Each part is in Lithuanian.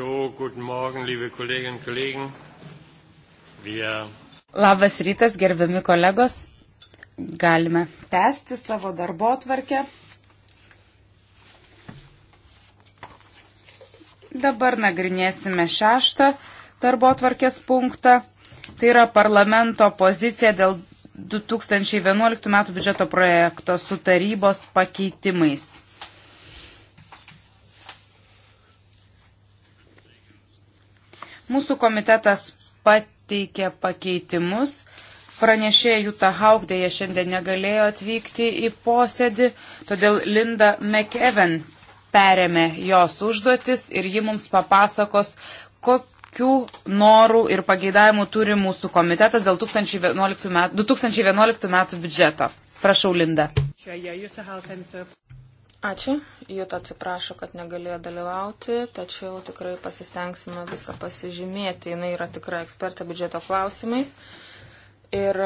So, guten Morgen, liebe Kolleginnen und Kollegen. Wir... Labas rytas, gerbiami kolegos. Galime tęsti savo darbo atvarkę. Dabar nagrinėsime šeštą darbo atvarkės punktą. Tai yra parlamento pozicija dėl 2011 m. biudžeto projekto su tarybos pakeitimais. Mūsų komitetas pateikė pakeitimus. Pranešėja Juta Haugdėje šiandien negalėjo atvykti į posėdį, todėl Linda McEwen perėmė jos užduotis ir ji mums papasakos, kokių norų ir pageidavimų turi mūsų komitetas dėl 2011 metų, 2011 metų biudžeto. Prašau, Linda. Ačiū. Jut atsiprašo, kad negalėjo dalyvauti, tačiau tikrai pasistengsime viską pasižymėti. Jis yra tikra ekspertė biudžeto klausimais. Ir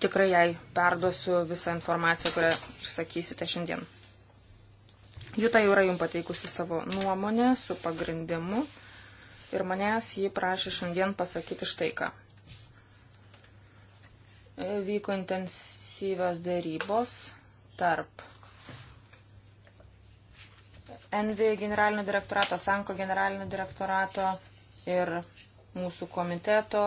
tikrai jai perduosiu visą informaciją, kurią išsakysite šiandien. Juta jau yra jums pateikusi savo nuomonę su pagrindimu ir manęs jį prašė šiandien pasakyti štai ką. Vyko intensyvios dėrybos tarp NV generalinio direktorato, Sanko generalinio direktorato ir mūsų komiteto.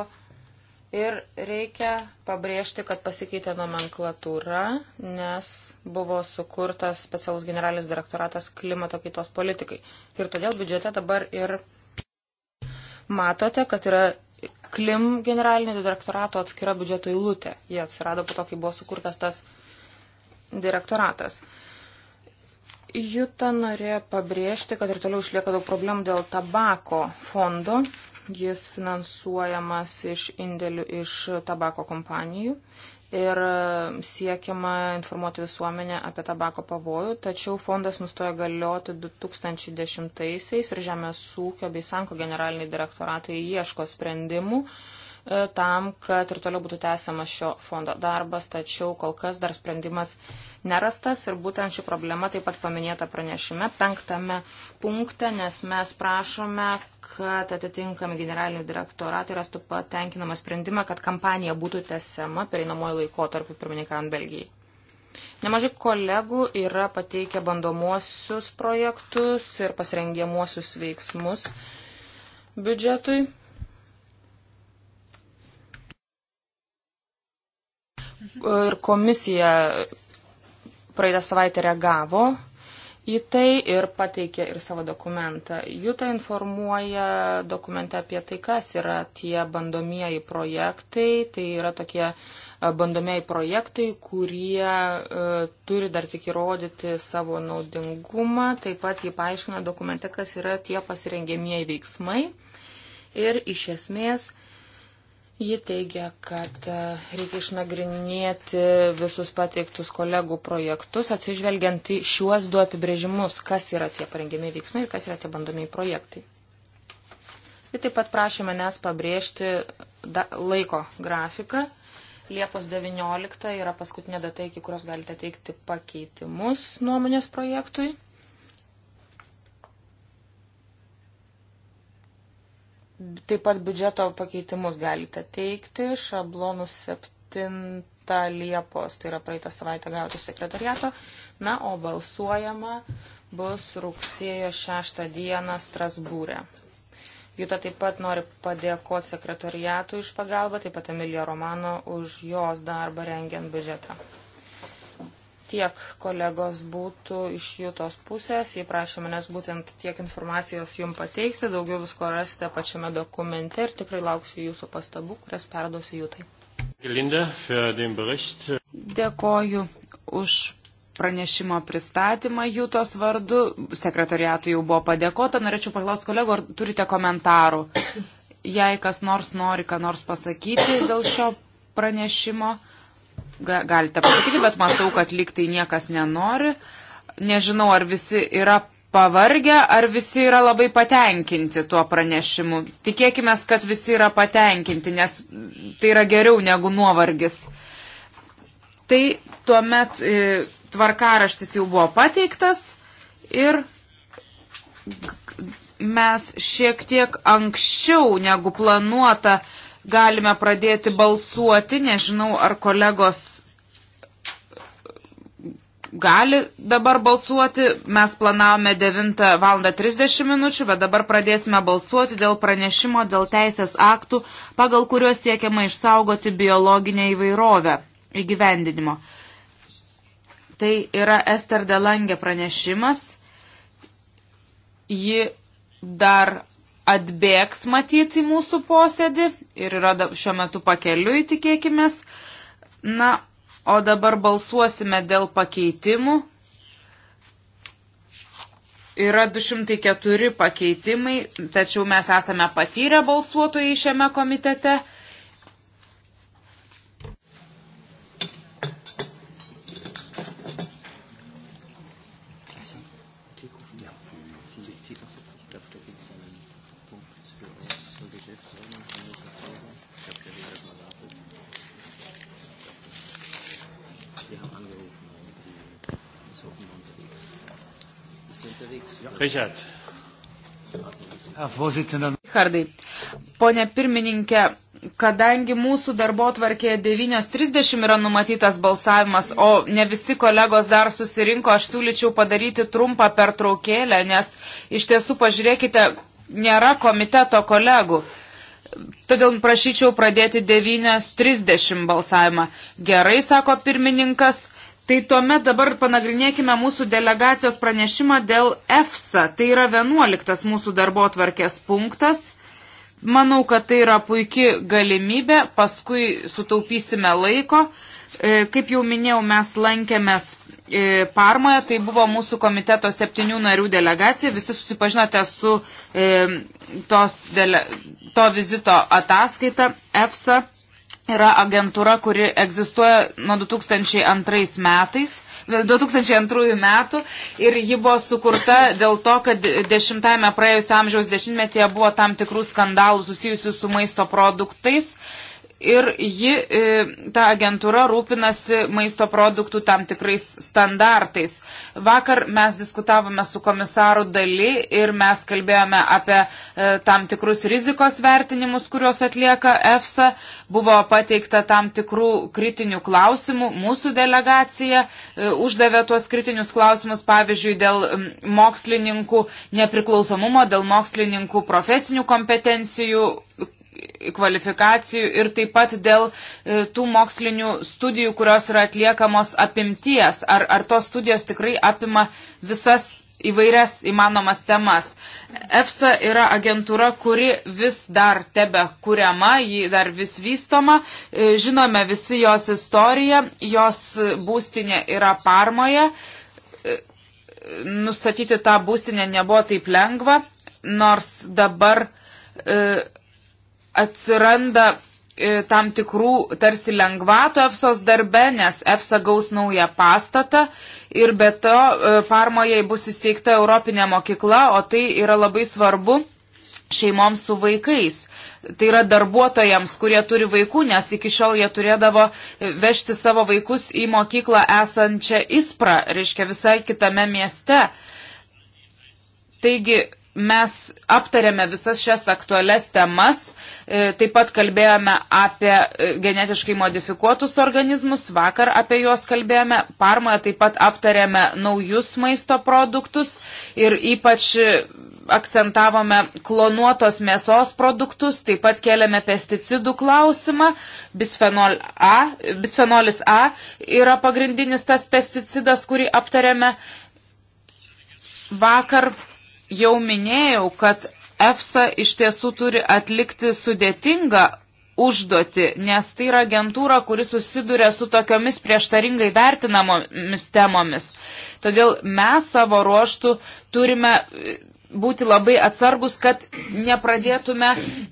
Ir reikia pabrėžti, kad pasikeitė nomenklatūra, nes buvo sukurtas specialus generalinis direktoratas klimato kaitos politikai. Ir todėl biudžete dabar ir matote, kad yra klim generalinio direktorato atskira biudžeto eilutė. Jie atsirado po to, kai buvo sukurtas tas direktoratas. Juta norėjo pabrėžti, kad ir toliau išlieka daug problemų dėl tabako fondo. Jis finansuojamas iš indėlių iš tabako kompanijų ir e, siekiama informuoti visuomenę apie tabako pavojų, tačiau fondas nustojo galioti 2010-aisiais ir Žemės ūkio bei Sanko generaliniai direktoratai ieško sprendimų e, tam, kad ir toliau būtų tęsiamas šio fondo darbas, tačiau kol kas dar sprendimas nerastas ir būtent ši problema taip pat paminėta pranešime penktame punkte, nes mes prašome, kad atitinkami generalinių direktoratai rastų patenkinamą sprendimą, kad kampanija būtų tesiama pereinamojo laikotarpiu pirmininkant Belgijai. Nemažai kolegų yra pateikę bandomuosius projektus ir pasirengiamuosius veiksmus biudžetui. Ir komisija praeitą savaitę reagavo į tai ir pateikė ir savo dokumentą. Juta informuoja dokumente apie tai, kas yra tie bandomieji projektai. Tai yra tokie e, bandomieji projektai, kurie e, turi dar tik įrodyti savo naudingumą. Taip pat jį paaiškina dokumente, kas yra tie pasirengėmieji veiksmai. Ir iš esmės Ji teigia, kad e, reikia išnagrinėti visus pateiktus kolegų projektus, atsižvelgiant į šiuos du apibrėžimus, kas yra tie parengiami veiksmai ir kas yra tie bandomiai projektai. Ji taip pat prašė manęs pabrėžti da, laiko grafiką. Liepos 19 yra paskutinė data, iki kurios galite teikti pakeitimus nuomonės projektui. Taip pat biudžeto pakeitimus galite teikti šablonų 7 Liepos, tai yra praeitą savaitę gauti sekretariato. Na, o balsuojama bus rugsėjo 6 dieną Strasbūrė. Juta taip pat nori padėkoti sekretariatui iš pagalbą, taip pat Emilija Romano už jos darbą rengiant biudžetą tiek kolegos būtų iš jūtos pusės. Jie prašė manęs būtent tiek informacijos jum pateikti, daugiau visko rasite pačiame dokumente ir tikrai lauksiu jūsų pastabų, kurias perduosiu jūtai. Dėkoju už pranešimo pristatymą jūtos vardu. Sekretoriatui jau buvo padėkota. Norėčiau paklausti kolegų, ar turite komentarų. Jei kas nors nori, ką nors pasakyti dėl šio pranešimo galite pasakyti, bet matau, kad liktai niekas nenori. Nežinau, ar visi yra pavargę, ar visi yra labai patenkinti tuo pranešimu. Tikėkime, kad visi yra patenkinti, nes tai yra geriau negu nuovargis. Tai tuomet e, tvarkaraštis jau buvo pateiktas ir mes šiek tiek anksčiau negu planuota galime pradėti balsuoti. Nežinau, ar kolegos gali dabar balsuoti. Mes planavome 9 val. 30 minučių, bet dabar pradėsime balsuoti dėl pranešimo, dėl teisės aktų, pagal kuriuos siekiama išsaugoti biologinę įvairovę įgyvendinimo. Tai yra Ester Delangė pranešimas. Ji dar atbėgs matyti mūsų posėdį ir yra šiuo metu pakeliui, tikėkime. Na, o dabar balsuosime dėl pakeitimų. Yra 204 pakeitimai, tačiau mes esame patyrę balsuotojai šiame komitete. Richard. Richardai, ponė pirmininkė, kadangi mūsų darbo tvarkėje 9.30 yra numatytas balsavimas, o ne visi kolegos dar susirinko, aš siūlyčiau padaryti trumpą pertraukėlę, nes iš tiesų pažiūrėkite, nėra komiteto kolegų. Todėl prašyčiau pradėti 9.30 balsavimą. Gerai, sako pirmininkas. Tai tuomet dabar panagrinėkime mūsų delegacijos pranešimą dėl EFSA. Tai yra 11 mūsų darbo tvarkės punktas. Manau, kad tai yra puikia galimybė, paskui sutaupysime laiko. E, kaip jau minėjau, mes lankėmės e, Parmoje, tai buvo mūsų komiteto septynių narių delegacija, visi susipažinote su e, tos, dele, to vizito ataskaita EFSA yra agentūra, kuri egzistuoja nuo 2002 metais. 2002 metų ir ji buvo sukurta dėl to, kad dešimtame praėjusio amžiaus dešimtmetyje buvo tam tikrų skandalų susijusių su maisto produktais. Uh, ir ji, e, ta agentūra rūpinasi maisto produktų tam tikrais standartais. Vakar mes diskutavome su komisaru Dali ir mes kalbėjome apie e, tam tikrus rizikos vertinimus, kuriuos atlieka EFSA. Buvo pateikta tam tikrų kritinių klausimų. Mūsų delegacija e, uždavė tuos kritinius klausimus, pavyzdžiui, dėl mokslininkų nepriklausomumo, dėl mokslininkų profesinių kompetencijų kvalifikacijų ir taip pat dėl e, tų mokslinių studijų, kurios yra atliekamos apimties. Ar, ar tos studijos tikrai apima visas įvairias įmanomas temas. EFSA yra agentūra, kuri vis dar tebe kuriama, ji dar vis vystoma. E, žinome visi jos istoriją, jos būstinė yra Parmoje. E, nustatyti tą būstinę nebuvo taip lengva, nors dabar atsiranda e, tam tikrų tarsi lengvato EFSOS darbe, nes EFSA gaus naują pastatą ir be to e, Parmoje bus įsteigta Europinė mokykla, o tai yra labai svarbu šeimoms su vaikais. Tai yra darbuotojams, kurie turi vaikų, nes iki šiol jie turėdavo vežti savo vaikus į mokyklą esančią Ispra, reiškia visai kitame mieste. Taigi mes aptarėme visas šias aktualias temas, e, taip pat kalbėjome apie e, genetiškai modifikuotus organizmus, vakar apie juos kalbėjome, parmoje taip pat aptarėme naujus maisto produktus ir ypač e, akcentavome klonuotos mėsos produktus, taip pat keliame pesticidų klausimą, bisfenol A, bisfenolis A yra pagrindinis tas pesticidas, kurį aptarėme vakar jau minėjau, kad EFSA iš tiesų turi atlikti sudėtingą užduoti, nes tai yra agentūra, kuri susiduria su tokiomis prieštaringai vertinamomis temomis. Todėl mes savo ruoštų turime e, būti labai atsargus, kad nepradėtume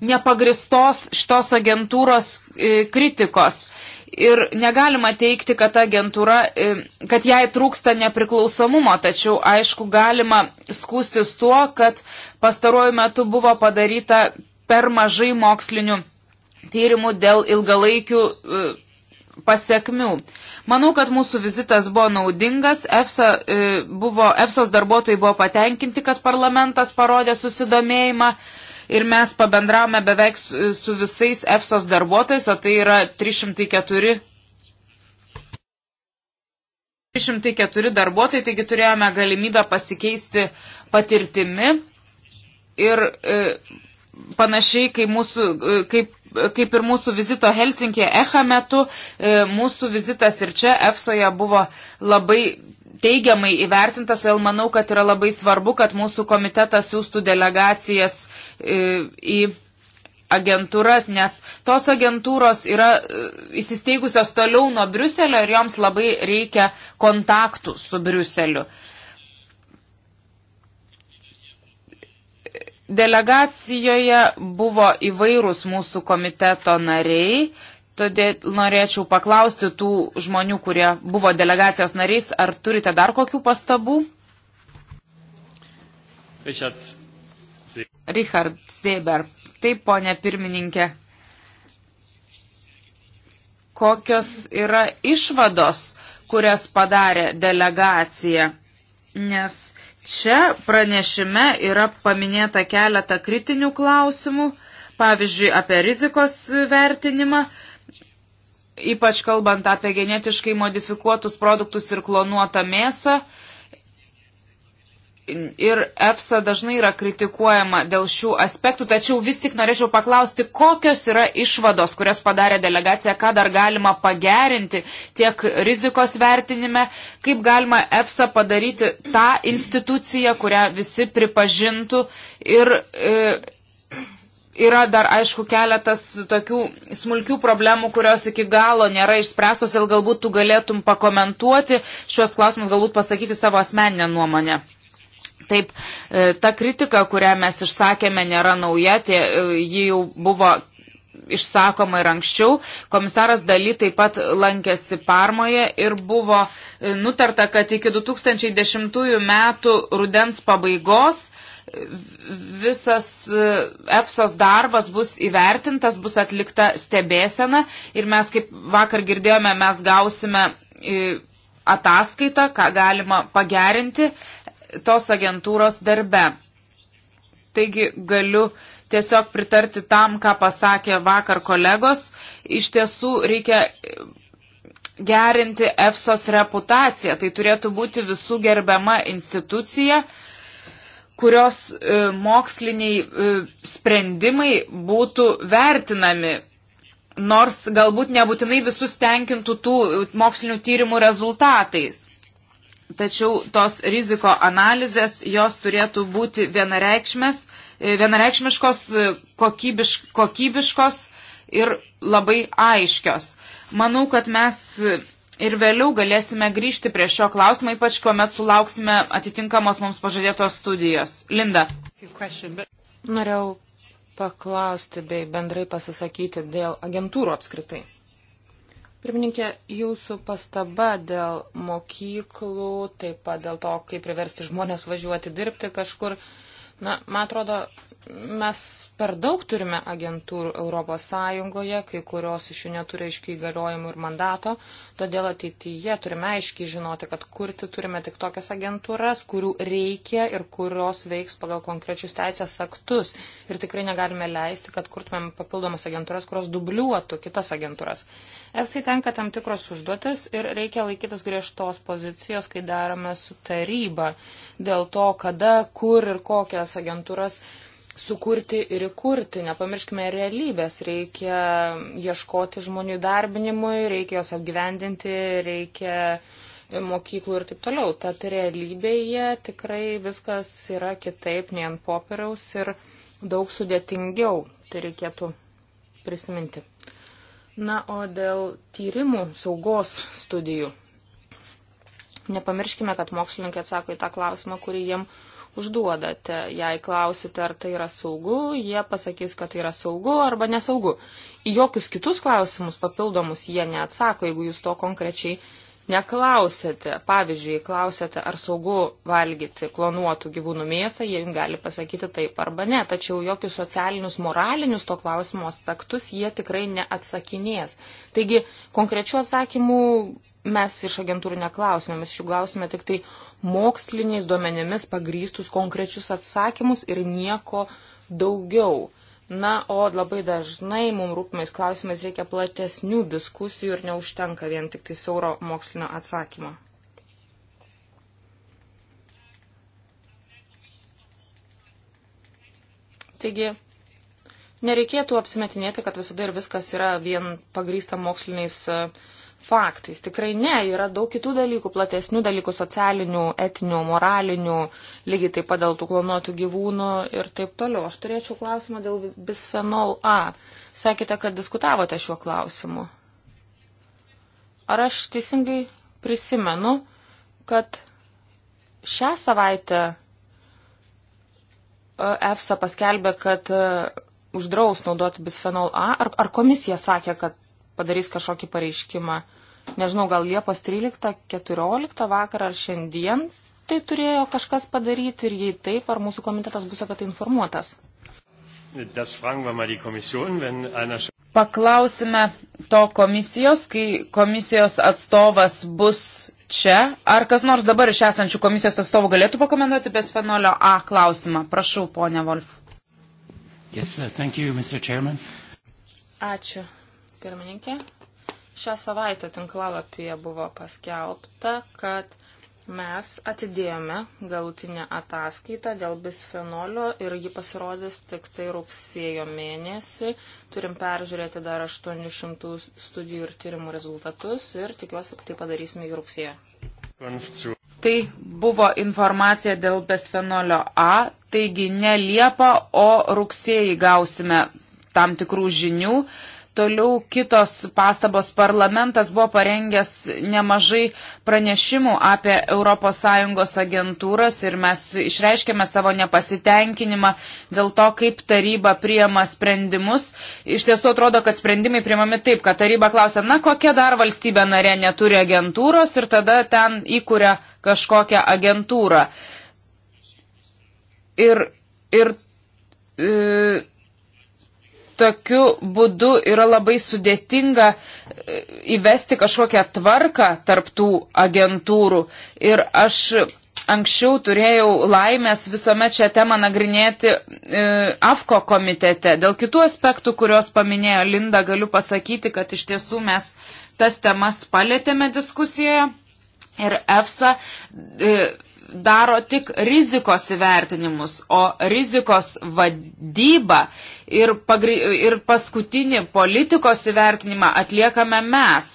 nepagristos šitos agentūros e, kritikos ir negalima teikti, kad agentūra, e, kad jai trūksta nepriklausomumo, tačiau aišku galima skūstis tuo, kad pastaruoju metu buvo padaryta per mažai mokslinių tyrimų dėl ilgalaikių e, pasiekmių. Manau, kad mūsų vizitas buvo naudingas, EFSA, e, buvo, EFSOS darbuotojai buvo patenkinti, kad parlamentas parodė susidomėjimą ir mes pabendravome beveik su, su visais EFSOS darbuotojais, o tai yra 304. 304 darbuotojai, taigi turėjome galimybę pasikeisti patirtimi ir e, panašiai kaip, mūsų, e, kaip, kaip ir mūsų vizito Helsinkėje EHA metu, e, mūsų vizitas ir čia EFSOje buvo labai teigiamai įvertintas, todėl manau, kad yra labai svarbu, kad mūsų komitetas siūstų delegacijas į agentūras, nes tos agentūros yra e, įsisteigusios toliau nuo Briuselio ir joms labai reikia kontaktų su Briuseliu. Delegacijoje buvo įvairūs mūsų komiteto nariai, todėl norėčiau paklausti tų žmonių, kurie buvo delegacijos nariais, ar turite dar kokių pastabų? Richard Richard Seber. Taip, ponė pirmininkė. Kokios yra išvados, kurias padarė delegacija? Nes čia pranešime yra paminėta keletą kritinių klausimų, pavyzdžiui, apie rizikos vertinimą, ypač kalbant apie genetiškai modifikuotus produktus ir klonuotą mėsą ir EFSA dažnai yra kritikuojama dėl šių aspektų, tačiau vis tik norėčiau paklausti, kokios yra išvados, kurias padarė delegacija, ką dar galima pagerinti tiek rizikos vertinime, kaip galima EFSA padaryti tą instituciją, kurią visi pripažintų ir e, yra dar, aišku, keletas tokių smulkių problemų, kurios iki galo nėra išspręstos ir galbūt tu galėtum pakomentuoti šios klausimus, galbūt pasakyti savo asmeninę nuomonę. Taip, e, ta kritika, kurią mes išsakėme, nėra nauja, tie, e, ji jau buvo išsakoma ir anksčiau. Komisaras Daly taip pat lankėsi Parmoje ir buvo e, nutarta, kad iki 2010 metų rudens pabaigos visas EFSOS darbas bus įvertintas, bus atlikta stebėsena ir mes, kaip vakar girdėjome, mes gausime ataskaitą, ką galima pagerinti tos agentūros darbe. Taigi galiu tiesiog pritarti tam, ką pasakė vakar kolegos. Iš tiesų reikia gerinti EFSOS reputaciją. Tai turėtų būti visų gerbiama institucija, kurios e, moksliniai e, sprendimai būtų vertinami. Nors galbūt nebūtinai visus tenkintų tų mokslinių tyrimų rezultatais tačiau tos riziko analizės, jos turėtų būti vienareikšmės, e, vienareikšmiškos, e, kokybiš, kokybiškos ir labai aiškios. Manau, kad mes e, ir vėliau galėsime grįžti prie šio klausimo, ypač kuomet sulauksime atitinkamos mums pažadėtos studijos. Linda. Norėjau paklausti bei bendrai pasisakyti dėl agentūrų apskritai. Pirmininkė, jūsų pastaba dėl mokyklų, taip pat dėl to, kaip priversti žmonės važiuoti dirbti kažkur, na, man atrodo, mes per daug turime agentūrų Europos Sąjungoje, kai kurios iš jų neturi aiškiai įgaliojimų ir mandato, todėl ateityje turime aiškiai žinoti, kad kurti turime tik tokias agentūras, kurių reikia ir kurios veiks pagal konkrečius teisės aktus. Ir tikrai negalime leisti, kad kurtumėm papildomas agentūras, kurios dubliuotų kitas agentūras. EFSA tenka tam tikros užduotis ir reikia laikytis griežtos pozicijos, kai darome su taryba dėl to, kada, kur ir kokias agentūras sukurti ir įkurti. Nepamirškime realybės, reikia ieškoti žmonių darbinimui, reikia jos apgyvendinti, reikia mokyklų ir taip toliau. Tad realybėje tikrai viskas yra kitaip nei ant popieriaus ir daug sudėtingiau. Tai reikėtų prisiminti. Na, o dėl tyrimų saugos studijų. Nepamirškime, kad mokslininkai atsako į tą klausimą, kurį jiems užduodate. Jei klausite, ar tai yra saugu, jie pasakys, kad tai yra saugu arba nesaugu. Į jokius kitus klausimus papildomus jie neatsako, jeigu jūs to konkrečiai neklausėte. Pavyzdžiui, klausėte, ar saugu valgyti klonuotų gyvūnų mėsą, jie jums gali pasakyti taip arba ne. Tačiau jokius socialinius, moralinius to klausimo aspektus jie tikrai neatsakinės. Taigi, konkrečių atsakymų mes iš agentūrų neklausime, mes iš jų klausime tik tai moksliniais duomenimis pagrystus konkrečius atsakymus ir nieko daugiau. Na, o labai dažnai mums rūpimais klausimais reikia platesnių diskusijų ir neužtenka vien tik tai siauro mokslinio atsakymo. Taigi, nereikėtų apsimetinėti, kad visada ir viskas yra vien pagrysta moksliniais uh, faktais. Tikrai ne, yra daug kitų dalykų, platesnių dalykų, socialinių, etinių, moralinių, lygiai taip pat dėl tų klonuotų gyvūnų ir taip toliau. Aš turėčiau klausimą dėl bisfenol A. Sakėte, kad diskutavote šiuo klausimu. Ar aš teisingai prisimenu, kad šią savaitę e, EFSA paskelbė, kad e, uždraus naudoti bisfenol A, ar, ar komisija sakė, kad padarys kažkokį pareiškimą. Nežinau, gal Liepos 13-14 vakarą ar šiandien tai turėjo kažkas padaryti ir jei taip, ar mūsų komitetas bus apie tai informuotas. Paklausime to komisijos, kai komisijos atstovas bus čia. Ar kas nors dabar iš esančių komisijos atstovų galėtų pakomentuoti apie sfenolio A klausimą? Prašau, ponia Wolf. Yes, you, Ačiū, pirmininkė. Šią savaitę tinklalapyje buvo paskelbta, kad mes atidėjome galutinę ataskaitą dėl bisfenolio ir ji pasirodys tik tai rugsėjo mėnesį. Turim peržiūrėti dar 800 studijų ir tyrimų rezultatus ir tikiuosi, kad tai padarysime į rugsėją. Tai buvo informacija dėl bisfenolio A, taigi ne Liepa, o rugsėjai gausime tam tikrų žinių. Toliau kitos pastabos parlamentas buvo parengęs nemažai pranešimų apie ES agentūras ir mes išreiškėme savo nepasitenkinimą dėl to, kaip taryba priema sprendimus. Iš tiesų atrodo, kad sprendimai priimami taip, kad taryba klausia, na kokia dar valstybė narė neturi agentūros ir tada ten įkuria kažkokią agentūrą. Ir, ir, e, tokiu būdu yra labai sudėtinga e, įvesti kažkokią tvarką tarptų agentūrų. Ir aš anksčiau turėjau laimės visuomet šią temą nagrinėti e, AFKO komitete. Dėl kitų aspektų, kuriuos paminėjo Linda, galiu pasakyti, kad iš tiesų mes tas temas palėtėme diskusijoje. Ir EFSA e, daro tik rizikos įvertinimus, o rizikos vadyba ir, pagri, ir paskutinį politikos įvertinimą atliekame mes.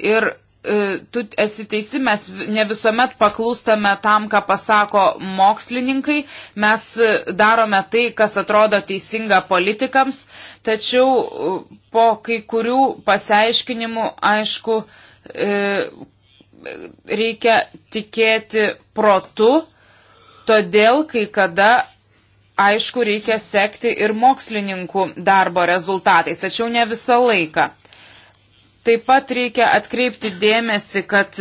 Ir e, tu esi teisi, mes ne visuomet paklūstame tam, ką pasako mokslininkai, mes e, darome tai, kas atrodo teisinga politikams, tačiau e, po kai kurių pasiaiškinimų, aišku, reikia tikėti protu, todėl kai kada aišku, reikia sekti ir mokslininkų darbo rezultatais, tačiau ne visą laiką. Taip pat reikia atkreipti dėmesį, kad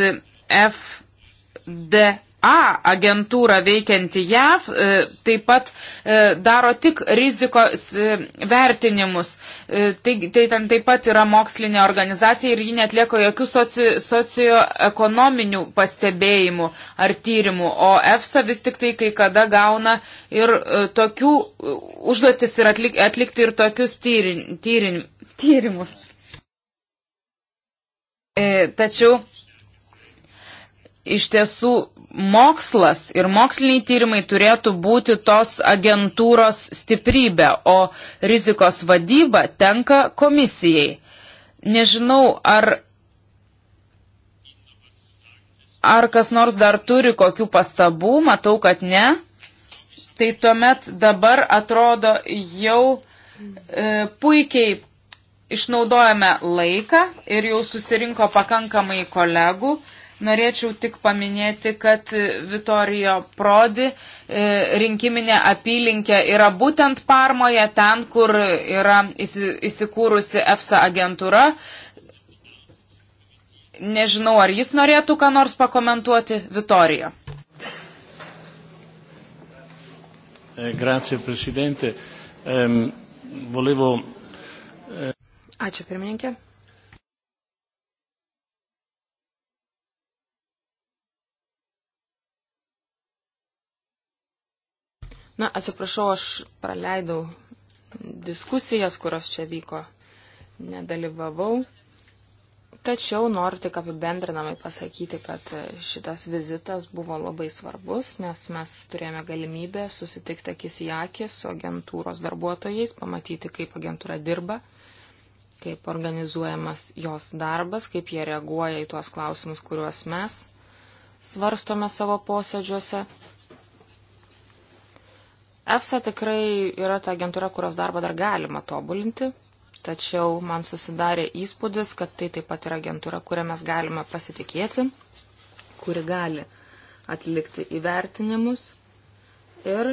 FD A agentūra veikianti JAV e, taip pat e, daro tik rizikos e, vertinimus. Tai, tai ten taip pat yra mokslinė organizacija ir ji netlieko jokių soci, socioekonominių pastebėjimų ar tyrimų, o EFSA vis tik tai kai kada gauna ir tokių užduotis ir atlik, atlikti ir tokius tyrin, tyrin, tyrimus. Tačiau iš tiesų mokslas ir moksliniai tyrimai turėtų būti tos agentūros stiprybė, o rizikos vadyba tenka komisijai. Nežinau, ar, ar kas nors dar turi kokių pastabų, matau, kad ne. Tai tuomet dabar atrodo jau e, puikiai išnaudojame laiką ir jau susirinko pakankamai kolegų. Norėčiau tik paminėti, kad Vitorijo Prodi e, rinkiminė apylinkė yra būtent Parmoje, ten, kur yra įsikūrusi EFSA agentūra. Nežinau, ar jis norėtų ką nors pakomentuoti Vitorijo. Eh, grazie, Presidente. Ehm, volevo... Eh, Ačiū, pirmininkė. Na, atsiprašau, aš praleidau diskusijas, kurios čia vyko, nedalyvavau. Tačiau noriu tik apibendrinamai pasakyti, kad šitas vizitas buvo labai svarbus, nes mes turėjome galimybę susitikti akis į akį su agentūros darbuotojais, pamatyti, kaip agentūra dirba, kaip organizuojamas jos darbas, kaip jie reaguoja į tuos klausimus, kuriuos mes svarstome savo posėdžiuose. EFSA tikrai yra ta agentūra, kurios darbą dar galima tobulinti, tačiau man susidarė įspūdis, kad tai taip pat yra agentūra, kurią mes galime pasitikėti, kuri gali atlikti įvertinimus ir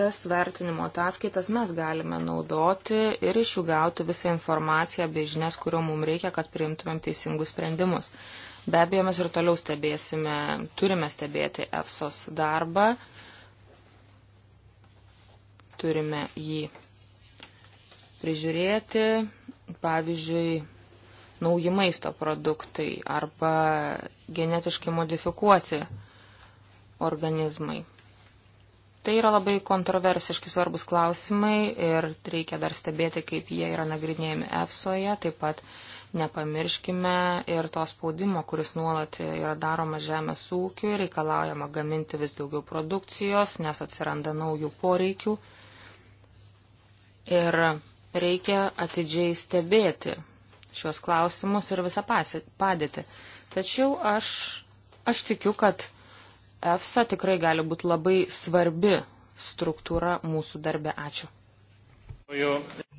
tas vertinimo ataskaitas mes galime naudoti ir iš jų gauti visą informaciją bei žinias, kurio mums reikia, kad priimtumėm teisingus sprendimus. Be abejo, mes ir toliau stebėsime, turime stebėti EFSOS darbą turime jį prižiūrėti, pavyzdžiui, nauji maisto produktai arba genetiškai modifikuoti organizmai. Tai yra labai kontroversiški svarbus klausimai ir reikia dar stebėti, kaip jie yra nagrinėjami EFSOje. Taip pat nepamirškime ir to spaudimo, kuris nuolat yra daroma žemės ūkiu, reikalaujama gaminti vis daugiau produkcijos, nes atsiranda naujų poreikių. Ir reikia atidžiai stebėti šios klausimus ir visą padėtį. Tačiau aš, aš tikiu, kad EFSA tikrai gali būti labai svarbi struktūra mūsų darbe. Ačiū.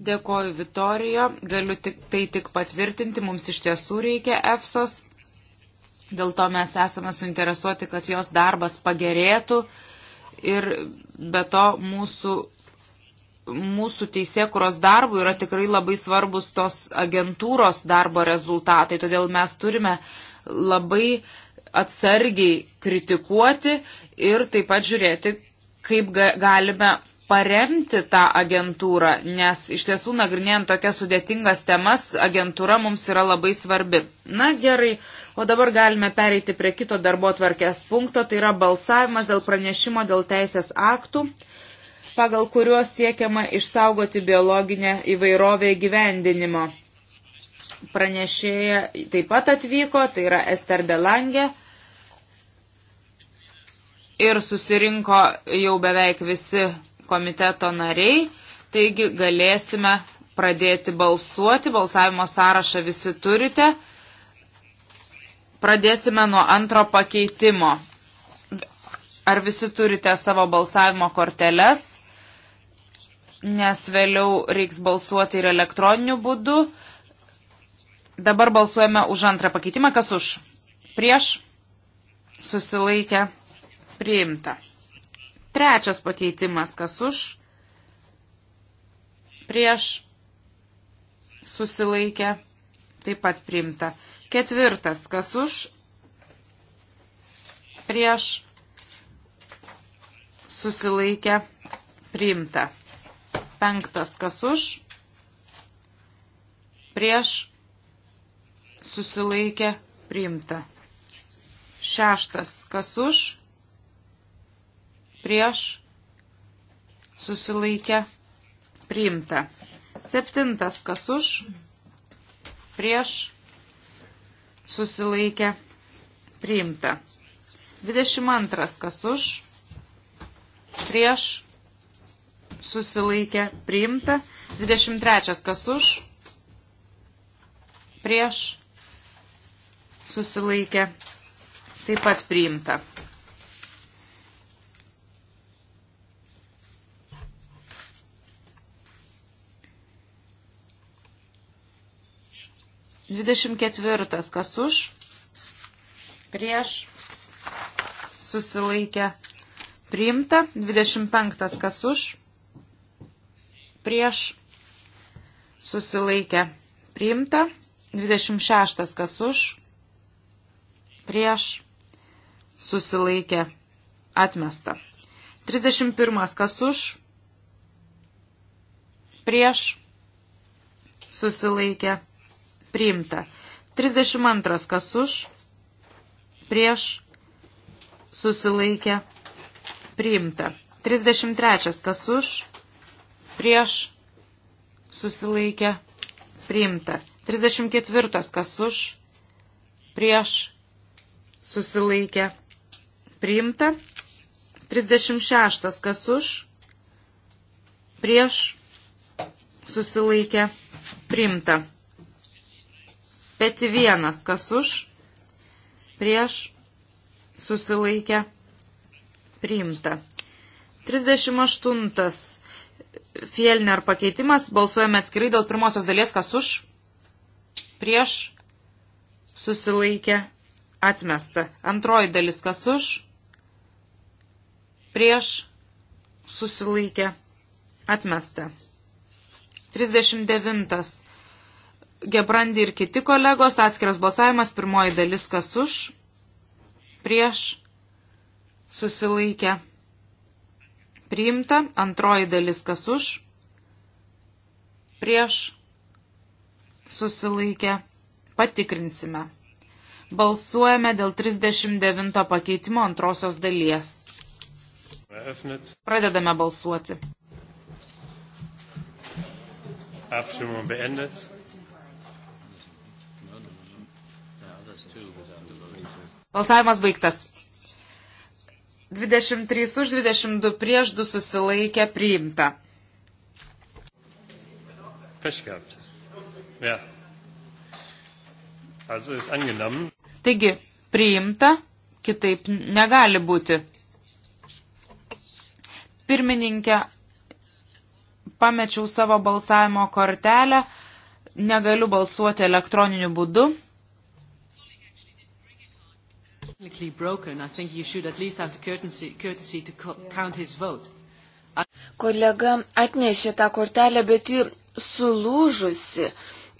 Dėkoju, Vitorijo. Galiu tik, tai tik patvirtinti, mums iš tiesų reikia EFSOS. Dėl to mes esame suinteresuoti, kad jos darbas pagerėtų ir be to mūsų mūsų teisėkuros darbų yra tikrai labai svarbus tos agentūros darbo rezultatai, todėl mes turime labai atsargiai kritikuoti ir taip pat žiūrėti, kaip ga galime paremti tą agentūrą, nes iš tiesų nagrinėjant tokias sudėtingas temas, agentūra mums yra labai svarbi. Na gerai, o dabar galime pereiti prie kito darbo tvarkės punkto, tai yra balsavimas dėl pranešimo dėl teisės aktų pagal kuriuos siekiama išsaugoti biologinę įvairovę įgyvendinimo. Pranešėja taip pat atvyko, tai yra Ester Delangė. Ir susirinko jau beveik visi komiteto nariai, taigi galėsime pradėti balsuoti. Balsavimo sąrašą visi turite. Pradėsime nuo antro pakeitimo. Ar visi turite savo balsavimo korteles? nes vėliau reiks balsuoti ir elektroniniu būdu. Dabar balsuojame už antrą pakeitimą. Kas už? Prieš? Susilaikę? Priimta. Trečias pakeitimas. Kas už? Prieš? Susilaikę? Taip pat priimta. Ketvirtas. Kas už? Prieš? Susilaikę? Priimta penktas kas už, prieš susilaikė priimta. Šeštas kas už, prieš susilaikė priimta. Septintas kas už, prieš susilaikė priimta. 22 kas už, prieš susilaikė, priimta. 23 kas už, prieš, susilaikė, taip pat priimta. Dvidešimt ketvirtas, kas už, prieš, susilaikė, priimta. Dvidešimt penktas, kas už, prieš susilaikę priimta, 26 kas už, prieš susilaikę atmesta, 31 kas už, prieš susilaikę priimta, 32 kas už, prieš susilaikę priimta, 33 kas už, prieš, susilaikė, priimta. 34. Kas už, prieš, susilaikė, priimta. 36. Kas už, prieš, susilaikė, priimta. Peti vienas, kas už, prieš, susilaikė, priimta. 38 Fielner pakeitimas. Balsuojame atskirai dėl pirmosios dalies, kas už, prieš, susilaikė, atmesta. Antroji dalis, kas už, prieš, susilaikė, atmesta. 39. Gebrandi ir kiti kolegos, atskiras balsavimas, pirmoji dalis, kas už, prieš, susilaikė, atmesta priimta, antroji dalis kas už, prieš susilaikę, patikrinsime. Balsuojame dėl 39 pakeitimo antrosios dalies. Pradedame balsuoti. Abstimmung beendet. Balsavimas baigtas. 23 už 22 prieš 2 susilaikė priimta. Pech gehabt. Ja. Also ist angenommen. Taigi, priimta, kitaip negali būti. Pirmininkė, pamečiau savo balsavimo kortelę, negaliu balsuoti elektroniniu būdu, technically broken, I think you should at least have the courtesy, courtesy to co count his vote. Kolega atnešė tą kortelę, bet ji sulūžusi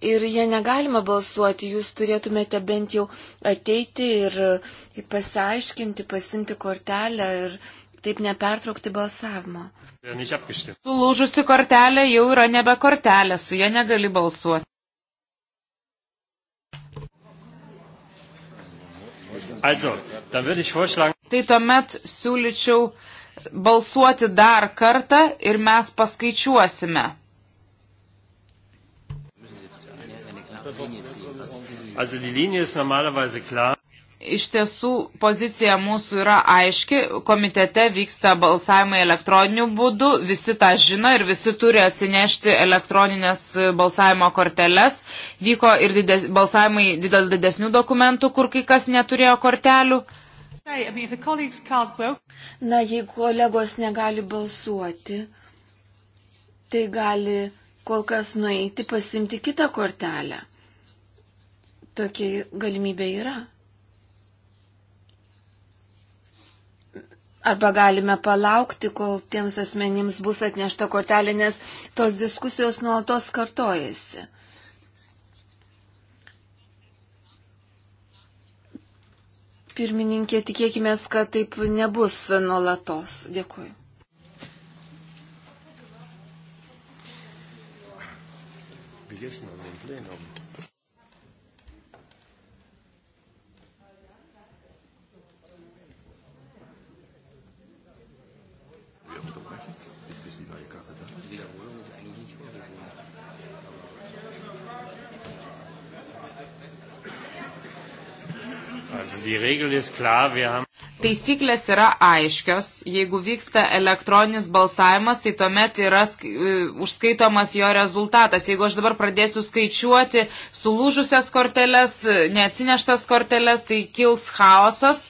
ir jie negalima balsuoti, jūs turėtumėte bent jau ateiti ir pasiaiškinti, pasimti kortelę ir taip nepertraukti balsavimo. Sulūžusi kortelė jau yra nebe kortelė, su ja negali balsuoti. Also, vorschlagen... Tai tuomet siūlyčiau balsuoti dar kartą ir mes paskaičiuosime. Also die Linie ist normalerweise klar iš tiesų pozicija mūsų yra aiški, komitete vyksta balsavimai elektroniniu būdu, visi tą žino ir visi turi atsinešti elektroninės e, balsavimo korteles. Vyko ir dides, balsavimai dėl didesnių dokumentų, kur kai kas neturėjo kortelių. Na, jeigu kolegos negali balsuoti, tai gali kol kas nueiti pasimti kitą kortelę. Tokia galimybė yra. Arba galime palaukti, kol tiems asmenims bus atnešta kortelė, nes tos diskusijos nuolatos kartojasi. Pirmininkė, tikėkime, kad taip nebus nuolatos. Dėkui. Bilis, na. Taisyklės yra aiškios. Jeigu vyksta elektroninis balsavimas, tai tuomet yra sk... E, užskaitomas jo rezultatas. Jeigu aš dabar pradėsiu skaičiuoti sulūžusias korteles, neatsineštas korteles, tai kils chaosas.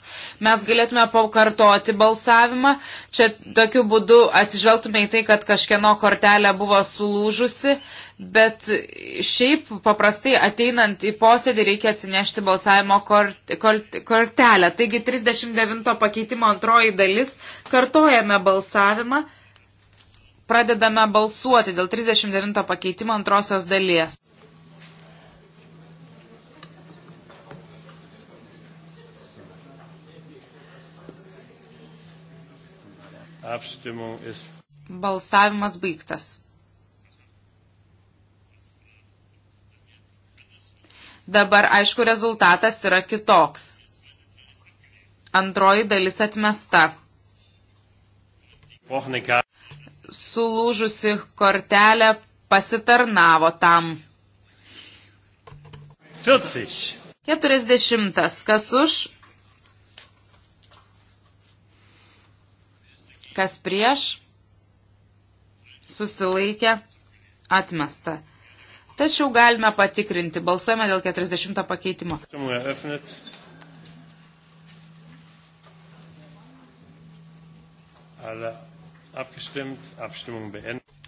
Mes galėtume pakartoti balsavimą. Čia tokiu būdu atsižvelgtume į tai, kad kažkieno kortelė buvo sulūžusi bet šiaip paprastai ateinant į posėdį reikia atsinešti balsavimo kort, kort, kortelę. Taigi 39 pakeitimo antroji dalis kartojame balsavimą, pradedame balsuoti dėl 39 pakeitimo antrosios dalies. Balsavimas baigtas. Dabar, aišku, rezultatas yra kitoks. Antroji dalis atmesta. Sulūžusi kortelė pasitarnavo tam. 40. 40. Kas už? Kas prieš? Susilaikė. Atmesta. Tačiau galime patikrinti. Balsuojame dėl 40 pakeitimo.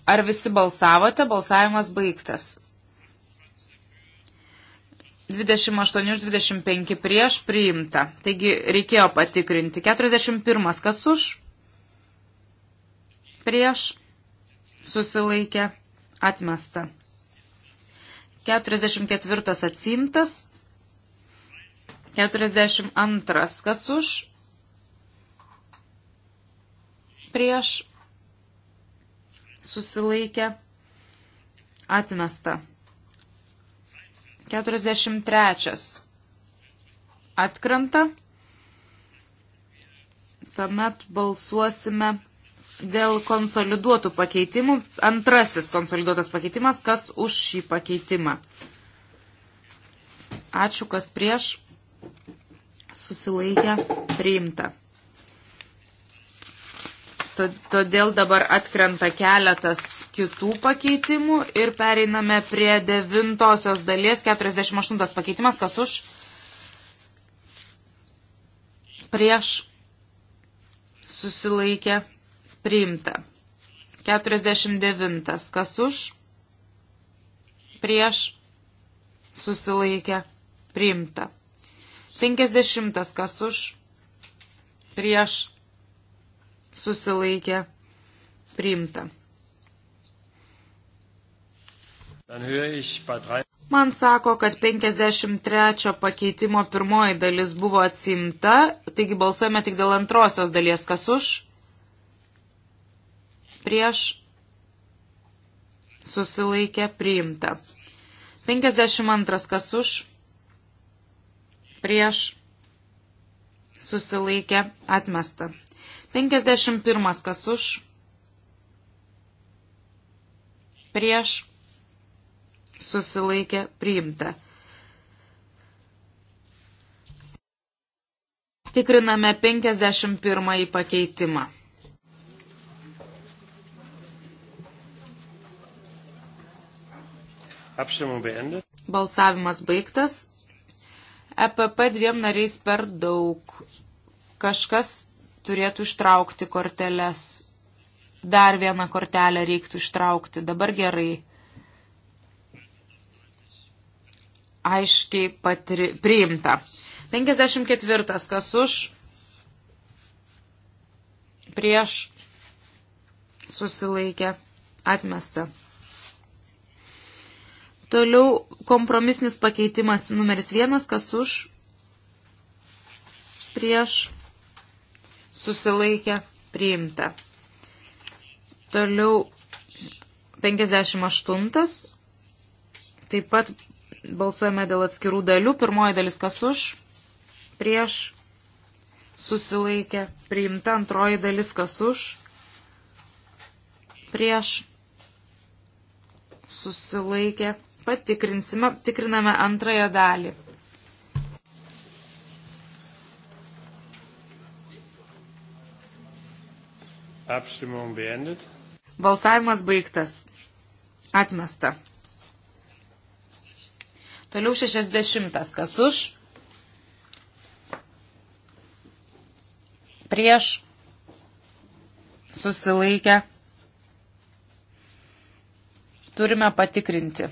Ar visi balsavote? Balsavimas baigtas. 28 už 25 prieš priimta. Taigi reikėjo patikrinti. 41. Kas už? Prieš. Susilaikė. Atmesta. 44 atsimtas. 42 kas už. Prieš susilaikė atmesta. 43 atkrenta. Tuomet balsuosime dėl konsoliduotų pakeitimų. Antrasis konsoliduotas pakeitimas, kas už šį pakeitimą. Ačiū, kas prieš. Susilaikę priimta. Todėl dabar atkrenta keletas kitų pakeitimų ir pereiname prie devintosios dalies, 48 pakeitimas, kas už prieš susilaikę priimta. 49. Kas už? Prieš susilaikė priimta. 50. Kas už? Prieš susilaikė priimta. Man sako, kad 53 pakeitimo pirmoji dalis buvo atsimta, taigi balsuojame tik dėl antrosios dalies, kas už, prieš susilaikė priimta. 52 kas už prieš susilaikė atmesta. 51 kas už prieš susilaikė priimta. Tikriname 51 pakeitimą. Balsavimas baigtas. EPP dviem nariais per daug. Kažkas turėtų ištraukti korteles. Dar vieną kortelę reiktų ištraukti. Dabar gerai. Aiškiai patri, priimta. 54. Kas už? Prieš. Susilaikė. Atmesta. Toliau kompromisnis pakeitimas numeris vienas, kas už, prieš, susilaikę, priimta. Toliau 58. Taip pat balsuojame dėl atskirų dalių. Pirmoji dalis kas už, prieš, susilaikę, priimta. Antroji dalis kas už, prieš, susilaikę, priimta patikrinsime, tikriname antrąją dalį. Abstimmung beendet. Balsavimas baigtas. Atmesta. Toliau 60. Kas už? Prieš. Susilaikę. Turime patikrinti.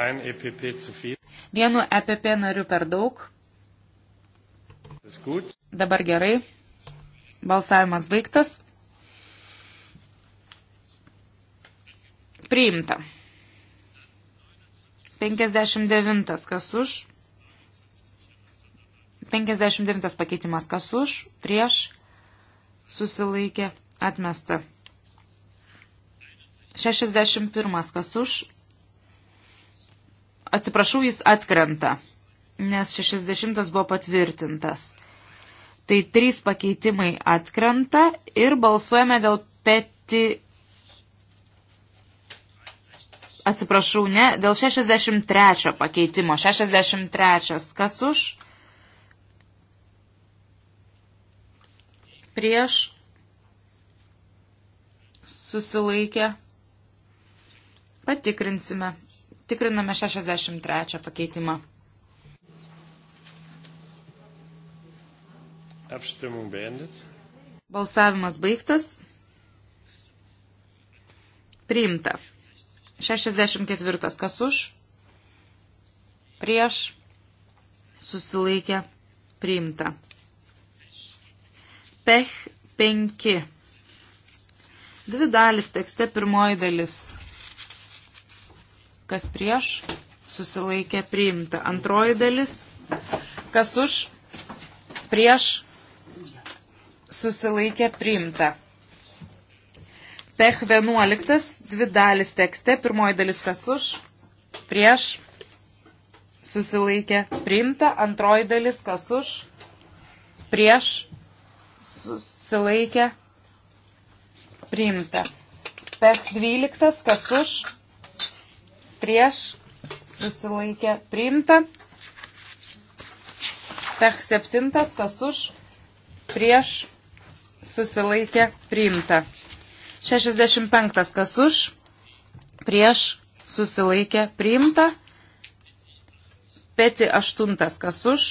E Vienu EPP nariu per daug. Dabar gerai. Balsavimas baigtas. Priimta. 59 kas už. 59 pakeitimas kas už. Prieš. Susilaikė. Atmesta. 61 kas už Atsiprašau, jis atkrenta, nes 60 buvo patvirtintas. Tai trys pakeitimai atkrenta ir balsuojame dėl peti. Atsiprašau, ne, dėl 63 pakeitimo. 63. Kas už? Prieš susilaikė. Patikrinsime. Tikriname 63 pakeitimą. Abstimmung beendet. Balsavimas baigtas. Priimta. 64. Kas už? Prieš. Susilaikė. Priimta. Pech 5. Dvi dalis tekste. Pirmoji dalis kas prieš, susilaikė priimta. Antroji dalis, kas už, prieš, susilaikė priimta. Pech 11, dvi dalis tekste, pirmoji dalis kas už, prieš, susilaikė priimta, antroji dalis kas už, prieš, susilaikė priimta. Pech 12, kas už, prieš, susilaikė priimta. Tech septintas, kas už, prieš, susilaikė priimta. 65, kas už, prieš, susilaikė priimta. Peti aštuntas, kas už,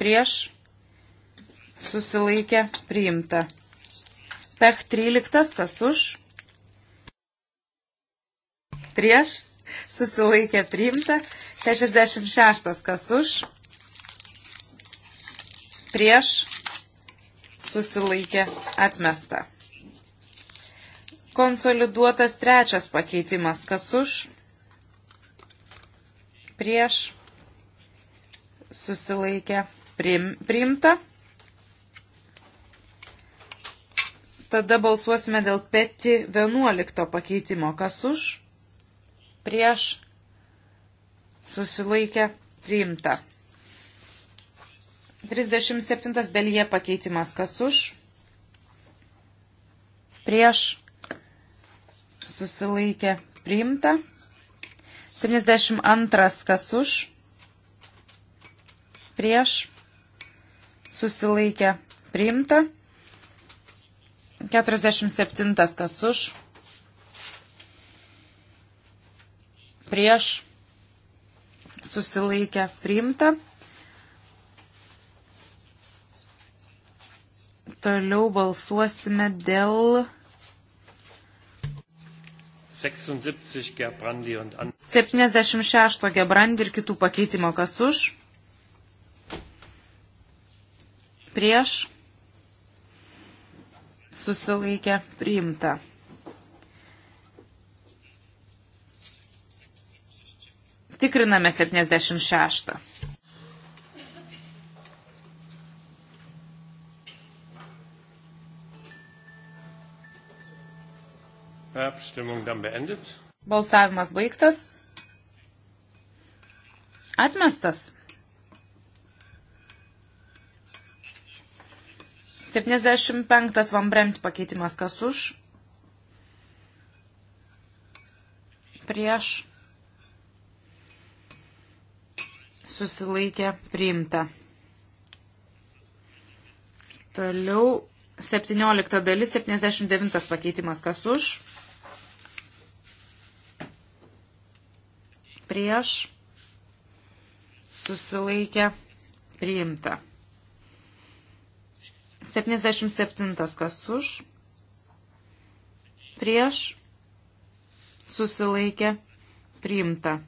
prieš, susilaikė priimta. Pech 13, kas už, prieš, susilaikė priimta, 66 kas už, prieš, susilaikė atmesta. Konsoliduotas trečias pakeitimas kas už, prieš, susilaikė priim, priimta. Tada balsuosime dėl peti 11 pakeitimo. Kas už? prieš, susilaikė, priimta. 37 belyje pakeitimas kas už, prieš, susilaikė, priimta. 72 kas už, prieš, susilaikė, priimta. 47 kas už, prieš prieš susilaikę priimta. Toliau balsuosime dėl 76 Gebrandi, 76 Gebrandi ir kitų pakeitimo kas už. Prieš susilaikę priimta. Tikriname 76. Balsavimas baigtas. Atmestas. 75 Vambremt pakeitimas kas už. Prieš susilaikė priimta. Toliau 17 dalis 79 pakeitimas kas už. Prieš susilaikė priimta. 77 kas už. Prieš susilaikė priimta.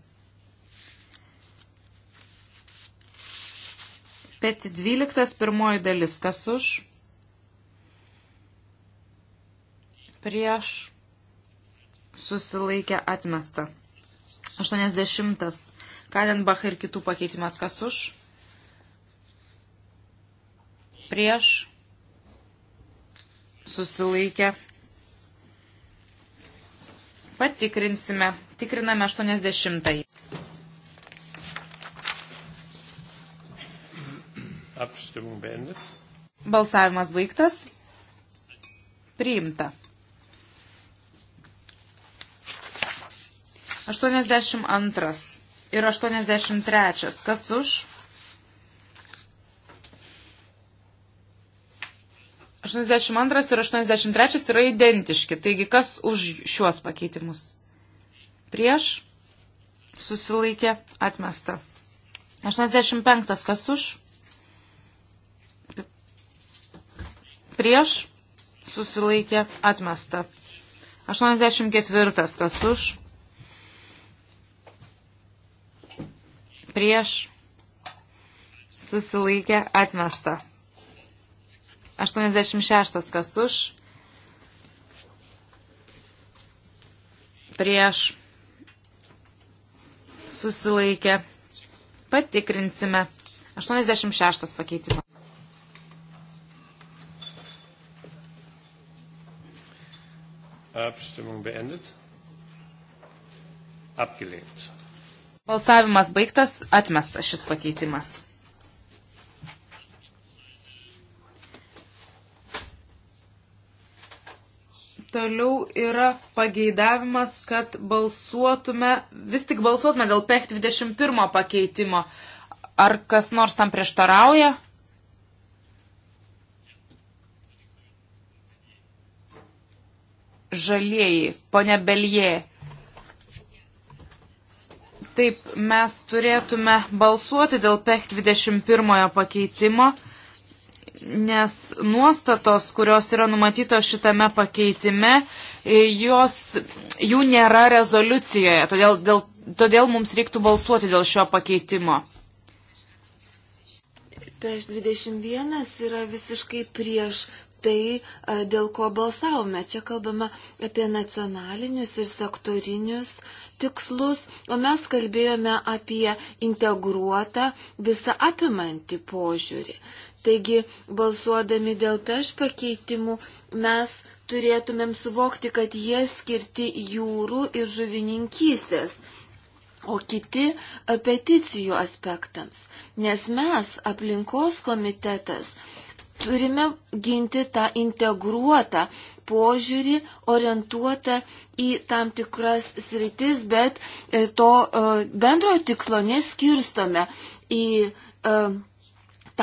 Bet 12 pirmoji dalis, kas už, prieš, susilaikė atmesta. 80. Kadenbach ir kitų pakeitimas, kas už, prieš, susilaikė. Patikrinsime. Tikriname 80. -ai. Abstimmung beendet. Balsavimas baigtas. Priimta. 82 ir 83. Kas už? 82 ir 83 yra identiški. Taigi, kas už šiuos pakeitimus? Prieš susilaikė atmesta. 85. Kas už? prieš, susilaikė, atmesta. 84. Kas už, prieš, susilaikė, atmesta. 86. Kas už, prieš, susilaikė, patikrinsime. 86 pakeitimas. Abstimmung beendet. Abgelehnt. Balsavimas baigtas, atmestas šis pakeitimas. Toliau yra pageidavimas, kad balsuotume, vis tik balsuotume dėl PEC 21 pakeitimo. Ar kas nors tam prieštarauja? žalieji, ponia Belie. Taip, mes turėtume balsuoti dėl PEC 21 pakeitimo, nes nuostatos, kurios yra numatytos šitame pakeitime, jos, jų nėra rezoliucijoje, todėl, dėl, todėl mums reiktų balsuoti dėl šio pakeitimo. PEC 21 yra visiškai prieš tai, dėl ko balsavome. Čia kalbame apie nacionalinius ir sektorinius tikslus, o mes kalbėjome apie integruotą, visą apimantį požiūrį. Taigi, balsuodami dėl peš pakeitimų, mes turėtumėm suvokti, kad jie skirti jūrų ir žuvininkystės, o kiti peticijų aspektams. Nes mes, aplinkos komitetas, turime ginti tą integruotą požiūrį, orientuotą į tam tikras sritis, bet e, to e, bendrojo tikslo neskirstome į e,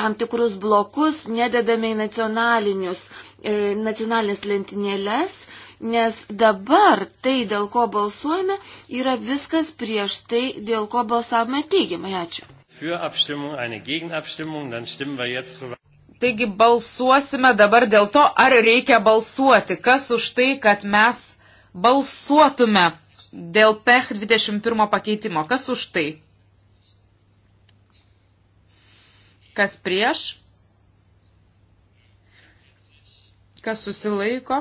tam tikrus blokus, nededame į nacionalinius, nacionalinės lentynėlės, nes dabar tai, dėl ko balsuojame, yra viskas prieš tai, dėl ko balsavome teigiamai. Ačiū. Für Abstimmung, eine Gegenabstimmung, dann stimmen wir jetzt darüber. Taigi balsuosime dabar dėl to, ar reikia balsuoti. Kas už tai, kad mes balsuotume dėl PEH 21 pakeitimo? Kas už tai? Kas prieš? Kas susilaiko?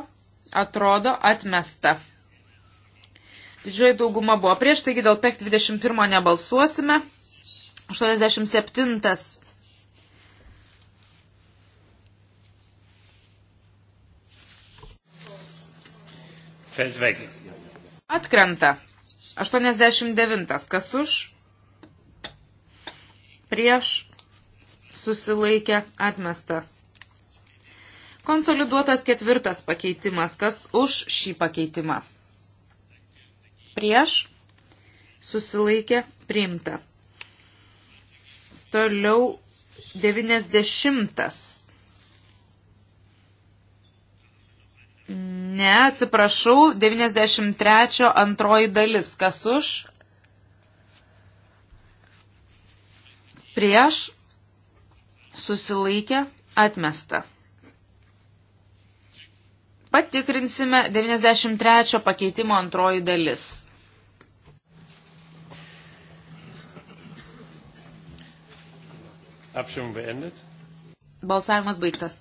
Atrodo atmesta. Didžioji dauguma buvo prieš, taigi dėl PEC 21 nebalsuosime. 87 Atkrenta. 89. Kas už? Prieš susilaikė atmesta. Konsoliduotas ketvirtas pakeitimas. Kas už šį pakeitimą? Prieš susilaikė priimta. Toliau 90 Ne, atsiprašau, 93 antroji dalis. Kas už? Prieš susilaikė atmesta. Patikrinsime 93 pakeitimo antroji dalis. Balsavimas baigtas.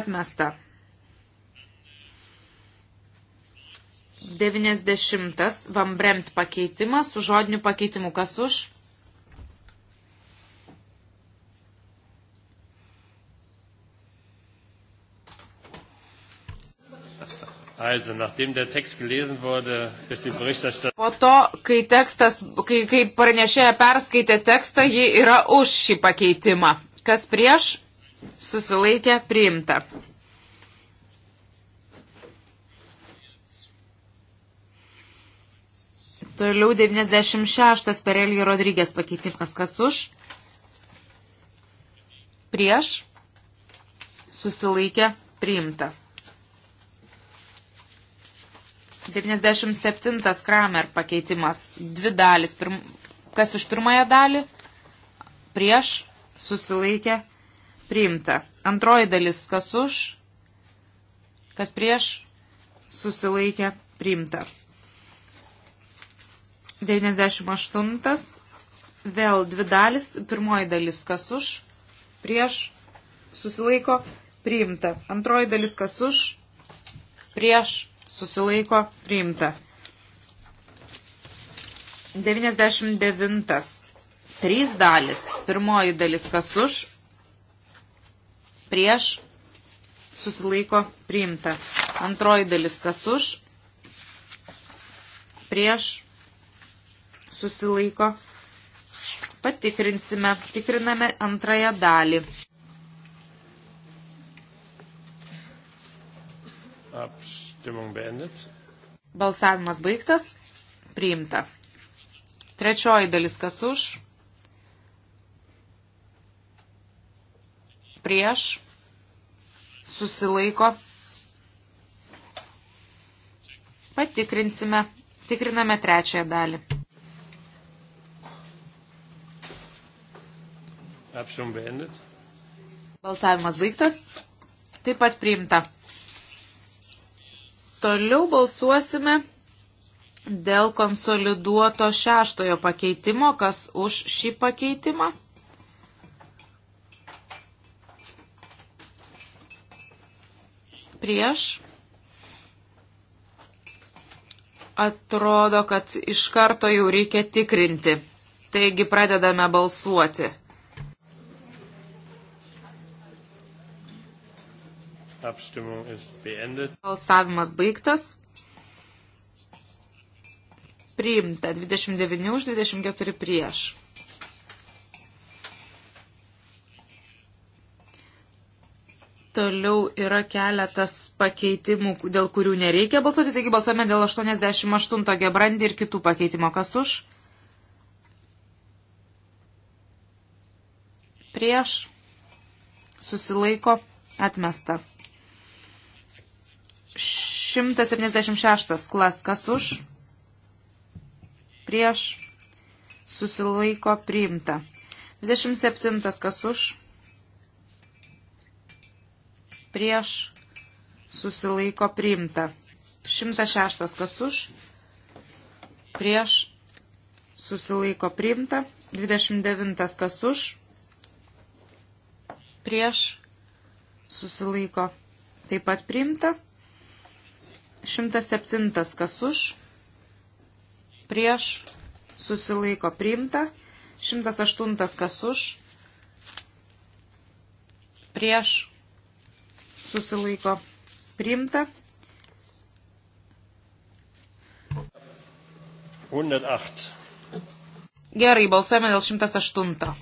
Atmesta. 90. Vambremt pakeitimas su žodiniu pakeitimu. Kas už? Also, nachdem der Text gelesen wurde, ist die Berichterstatterin. Po to, kai tekstas, kai, kai pranešėja perskaitė tekstą, ji yra už šį pakeitimą. Kas prieš? susilaikė, priimta. Toliau 96 Perelijų Rodrygės pakeitimas. Kas už? Prieš. Susilaikė. Priimta. 97 Kramer pakeitimas. Dvi dalis. Pirm... Kas už pirmąją dalį? Prieš. Susilaikė priimta. Antroji dalis, kas už, kas prieš, susilaikė, priimta. 98, vėl dvi dalis, pirmoji dalis, kas už, prieš, susilaiko, priimta. Antroji dalis, kas už, prieš, susilaiko, priimta. 99. Trys dalis. Pirmoji dalis kas už, prieš, susilaiko priimta. Antroji dalis kas už, prieš, susilaiko. Patikrinsime, tikriname antrąją dalį. Abstimmung beendet. Balsavimas baigtas, priimta. Trečioji dalis kas už, prieš, susilaiko. Patikrinsime. Tikriname trečiąją dalį. Balsavimas baigtas. Taip pat priimta. Toliau balsuosime dėl konsoliduoto šeštojo pakeitimo, kas už šį pakeitimą. prieš. Atrodo, kad iš karto jau reikia tikrinti. Taigi pradedame balsuoti. Balsavimas baigtas. Priimta 29 už 24 prieš. Toliau yra keletas pakeitimų, dėl kurių nereikia balsuoti, taigi balsuojame dėl 88 gebrandį ir kitų pakeitimo. Kas už? Prieš. Susilaiko. Atmesta. 176 klas. Kas už? Prieš. Susilaiko. Priimta. 27 kas už? prieš susilaiko priimta. 106 kas už, prieš susilaiko priimta. 29 kas už, prieš susilaiko taip pat priimta. 107 kas už, prieš susilaiko priimta. 108 kas už, prieš susilaiko priimta. 108. Gerai, balsuojame dėl 108.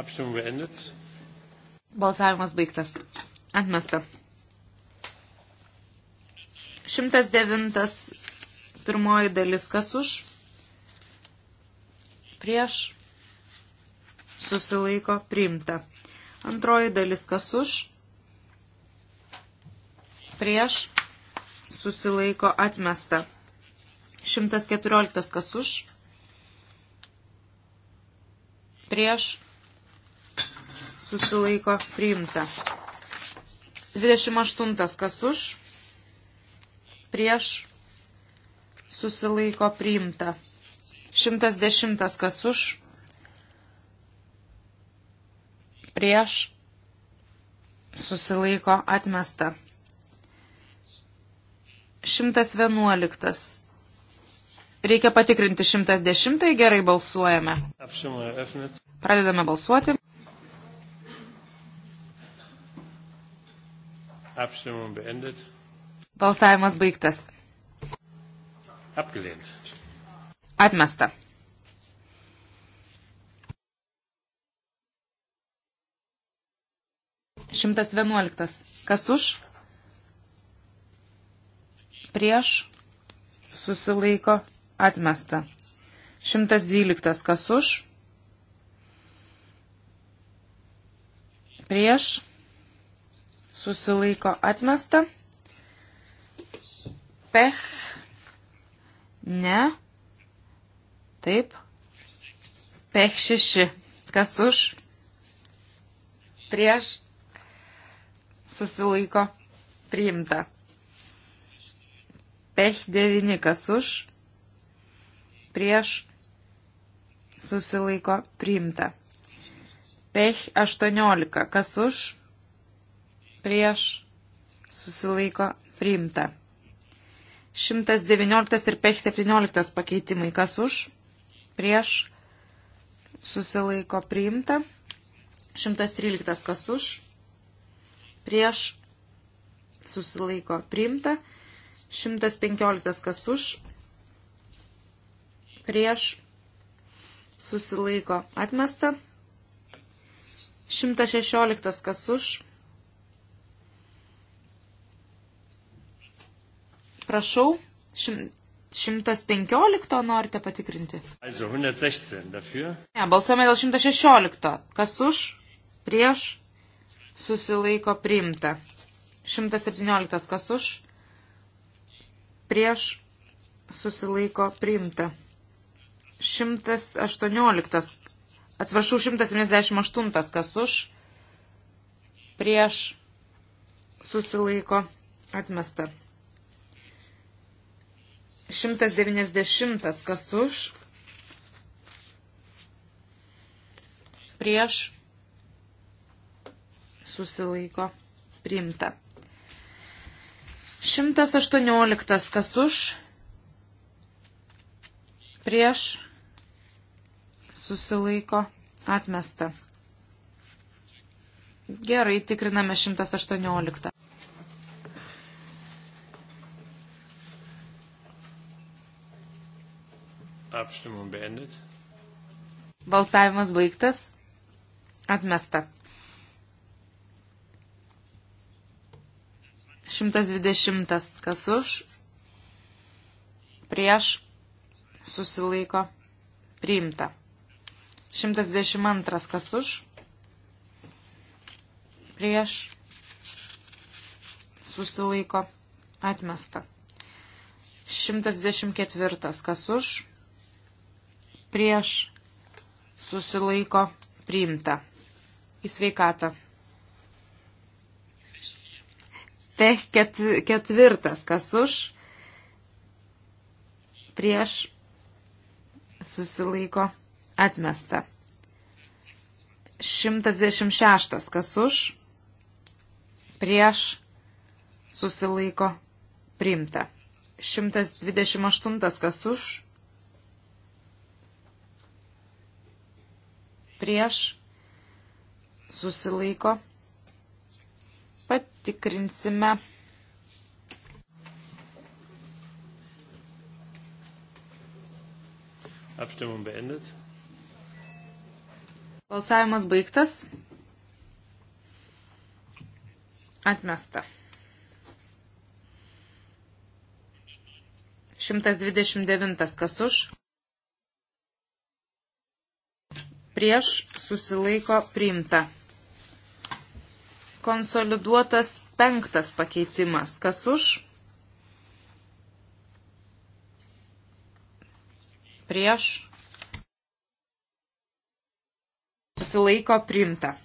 Abstimmung beendet. Balsavimas baigtas. Atmesta. 109 pirmoji dalis kas už? Prieš susilaiko priimta. Antroji dalis kas už, prieš susilaiko atmesta. 114 kas už, prieš susilaiko priimta. 28 kas už, prieš susilaiko priimta. 110 kas už, prieš, susilaiko atmesta. 111. Reikia patikrinti 110, gerai balsuojame. Pradedame balsuoti. Balsavimas baigtas. Atmesta. 111. Kas už? Prieš susilaiko atmesta. 112. Kas už? Prieš susilaiko atmesta. Pech. Ne. Taip. Pech šeši. Kas už? Prieš susilaiko priimta. Pech 9 kas už, prieš susilaiko priimta. Pech 18 kas už, prieš susilaiko priimta. 119 ir pech 17 pakeitimai kas už, prieš susilaiko priimta. 113 kas už, prieš susilaiko priimta, 115 kas už, prieš susilaiko atmesta, 116 kas už, prašau, 115 norite patikrinti. Also 116 dafür. Ne, balsuojame dėl 116. Kas už, prieš, susilaiko priimta. 117 kas už, prieš susilaiko priimta. 118, atsiprašau, 178 kas už, prieš susilaiko atmesta. 190 kas už, prieš susilaiko priimta. 118. Kas už? Prieš susilaiko atmesta. Gerai, tikriname 118. Abstimmung beendet. Balsavimas baigtas. Atmesta. 120. Kas už? Prieš susilaiko priimta. 122. Kas už? Prieš susilaiko atmesta. 124. Kas už? Prieš susilaiko priimta. Į sveikatą. Pech ket, ketvirtas, kas už, prieš susilaiko atmesta. 126, kas už, prieš susilaiko priimta. 128, kas už, prieš susilaiko priimta Patikrinsime. Abstimmung beendet. Balsavimas baigtas. Atmesta. 129 kas už. Prieš susilaiko priimta konsoliduotas penktas pakeitimas. Kas už? Prieš. Susilaiko primta.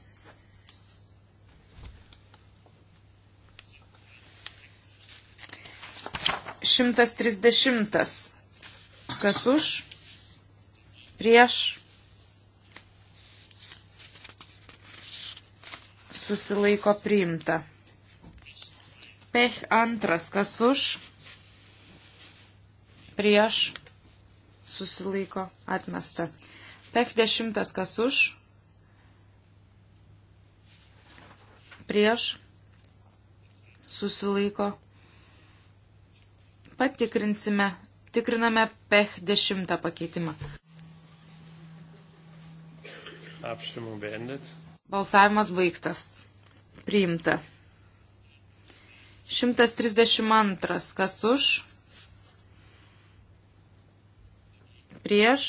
Šimtas trisdešimtas. Kas už? Prieš susilaiko priimta. Pech antras, kas už, prieš, susilaiko atmesta. Pech dešimtas, kas už, prieš, susilaiko. Patikrinsime, tikriname pech dešimtą pakeitimą. Abstimmung beendet. Balsavimas baigtas. Priimta. 132. Kas už? Prieš.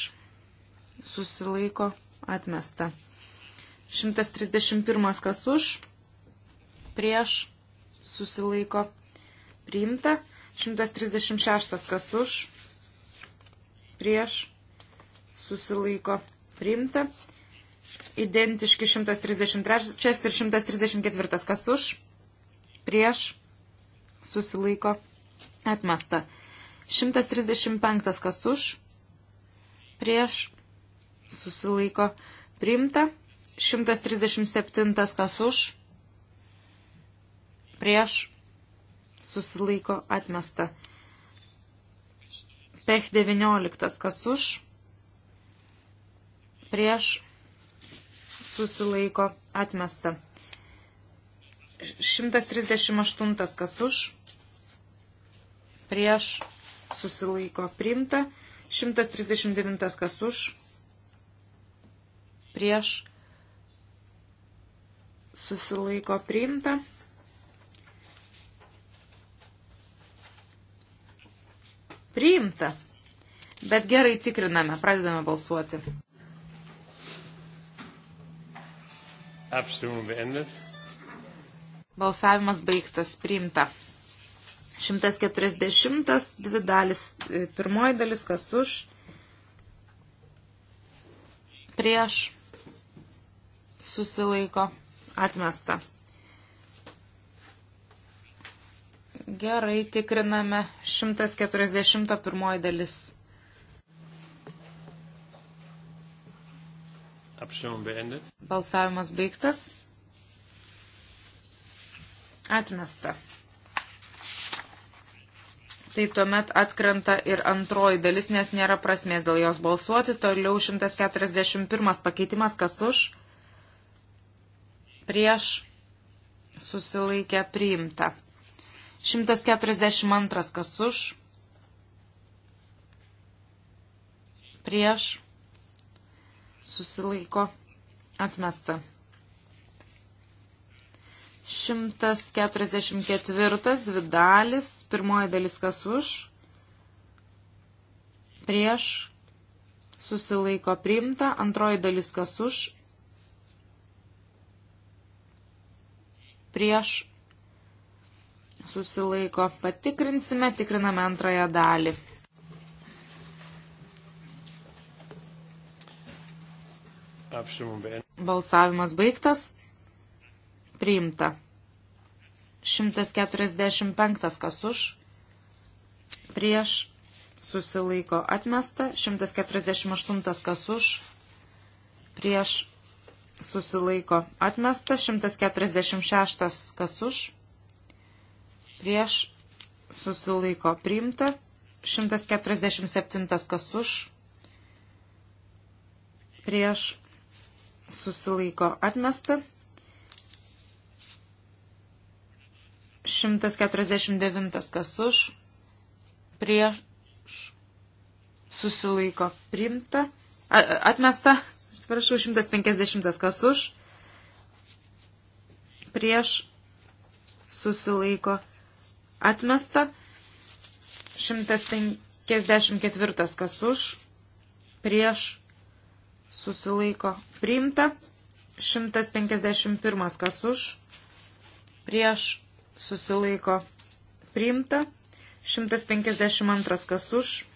Susilaiko. Atmesta. 131. Kas už? Prieš. Susilaiko. Priimta. 136. Kas už? Prieš. Susilaiko. Priimta identiški 133 ir 134. Kas už? Prieš? Susilaiko? Atmesta. 135. Kas už? Prieš? Susilaiko? Priimta. 137. Kas už? Prieš? Susilaiko? Atmesta. Pech 19. Kas už? Prieš? susilaiko atmesta. 138 kas už, prieš susilaiko priimta. 139 kas už, prieš susilaiko priimta. Priimta. Bet gerai tikriname, pradedame balsuoti. Abstimmung beendet. Balsavimas baigtas, priimta. 140, dvi dalis, e, pirmoji dalis, kas už, prieš, susilaiko, atmesta. Gerai, tikriname 141 dalis. Balsavimas baigtas. Atmesta. Tai tuomet atkrenta ir antroji dalis, nes nėra prasmės dėl jos balsuoti. Toliau 141 pakeitimas, kas už, prieš, susilaikę priimta. 142 kas už, prieš, susilaiko atmesta. 144 dvi dalis, pirmoji dalis kas už, prieš susilaiko priimta, antroji dalis kas už, prieš susilaiko patikrinsime, tikriname antrąją dalį. Balsavimas baigtas. Priimta. 145 kas už. Prieš susilaiko atmesta. 148 kas už. Prieš susilaiko atmesta. 146 kas už. Prieš susilaiko priimta. 147 kas už. Prieš susilaiko atmesta. 149 kas už, prieš susilaiko primta, atmesta, atsiprašau, 150 kas už, prieš susilaiko atmesta, 154 kas už, prieš susilaiko priimta. 151 kas už, prieš susilaiko priimta. 152 kas už,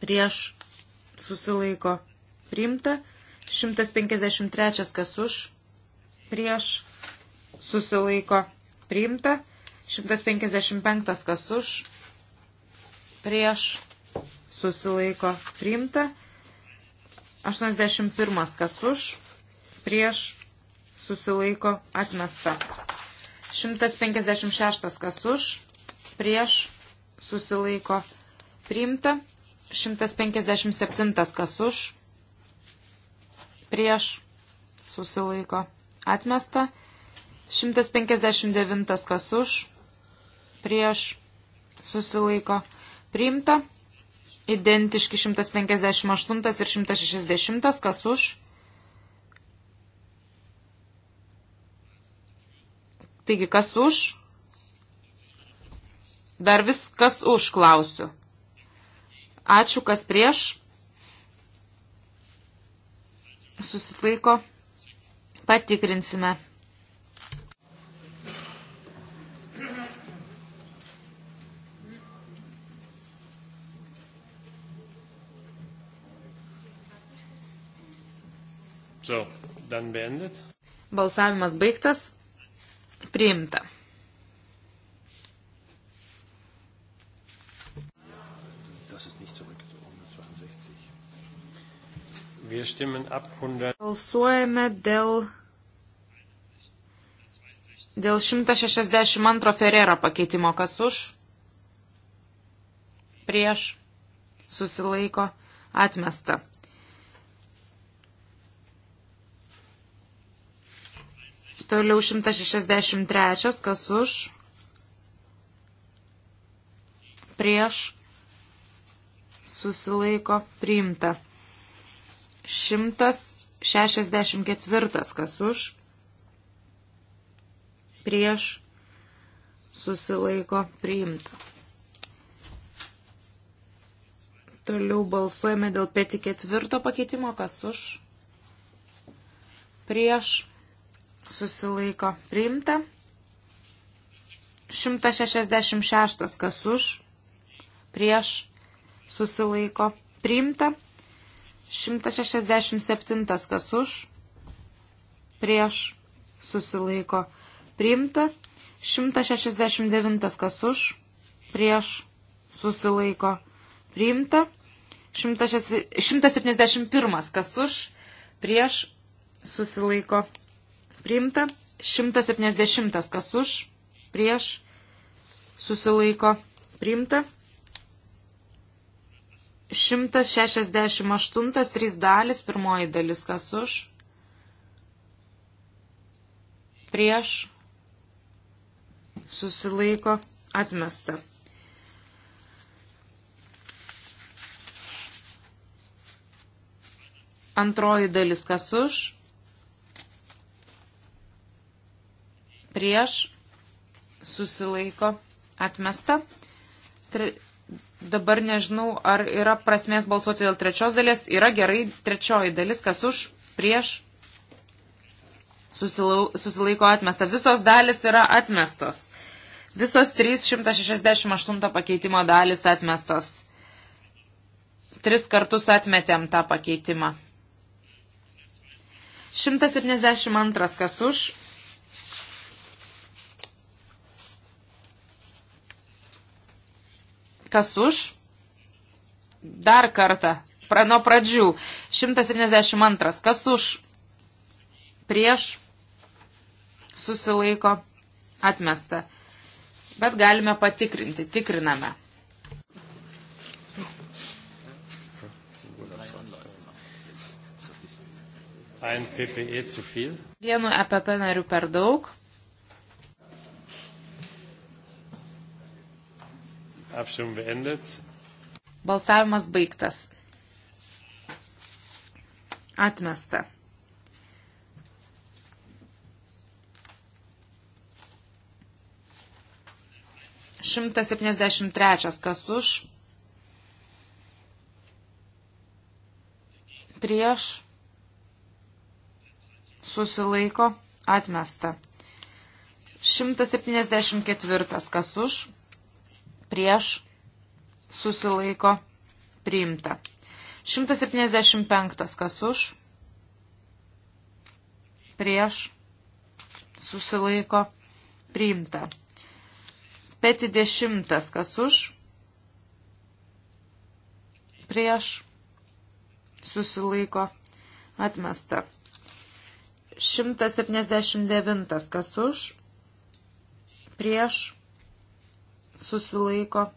prieš susilaiko priimta. 153 kas už, prieš susilaiko priimta. 155 kas už, prieš susilaiko priimta. 81 kas už, prieš, susilaiko, atmesta. 156 kas už, prieš, susilaiko, priimta. 157 kas už, prieš, susilaiko, atmesta. 159 kas už, prieš, susilaiko, priimta. Identiški 158 ir 160, kas už. Taigi, kas už? Dar vis kas už klausiu. Ačiū, kas prieš. Susilaiko. Patikrinsime. So, dann beendet. Balsavimas baigtas. Priimta. Balsuojame dėl, dėl 162 Ferrera pakeitimo. Kas už? Prieš. Susilaiko. Atmesta. Toliau 163, kas už, prieš, susilaiko, priimta. 164, kas už, prieš, susilaiko, priimta. Toliau balsuojame dėl peti ketvirto pakeitimo, kas už, prieš, susilaiko priimta. 166 kas už, prieš susilaiko priimta. 167 kas už, prieš susilaiko priimta. 169 kas už, prieš susilaiko priimta. 171 kas už, prieš susilaiko priimta priimta. 170 kas už, prieš, susilaiko, priimta. 168, 3 dalis, pirmoji dalis kas už, prieš, susilaiko, atmesta. Antroji dalis kas už, prieš, susilaiko, atmesta. Tre... Dabar nežinau, ar yra prasmės balsuoti dėl trečios dalies. Yra gerai trečioji dalis, kas už, prieš, susilau, susilaiko atmesta. Visos dalis yra atmestos. Visos 368 pakeitimo dalis atmestos. Tris kartus atmetėm tą pakeitimą. 172 kas už, Kas už? Dar kartą. Nuo pradžių. 172. Kas už? Prieš? Susilaiko. Atmesta. Bet galime patikrinti. Tikriname. E Vienu EPP nariu per daug. Abstimmung beendet. Balsavimas baigtas. Atmesta. Šimtas septyniasdešimt trečias. Kas už? Prieš. Susilaiko. Atmesta. 174. Kas už? prieš, susilaiko, priimta. 175 kas už, prieš, susilaiko, priimta. 50 kas už, prieš, susilaiko, atmesta. 179 kas už, prieš, susilaiko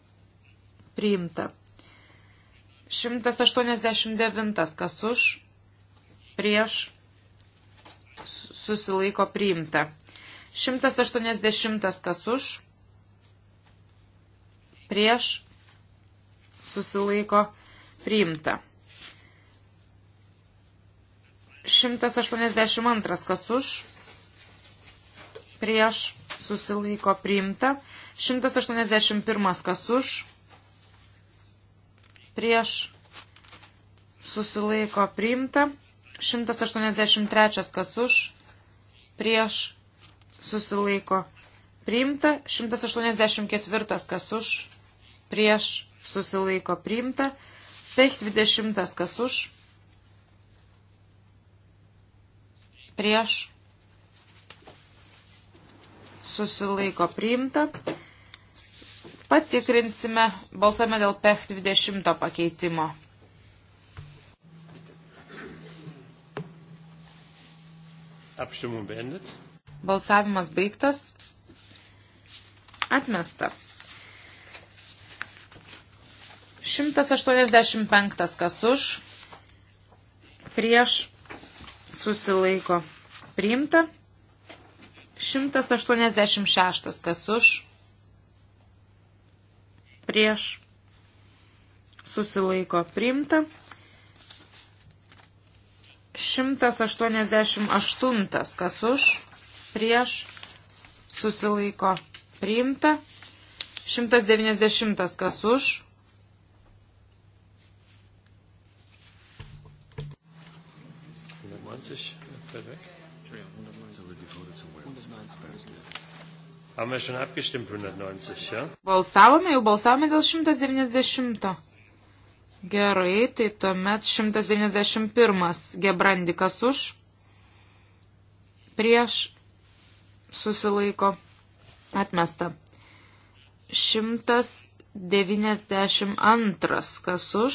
priimta. 189 kas už, prieš susilaiko priimta. 180 kas už, prieš susilaiko priimta. 182 kas už, prieš susilaiko priimta. 181 kas už, prieš susilaiko priimta, 183 kas už, prieš susilaiko priimta, 184 kas už, prieš susilaiko priimta, 520 kas už, prieš susilaiko priimta. Patikrinsime, balsuojame dėl PEH 20 pakeitimo. Apštimų bendit. Balsavimas baigtas. Atmesta. 185 kas už, prieš susilaiko priimta. 186 kas už, prieš, susilaiko priimta. 188 kas už, prieš, susilaiko priimta. 190 kas už. Perfekt. Haben wir schon abgestimmt 190, ja? Balsavome, jau balsavome dėl 190. Gerai, tai tuomet 191. Gebrandikas už. Prieš susilaiko atmesta. 192. Kas už.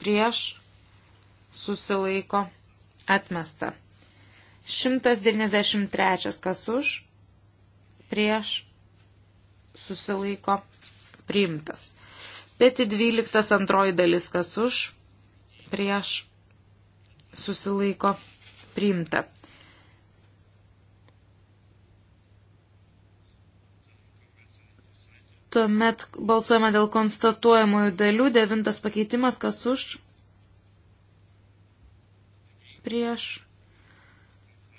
Prieš susilaiko atmesta. 193 kas už, prieš susilaiko priimtas. Peti 12 antroji dalis kas už, prieš susilaiko priimta. Tuomet balsuojama dėl konstatuojamųjų dalių. Devintas pakeitimas, kas už, prieš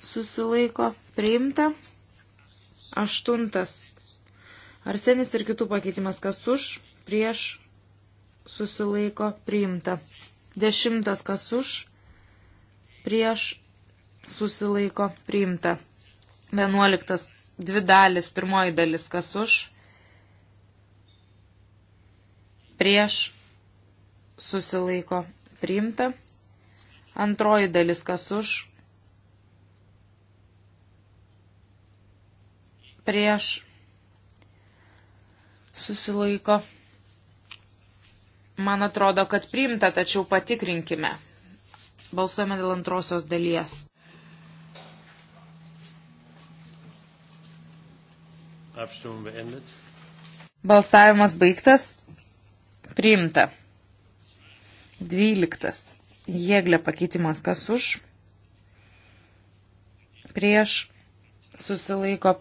susilaiko priimta. Aštuntas. Arsenis ir kitų pakeitimas, kas už, prieš, susilaiko priimta. Dešimtas, kas už, prieš, susilaiko priimta. Vienuoliktas, dvi dalis, pirmoji dalis, kas už, prieš, susilaiko priimta. Antroji dalis, kas už, prieš susilaiko. Man atrodo, kad priimta, tačiau patikrinkime. Balsuojame dėl antrosios dalies. Balsavimas baigtas. Priimta. Dvyliktas. Jėglė pakeitimas kas už. Prieš susilaiko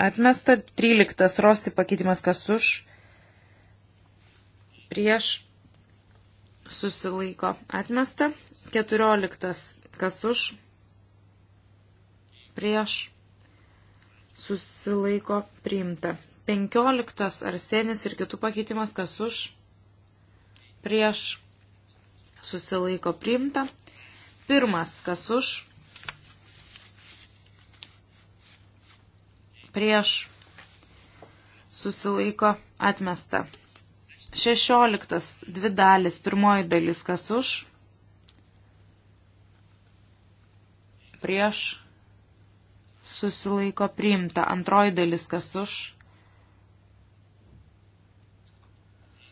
Atmesta 13 Rosi pakeitimas kas už. Prieš susilaiko. Atmesta 14 kas už. Prieš susilaiko priimta. 15 arsenis ir kitų pakeitimas kas už. Prieš susilaiko priimta. Pirmas kas už prieš susilaiko atmesta. Šešioliktas dvi dalis, pirmoji dalis kas už, prieš susilaiko priimta, antroji dalis kas už,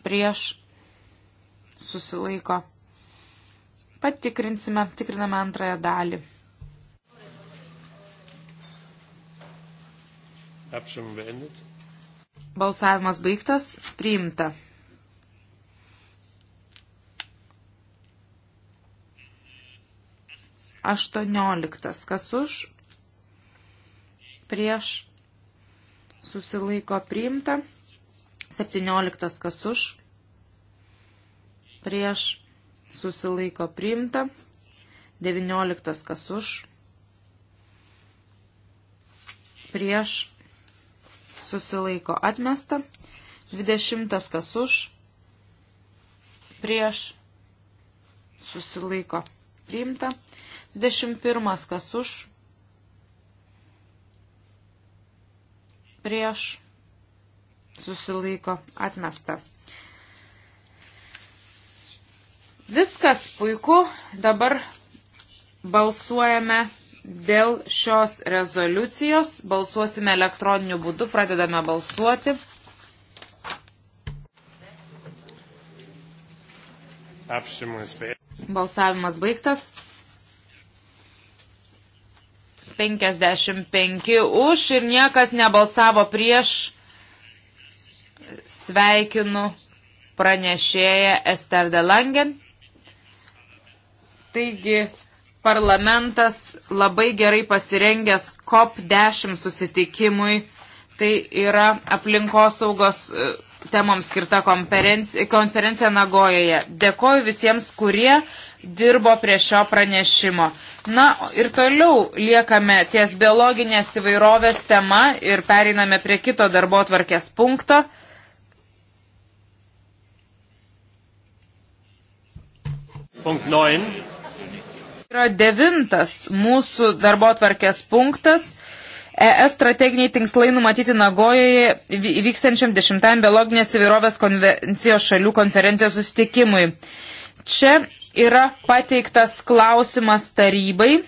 prieš susilaiko. Patikrinsime, tikriname antrąją dalį. Balsavimas baigtas. Priimta. Aštuonioliktas. Kas už? Prieš. Susilaiko priimta. Septynioliktas. Kas už? Prieš. Susilaiko priimta. Devynioliktas. Kas už? Prieš susilaiko atmesta, 20 kas už, prieš, susilaiko priimta, 21 kas už, prieš, susilaiko atmesta. Viskas puiku, dabar balsuojame Dėl šios rezoliucijos balsuosime elektroniniu būdu, pradedame balsuoti. Balsavimas baigtas. 55 už ir niekas nebalsavo prieš. Sveikinu pranešėją Ester Delangen. Taigi, parlamentas labai gerai pasirengęs COP10 susitikimui. Tai yra aplinkosaugos e, temoms skirta konferencija, konferencija Nagojoje. Dėkoju visiems, kurie dirbo prie šio pranešimo. Na ir toliau liekame ties biologinės įvairovės tema ir pereiname prie kito darbo tvarkės punkto. Punkt 9 yra devintas mūsų darbo tvarkės punktas. ES strateginiai tinkslai numatyti Nagojoje vykstančiam dešimtajam biologinės įvairovės konvencijos šalių konferencijos susitikimui. Čia yra pateiktas klausimas tarybai.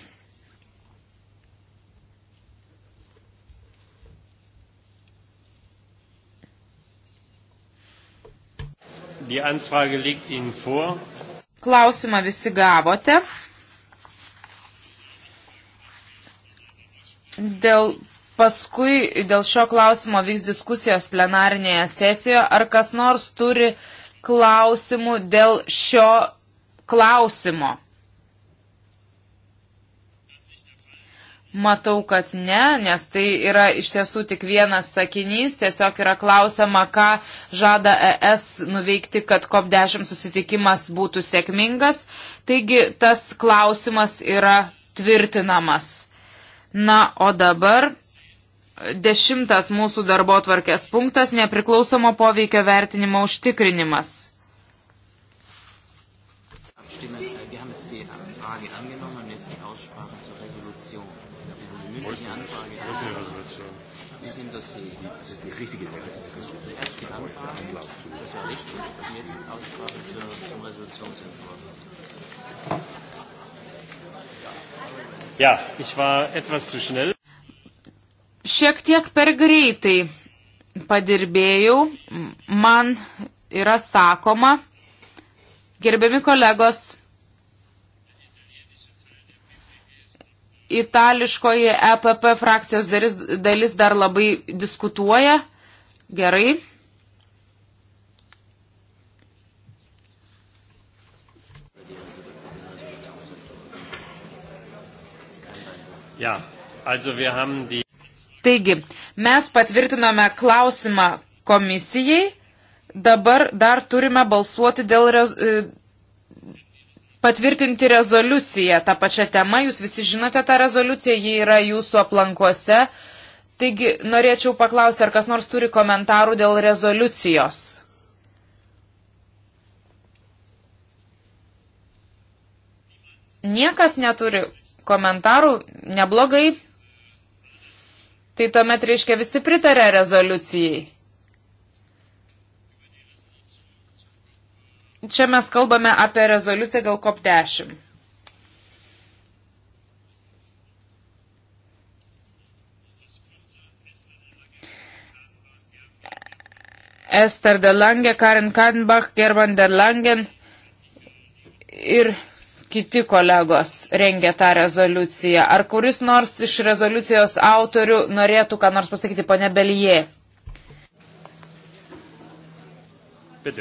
Klausimą visi gavote. Dėl paskui dėl šio klausimo vyks diskusijos plenarinėje sesijoje, ar kas nors turi klausimų dėl šio klausimo. Matau, kad ne, nes tai yra iš tiesų tik vienas sakinys, tiesiog yra klausima, ką žada ES nuveikti, kad COP10 susitikimas būtų sėkmingas. Taigi tas klausimas yra tvirtinamas. Na, o dabar dešimtas mūsų darbo tvarkės punktas - nepriklausomo poveikio vertinimo užtikrinimas. Äh, ähm, das ist die richtige Erst die Anfrage, das war richtig, und jetzt Aussprache zur, zum Resolutionsentwurf. Ja, ich war etwas zu schnell. Šiek tiek per greitai padirbėjau. Man yra sakoma, gerbiami kolegos, itališkoji EPP frakcijos dalis, dalis dar labai diskutuoja. Gerai. Ja, also wir haben die... Taigi, mes patvirtinome klausimą komisijai, dabar dar turime balsuoti dėl rez... E, patvirtinti rezoliuciją. Ta pačia tema, jūs visi žinote tą rezoliuciją, ji yra jūsų aplankuose. Taigi, norėčiau paklausti, ar kas nors turi komentarų dėl rezoliucijos. Niekas neturi komentarų, neblogai. Tai tuomet reiškia visi pritarė rezoliucijai. Čia mes kalbame apie rezoliuciją dėl COP10. Ester de Lange, Karin Kadenbach, Gerban der Langen ir kiti kolegos rengė tą rezoliuciją. Ar kuris nors iš rezoliucijos autorių norėtų ką nors pasakyti, ponė Belyje? Euh,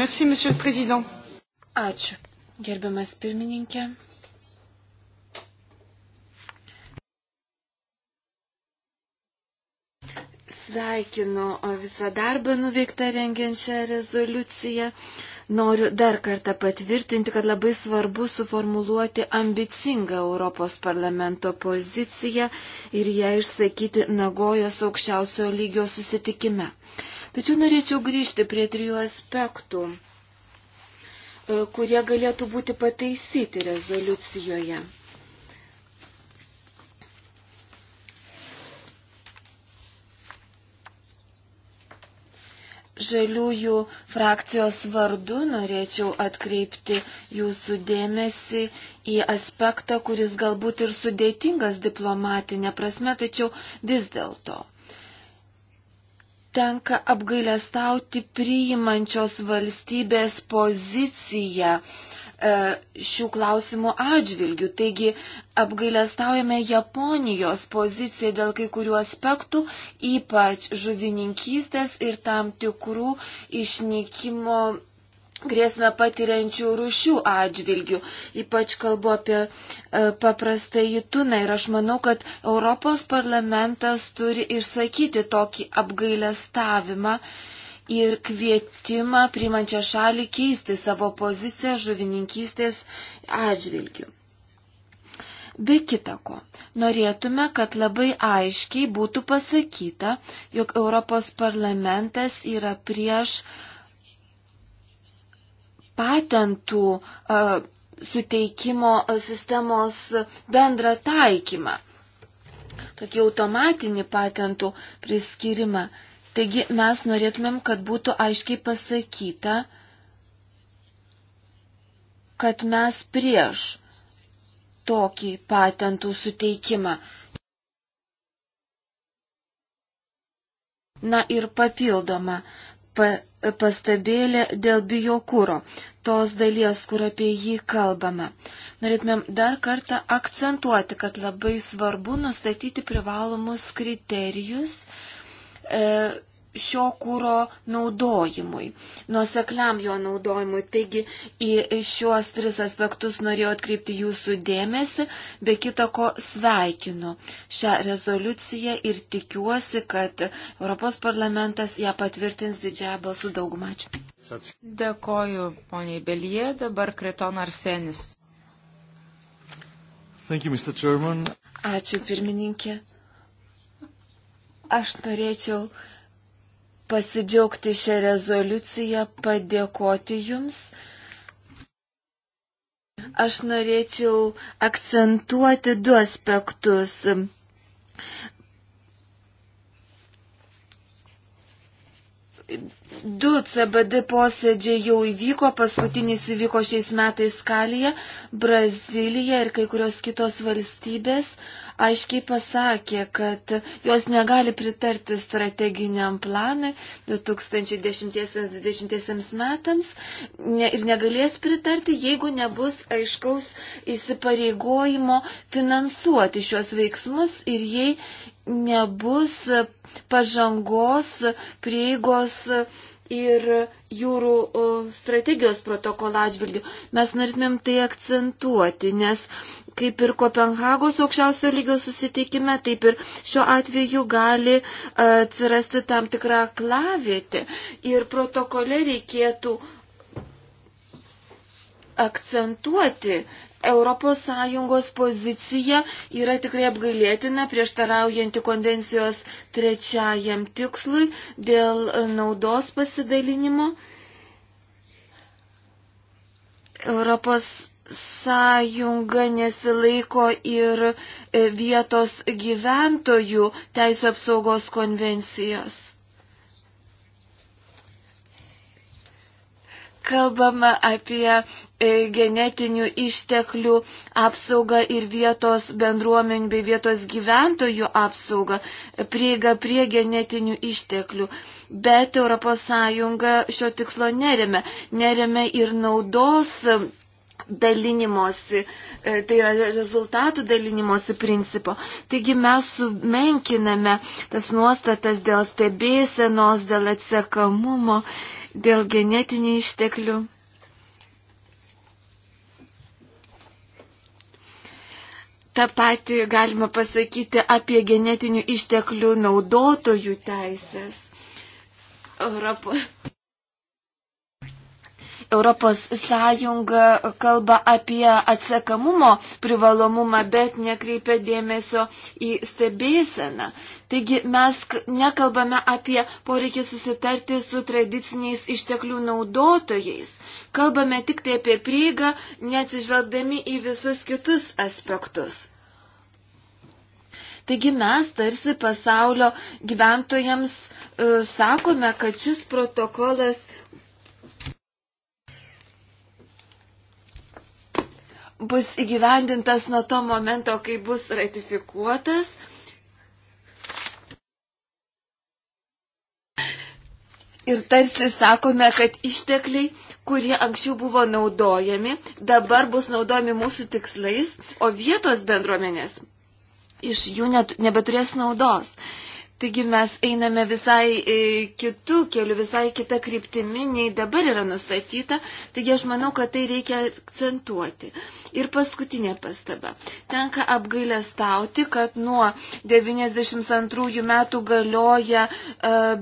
merci, monsieur le président. Ačiū, gerbiamas pirmininkė. Sveikinu visą darbą nuveiktą rengiant šią rezoliuciją. Uh, Noriu dar kartą patvirtinti, kad labai svarbu suformuluoti ambicingą Europos parlamento poziciją ir ją išsakyti Nagojos aukščiausio lygio susitikime. Tačiau norėčiau grįžti prie trijų aspektų, e, kurie galėtų būti pataisyti rezoliucijoje. žaliųjų frakcijos vardu norėčiau atkreipti jūsų dėmesį į aspektą, kuris galbūt ir sudėtingas diplomatinė prasme, tačiau vis dėlto tenka apgailestauti priimančios valstybės poziciją E, šių klausimų atžvilgių. Taigi apgailestaujame Japonijos poziciją dėl kai kurių aspektų, ypač žuvininkystės ir tam tikrų išnykimo grėsmę patiriančių rušių atžvilgių. Ypač kalbu apie e, paprastąjį tuną ir aš manau, kad Europos parlamentas turi išsakyti tokį apgailestavimą. E, ir kvietimą priimančią šalį keisti savo poziciją žuvininkystės atžvilgių. Be kita ko, norėtume, kad labai aiškiai būtų pasakyta, jog Europos parlamentas yra prieš patentų uh, suteikimo sistemos bendrą taikymą, tokį automatinį patentų priskirimą. Uh, Taigi mes norėtumėm, kad būtų aiškiai pasakyta, kad mes prieš tokį patentų suteikimą. Na ir papildoma pa, pastabėlė dėl biokūro, tos dalies, kur apie jį kalbame. Norėtumėm dar kartą akcentuoti, kad labai svarbu nustatyti privalomus kriterijus, uh, E, šio kūro naudojimui, nuosekliam jo naudojimui. Taigi į šiuos tris aspektus norėjau atkreipti jūsų dėmesį, be kita ko sveikinu šią rezoliuciją ir tikiuosi, kad Europos parlamentas ją patvirtins didžiąją balsų daugumą. Ačiū. Dėkoju, poniai Belie, dabar Kreton Arsenis. Thank you, Ačiū, pirmininkė. Aš norėčiau pasidžiaugti šią rezoliuciją, padėkoti Jums. Aš norėčiau akcentuoti du aspektus. Du CBD posėdžiai jau įvyko, paskutinis įvyko šiais metais Kalija, Brazilija ir kai kurios kitos valstybės uh, aiškiai pasakė, kad jos negali pritarti strateginiam planui 2010-2020 metams ne, ir negalės pritarti, jeigu nebus aiškaus įsipareigojimo finansuoti šios veiksmus ir jei nebus pažangos prieigos ir jūrų e, strategijos protokolo atžvilgių. Mes norėtumėm tai akcentuoti, nes kaip ir Kopenhagos aukščiausio lygio susitikime, taip ir šiuo atveju gali e, atsirasti tam tikra klavietė. Ir protokole reikėtų akcentuoti. ES pozicija yra tikrai apgailėtina, prieštaraujanti konvencijos trečiajam tikslui dėl naudos pasidalinimo. Europos sąjunga nesilaiko ir e, vietos gyventojų teisų apsaugos konvencijos. Kalbama apie e, genetinių išteklių apsaugą ir vietos bendruomenių bei vietos gyventojų apsaugą, e, prieiga prie genetinių išteklių. Bet ES šio tikslo nerime. Nerime ir naudos dalinimosi, e, tai yra rezultatų dalinimosi principo. Taigi mes sumenkiname tas nuostatas dėl stebėsenos, dėl atsekamumo, dėl genetinių išteklių. Ta pati galima pasakyti apie genetinių išteklių naudotojų teisės. Europos. ES kalba apie atsakamumo privalomumą, bet nekreipia dėmesio į stebėseną. Taigi mes nekalbame apie poreikį susitarti su tradiciniais išteklių naudotojais. Kalbame tik tai apie prieigą, neatsižvelgdami į visus kitus aspektus. Taigi mes tarsi pasaulio gyventojams e, sakome, kad šis protokolas bus įgyvendintas nuo to momento, kai bus ratifikuotas. Ir tarsi sakome, kad ištekliai, kurie anksčiau buvo naudojami, dabar bus naudojami mūsų tikslais, o vietos bendruomenės iš jų net, nebeturės naudos. Taigi mes einame visai e, kitų kelių, visai kitą kryptimį, nei dabar yra nustatyta. Taigi aš manau, kad tai reikia akcentuoti. Ir paskutinė pastaba. Tenka apgailę stauti, kad nuo 92 metų galioja. Uh,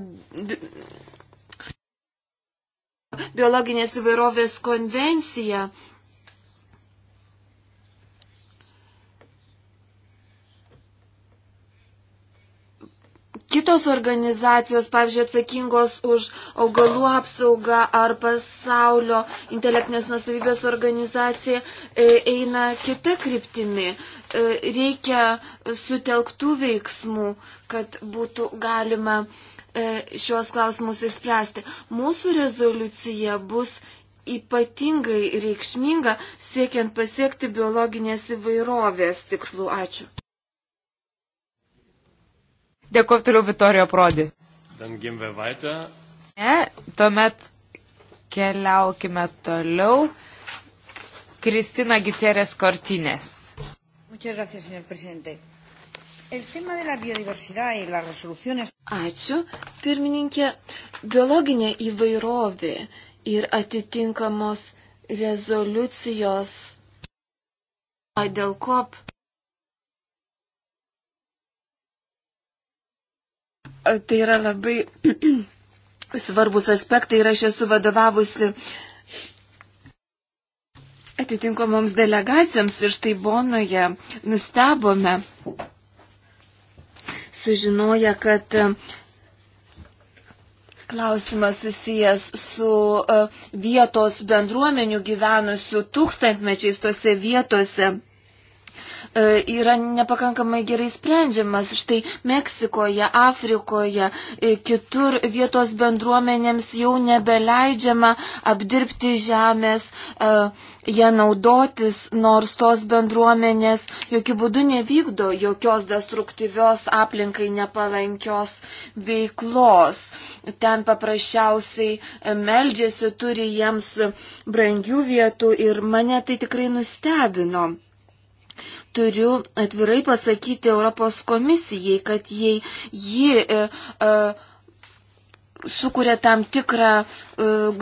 biologinės įvairovės konvencija. Uh, kitos organizacijos, pavyzdžiui, atsakingos už augalų apsaugą ar pasaulio intelektinės nusavybės organizacija, e, eina kita kryptimi. E, reikia sutelktų veiksmų, kad būtų galima e, šios klausimus išspręsti. Mūsų rezoliucija bus ypatingai reikšminga siekiant pasiekti biologinės įvairovės tikslų. Ačiū. Dėkuoju toliau Vitorijo Prodi. Ne, tuomet keliaukime toliau. Kristina Giterės Kortinės. Ačiū, pirmininkė. Biologinė įvairovė ir atitinkamos rezoliucijos dėl COP Tai yra labai svarbus aspektai ir aš esu vadovavusi atitinkomoms delegacijoms ir štai Bonoje nustebome sužinoja, kad e, klausimas susijęs su e, vietos bendruomenių gyvenusių tūkstantmečiais tose vietose E, yra nepakankamai gerai sprendžiamas. Štai Meksikoje, Afrikoje, e, kitur vietos bendruomenėms jau nebeleidžiama apdirbti žemės, e, ją naudotis, nors tos bendruomenės jokių būdų nevykdo jokios destruktyvios aplinkai nepalankios veiklos. Ten paprasčiausiai meldžiasi, turi jiems brangių vietų ir mane tai tikrai nustebino turiu atvirai pasakyti Europos komisijai, kad jei ji e, e, sukuria tam tikrą e,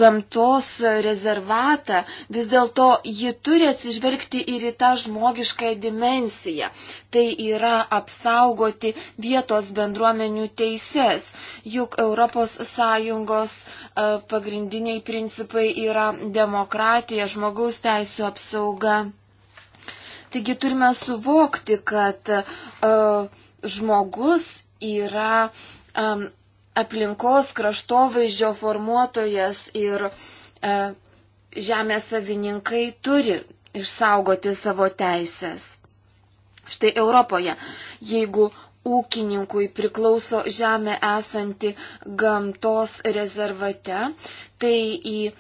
gamtos rezervatą, vis dėlto ji turi atsižvelgti ir į tą žmogiškąją dimensiją. Tai yra apsaugoti vietos bendruomenių teises. Juk ES e, pagrindiniai principai yra demokratija, žmogaus teisų apsauga Taigi turime suvokti, kad uh, žmogus yra um, aplinkos kraštovaizdžio formuotojas ir uh, žemės savininkai turi išsaugoti savo teisės. Štai Europoje, jeigu ūkininkui priklauso žemė esanti gamtos rezervate, tai į e,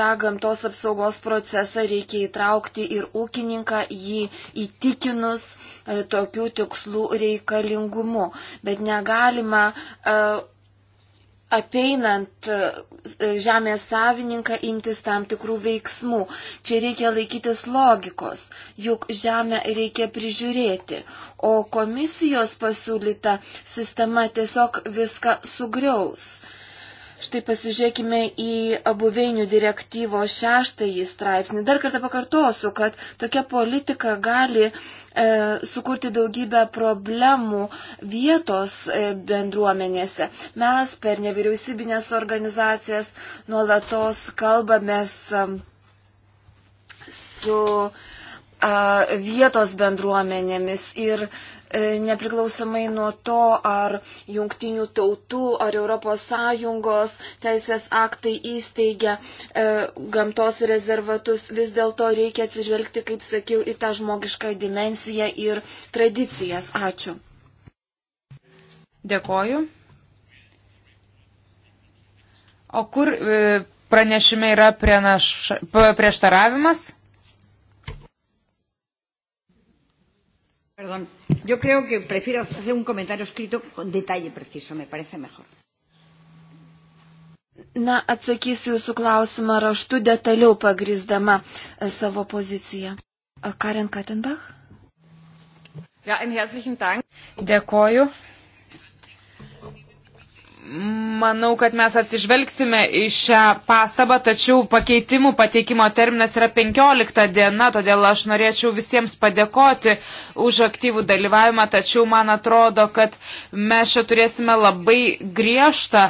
tą gamtos apsaugos procesą reikia įtraukti ir ūkininką, jį įtikinus e, tokių tikslų reikalingumu. Bet negalima e, apeinant e, žemės savininką imtis tam tikrų veiksmų. Čia reikia laikytis logikos, juk žemę reikia prižiūrėti, o komisijos pasiūlyta sistema tiesiog viską sugriaus. Štai pasižiūrėkime į buveinių direktyvo šeštąjį straipsnį. Dar kartą pakartosiu, kad tokia politika gali e, sukurti daugybę problemų vietos e, bendruomenėse. Mes per nevyriausybinės organizacijas nuolatos kalbamės e, su e, vietos bendruomenėmis ir e, E, nepriklausomai nuo to, ar jungtinių tautų, ar ES teisės aktai įsteigia e, gamtos rezervatus, vis dėlto reikia atsižvelgti, kaip sakiau, į tą žmogišką dimensiją ir tradicijas. Ačiū. Dėkoju. O kur e, pranešime yra prieštaravimas? Perdón, yo creo que prefiero hacer un comentario escrito con detalle preciso, me parece mejor. Na, atsakysiu jūsų klausimą raštu detaliau pagrisdama e, savo poziciją. E, Karen Kattenbach? Ja, Dėkoju. Manau, kad mes atsižvelgsime į šią pastabą, tačiau pakeitimų pateikimo terminas yra 15 diena, todėl aš norėčiau visiems padėkoti už aktyvų dalyvavimą, tačiau man atrodo, kad mes čia turėsime labai griežtą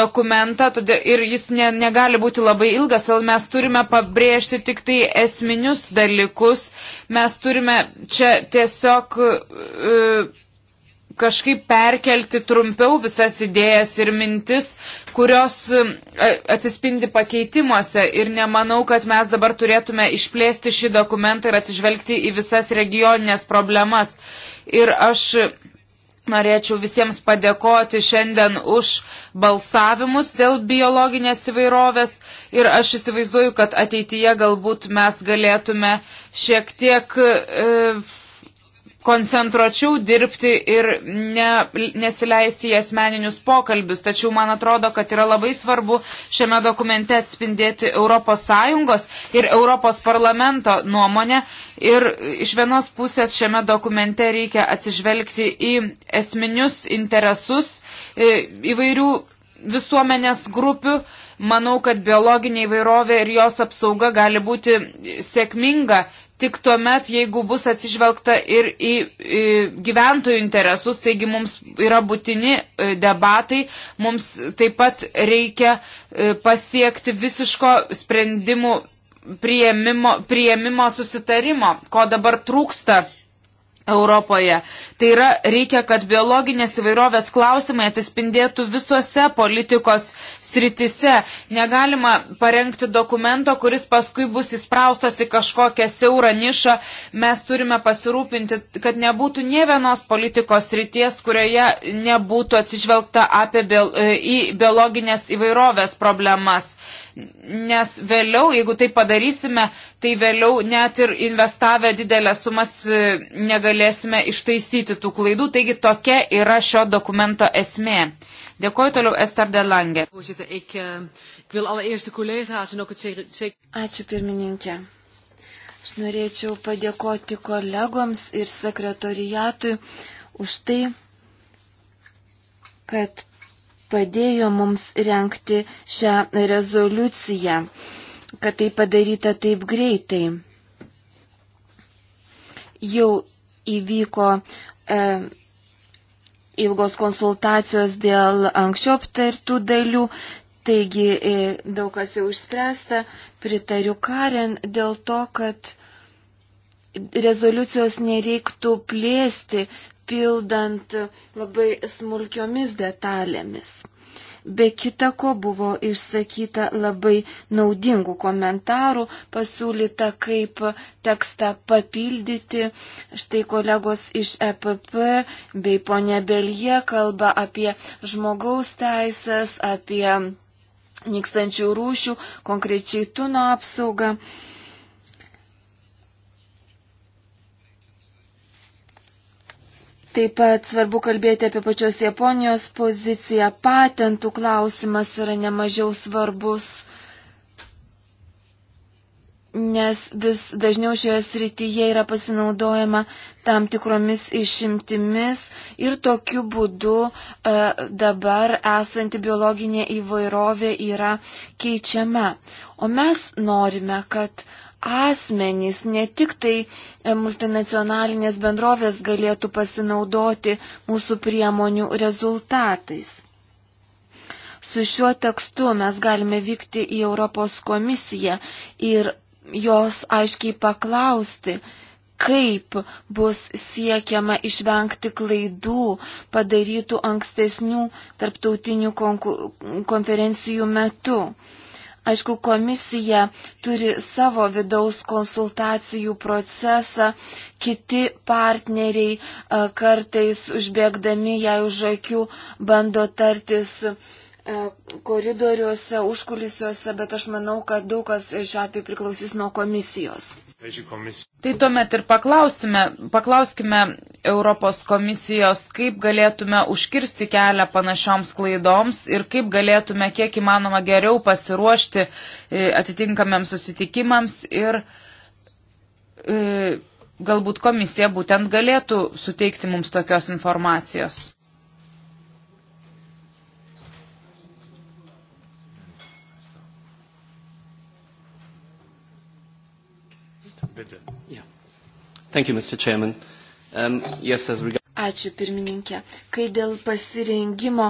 dokumentą todėl, ir jis ne, negali būti labai ilgas, todėl mes turime pabrėžti tik tai esminius dalykus. Mes turime čia tiesiog. Uh, kažkaip perkelti trumpiau visas idėjas ir mintis, kurios e, atsispindi pakeitimuose. Ir nemanau, kad mes dabar turėtume išplėsti šį dokumentą ir atsižvelgti į visas regioninės problemas. Ir aš norėčiau visiems padėkoti šiandien už balsavimus dėl biologinės įvairovės. Ir aš įsivaizduoju, kad ateityje galbūt mes galėtume šiek tiek. E, koncentruočiau dirbti ir ne, nesileisti į asmeninius pokalbius. Tačiau man atrodo, kad yra labai svarbu šiame dokumente atspindėti ES ir ES parlamento nuomonę. Ir iš vienos pusės šiame dokumente reikia atsižvelgti į esminius interesus e, įvairių visuomenės grupių. Manau, kad biologinė įvairovė ir jos apsauga gali būti sėkminga tik tuo met, jeigu bus atsižvelgta ir į, į gyventojų interesus, taigi mums yra būtini e, debatai, mums taip pat reikia e, pasiekti visiško sprendimų prieimimo, prieimimo susitarimo, ko dabar trūksta Europoje. Tai yra, reikia, kad biologinės įvairovės klausimai atsispindėtų visose politikos sritise. Negalima parengti dokumento, kuris paskui bus įspraustas į kažkokią siaurą nišą. Mes turime pasirūpinti, kad nebūtų nie vienos politikos srities, kurioje nebūtų atsižvelgta apie bio, į biologinės įvairovės problemas nes vėliau, jeigu tai padarysime, tai vėliau net ir investavę didelę sumas e, negalėsime ištaisyti tų klaidų. Taigi tokia yra šio dokumento esmė. Dėkuoju toliau Ester Delange. Eh, Ačiū pirmininkė. Aš norėčiau padėkoti kolegoms ir sekretoriatui už tai, kad padėjo mums renkti šią rezoliuciją, kad tai padaryta taip greitai. Jau įvyko e, ilgos konsultacijos dėl anksčiau aptartų dalių, taigi e, daug kas jau išspręsta. Pritariu Karen dėl to, kad rezoliucijos nereiktų plėsti, pildant labai smulkiomis detalėmis. Be kita ko buvo išsakyta labai naudingų komentarų, pasiūlyta, kaip tekstą papildyti. Štai kolegos iš EPP bei ponė Belie kalba apie žmogaus teisės, apie nykstančių rūšių, konkrečiai tuno apsaugą. Taip pat svarbu kalbėti apie pačios Japonijos poziciją. Patentų klausimas yra nemažiau svarbus, nes vis dažniau šioje srityje yra pasinaudojama tam tikromis išimtimis ir tokiu būdu e, dabar esanti biologinė įvairovė yra keičiama. O mes norime, kad asmenys, ne tik tai e, multinacionalinės bendrovės galėtų pasinaudoti mūsų priemonių rezultatais. Su šiuo tekstu mes galime vykti į Europos komisiją ir jos aiškiai paklausti, kaip bus siekiama išvengti klaidų padarytų ankstesnių tarptautinių konferencijų metu. Aišku, komisija turi savo vidaus konsultacijų procesą, kiti partneriai kartais užbėgdami jai už akių bando tartis koridoriuose, užkulisiuose, bet aš manau, kad daug kas šiuo atveju priklausys nuo komisijos. Tai tuomet ir paklauskime Europos komisijos, kaip galėtume užkirsti kelią panašioms klaidoms ir kaip galėtume kiek įmanoma geriau pasiruošti e, atitinkamiems susitikimams ir e, galbūt komisija būtent galėtų suteikti mums tokios informacijos. Thank you, Mr. Chairman. Um, yes, as regards... Ačiū pirmininkė. Kai dėl pasirengimo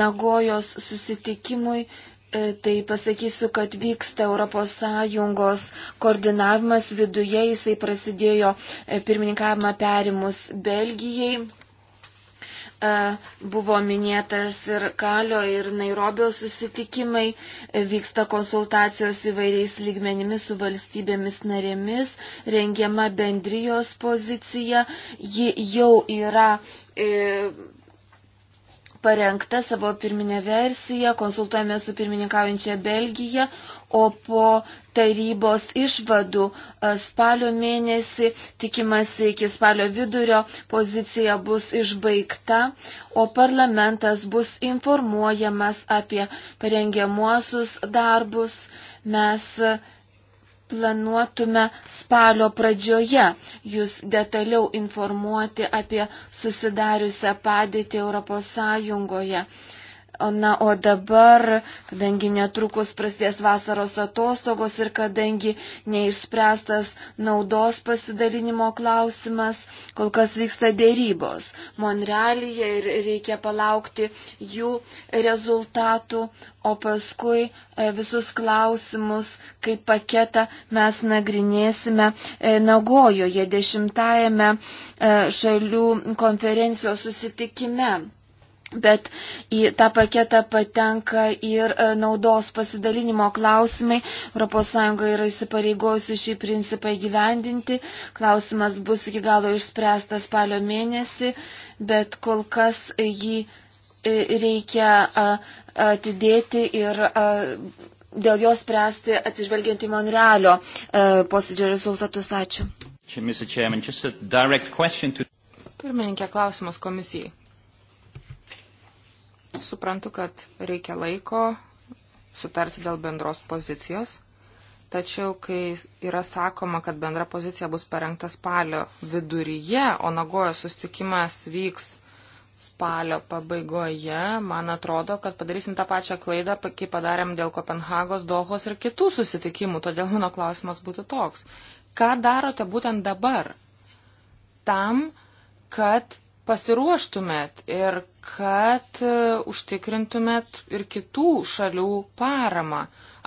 Nagojos susitikimui, e, tai pasakysiu, kad vyksta ES koordinavimas viduje, jisai prasidėjo e, pirmininkavimą perimus Belgijai. E, buvo minėtas ir Kalio, ir Nairobio susitikimai, e, vyksta konsultacijos įvairiais lygmenimis su valstybėmis narėmis, rengiama bendrijos pozicija, ji jau yra e, parengta savo pirminė versija, konsultuojame su pirmininkaujančia Belgija, o po tarybos išvadų spalio mėnesį, tikimasi iki spalio vidurio, pozicija bus išbaigta, o parlamentas bus informuojamas apie parengiamuosius darbus. Mes planuotume spalio pradžioje jūs detaliau informuoti apie susidariusią padėtį ES Na, o dabar, kadangi netrukus prasidės vasaros atostogos ir kadangi neišspręstas naudos pasidalinimo klausimas, kol kas vyksta dėrybos Monrealyje ir reikia palaukti jų rezultatų, o paskui e, visus klausimus kaip paketą mes nagrinėsime e, Nagojoje dešimtajame e, šalių konferencijos susitikime. Bet į tą paketą patenka ir e, naudos pasidalinimo klausimai. ES yra įsipareigojusi šį principą įgyvendinti. Klausimas bus iki galo išspręstas spalio mėnesį, bet kol kas jį e, reikia atidėti ir dėl jo spręsti atsižvelgiant į Monrealio e, posėdžio rezultatus. Ačiū. Pirmininkė, klausimas komisijai. Suprantu, kad reikia laiko sutarti dėl bendros pozicijos, tačiau kai yra sakoma, kad bendra pozicija bus parengta spalio viduryje, o Nagojo sustikimas vyks spalio pabaigoje, man atrodo, kad padarysim tą pačią klaidą, kaip padarėm dėl Kopenhagos, Dohos ir kitų susitikimų. Todėl mano klausimas būtų toks. Ką darote būtent dabar tam, kad pasiruoštumėt ir kad e, užtikrintumėt ir kitų šalių paramą.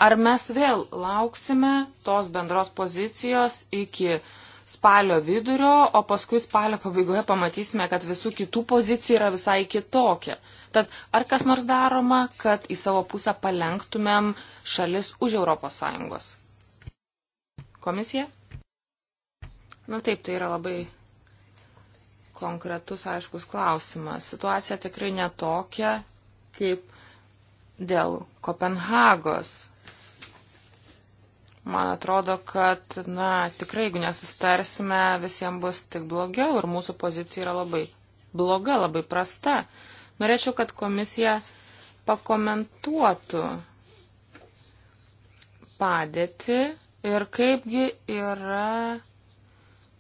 Ar mes vėl lauksime tos bendros pozicijos iki spalio vidurio, o paskui spalio pabaigoje pamatysime, kad visų kitų pozicija yra visai kitokia. Tad ar kas nors daroma, kad į savo pusę palengtumėm šalis už ES? Komisija? Na nu taip, tai yra labai konkretus aiškus klausimas. Situacija tikrai netokia kaip dėl Kopenhagos. Man atrodo, kad, na, tikrai, jeigu nesustarsime, visiems bus tik blogiau ir mūsų pozicija yra labai bloga, labai prasta. Norėčiau, kad komisija pakomentuotų padėtį ir kaipgi yra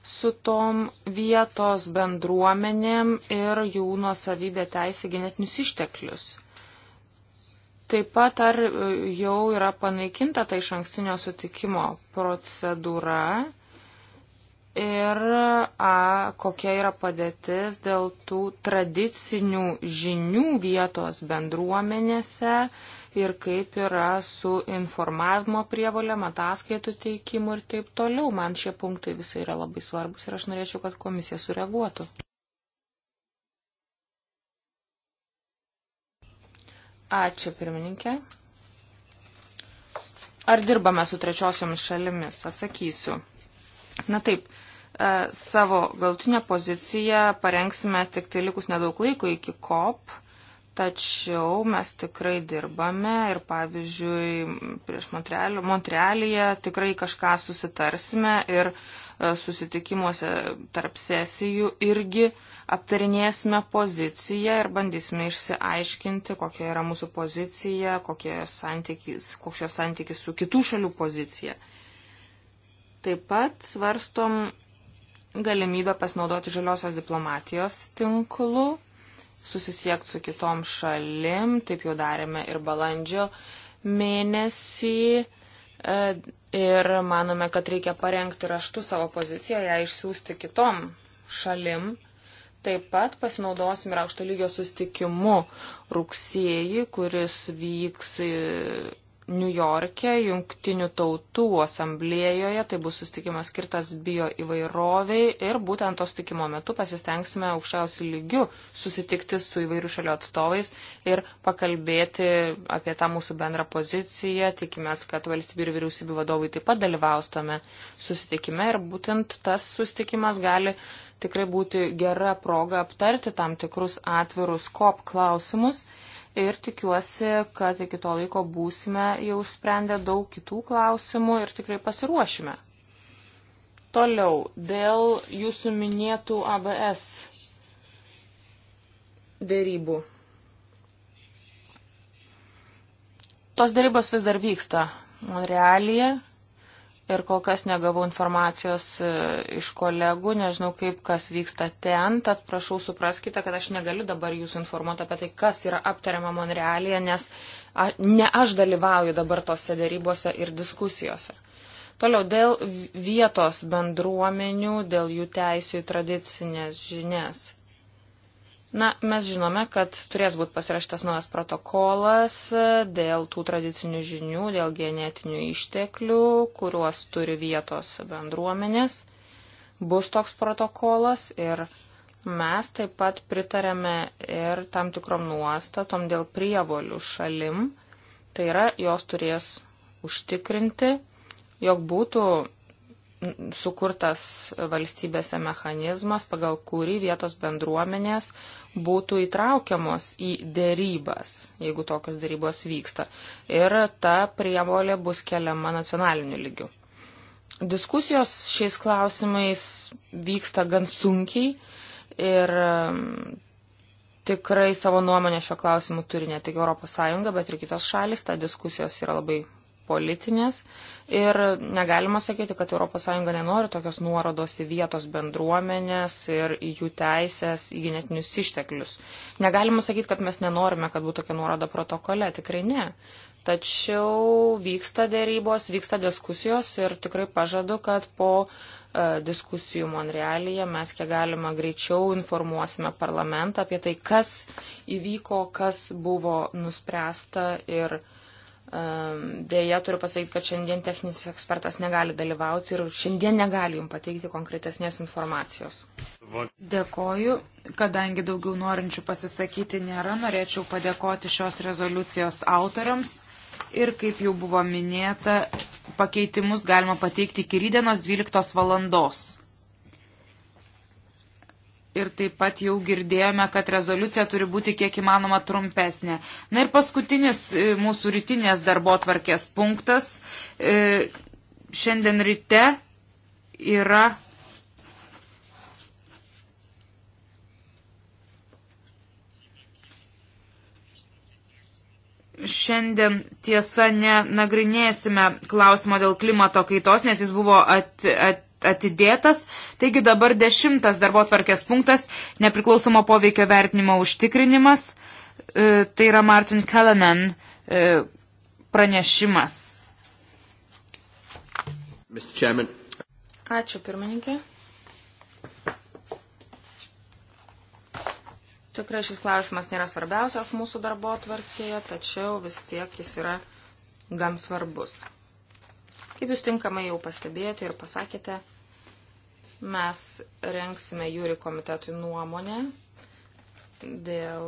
su tom vietos bendruomenėm ir jų nuosavybė teisė genetinius išteklius. Taip pat ar e, jau yra panaikinta tai iš ankstinio sutikimo procedūra ir a, kokia yra padėtis dėl tų tradicinių žinių vietos bendruomenėse, a, ir kaip yra su informavimo prievolėm, ataskaitų teikimu ir taip toliau. Man šie punktai visai yra labai svarbus ir aš norėčiau, kad komisija sureaguotų. Ačiū, pirmininkė. Ar dirbame su trečiosiomis šalimis? Atsakysiu. Na taip, e, savo galtinę poziciją parengsime tik tai likus nedaug laiko iki COP Tačiau mes tikrai dirbame ir, pavyzdžiui, prieš Montrealyje tikrai kažką susitarsime ir e, susitikimuose tarp sesijų irgi aptarinėsime poziciją ir bandysime išsiaiškinti, kokia yra mūsų pozicija, santykis, koks jos santykis su kitų šalių pozicija. Taip pat svarstom galimybę pasinaudoti žaliosios diplomatijos tinklu susisiekti su kitom šalim, taip jau darėme ir balandžio mėnesį. E, ir manome, kad reikia parengti raštu savo poziciją, ją išsiųsti kitom šalim. Taip pat pasinaudosim ir aukšto lygio sustikimu rugsėjį, kuris vyks e, Niujorke, jungtinių tautų asamblėjoje, tai bus sustikimas skirtas bio įvairoviai ir būtent to sustikimo metu pasistengsime aukščiausių lygių susitikti su įvairių šalių atstovais ir pakalbėti apie tą mūsų bendrą poziciją. Tikimės, kad valstybių ir vyriausybių vadovai taip pat dalyvaus tame sustikime ir būtent tas sustikimas gali tikrai būti gera proga aptarti tam tikrus atvirus kop klausimus ir tikiuosi, kad iki to laiko būsime jau užsprendę daug kitų klausimų ir tikrai pasiruošime. Toliau, dėl jūsų minėtų ABS dėrybų. Tos dėrybos vis dar vyksta Monrealyje ir kol kas negavau informacijos e, iš kolegų, nežinau kaip kas vyksta ten, tad prašau supraskite, kad aš negaliu dabar jūsų informuoti apie tai, kas yra aptariama Monrealėje, nes a, ne aš dalyvauju dabar tose dėrybose ir diskusijose. Toliau dėl vietos bendruomenių, dėl jų teisų į tradicinės žinias. Na, mes žinome, kad turės būti pasirašytas naujas protokolas e, dėl tų tradicinių žinių, dėl genetinių išteklių, kuriuos turi vietos bendruomenės. Bus toks protokolas ir mes taip pat pritarėme ir tam tikrom nuostatom dėl prievolių šalim. Tai yra, jos turės užtikrinti, jog būtų sukurtas valstybėse mechanizmas, pagal kurį vietos bendruomenės būtų įtraukiamos į dėrybas, jeigu tokios dėrybos vyksta. Ir ta prievolė bus keliama nacionaliniu lygiu. Diskusijos šiais klausimais vyksta gan sunkiai ir um, tikrai savo nuomonę šio klausimu turi ne tik ES, bet ir kitos šalis. Ta diskusijos yra labai politinės ir negalima sakyti, kad ES nenori tokios nuorodos į vietos bendruomenės ir į jų teisės, į genetinius išteklius. Negalima sakyti, kad mes nenorime, kad būtų tokia nuoroda protokole, tikrai ne. Tačiau vyksta dėrybos, vyksta diskusijos ir tikrai pažadu, kad po e, diskusijų Monrealyje mes kiek galima greičiau informuosime parlamentą apie tai, kas įvyko, kas buvo nuspręsta ir Ehm, dėja, turiu pasakyti, kad šiandien techninis ekspertas negali dalyvauti ir šiandien negali jums pateikti konkretesnės informacijos. Dėkoju, kadangi daugiau norinčių pasisakyti nėra, norėčiau padėkoti šios rezoliucijos autoriams ir, kaip jau buvo minėta, pakeitimus galima pateikti iki rydienos 12 valandos ir taip pat jau girdėjome, kad rezoliucija turi būti kiek įmanoma trumpesnė. Na ir paskutinis e, mūsų rytinės darbo tvarkės punktas e, šiandien ryte yra. Šiandien tiesa nenagrinėsime klausimo dėl klimato kaitos, nes jis buvo at, at, atidėtas. Taigi dabar dešimtas darbo tvarkės punktas - nepriklausomo poveikio vertinimo užtikrinimas. E, tai yra Martin Callanan e, pranešimas. Ačiū pirmininkė. Tikrai šis klausimas nėra svarbiausias mūsų darbo tvarkėje, tačiau vis tiek jis yra gan svarbus. Kaip jūs tinkamai jau pastebėjote ir pasakėte, Mes renksime jūri komitetui nuomonę dėl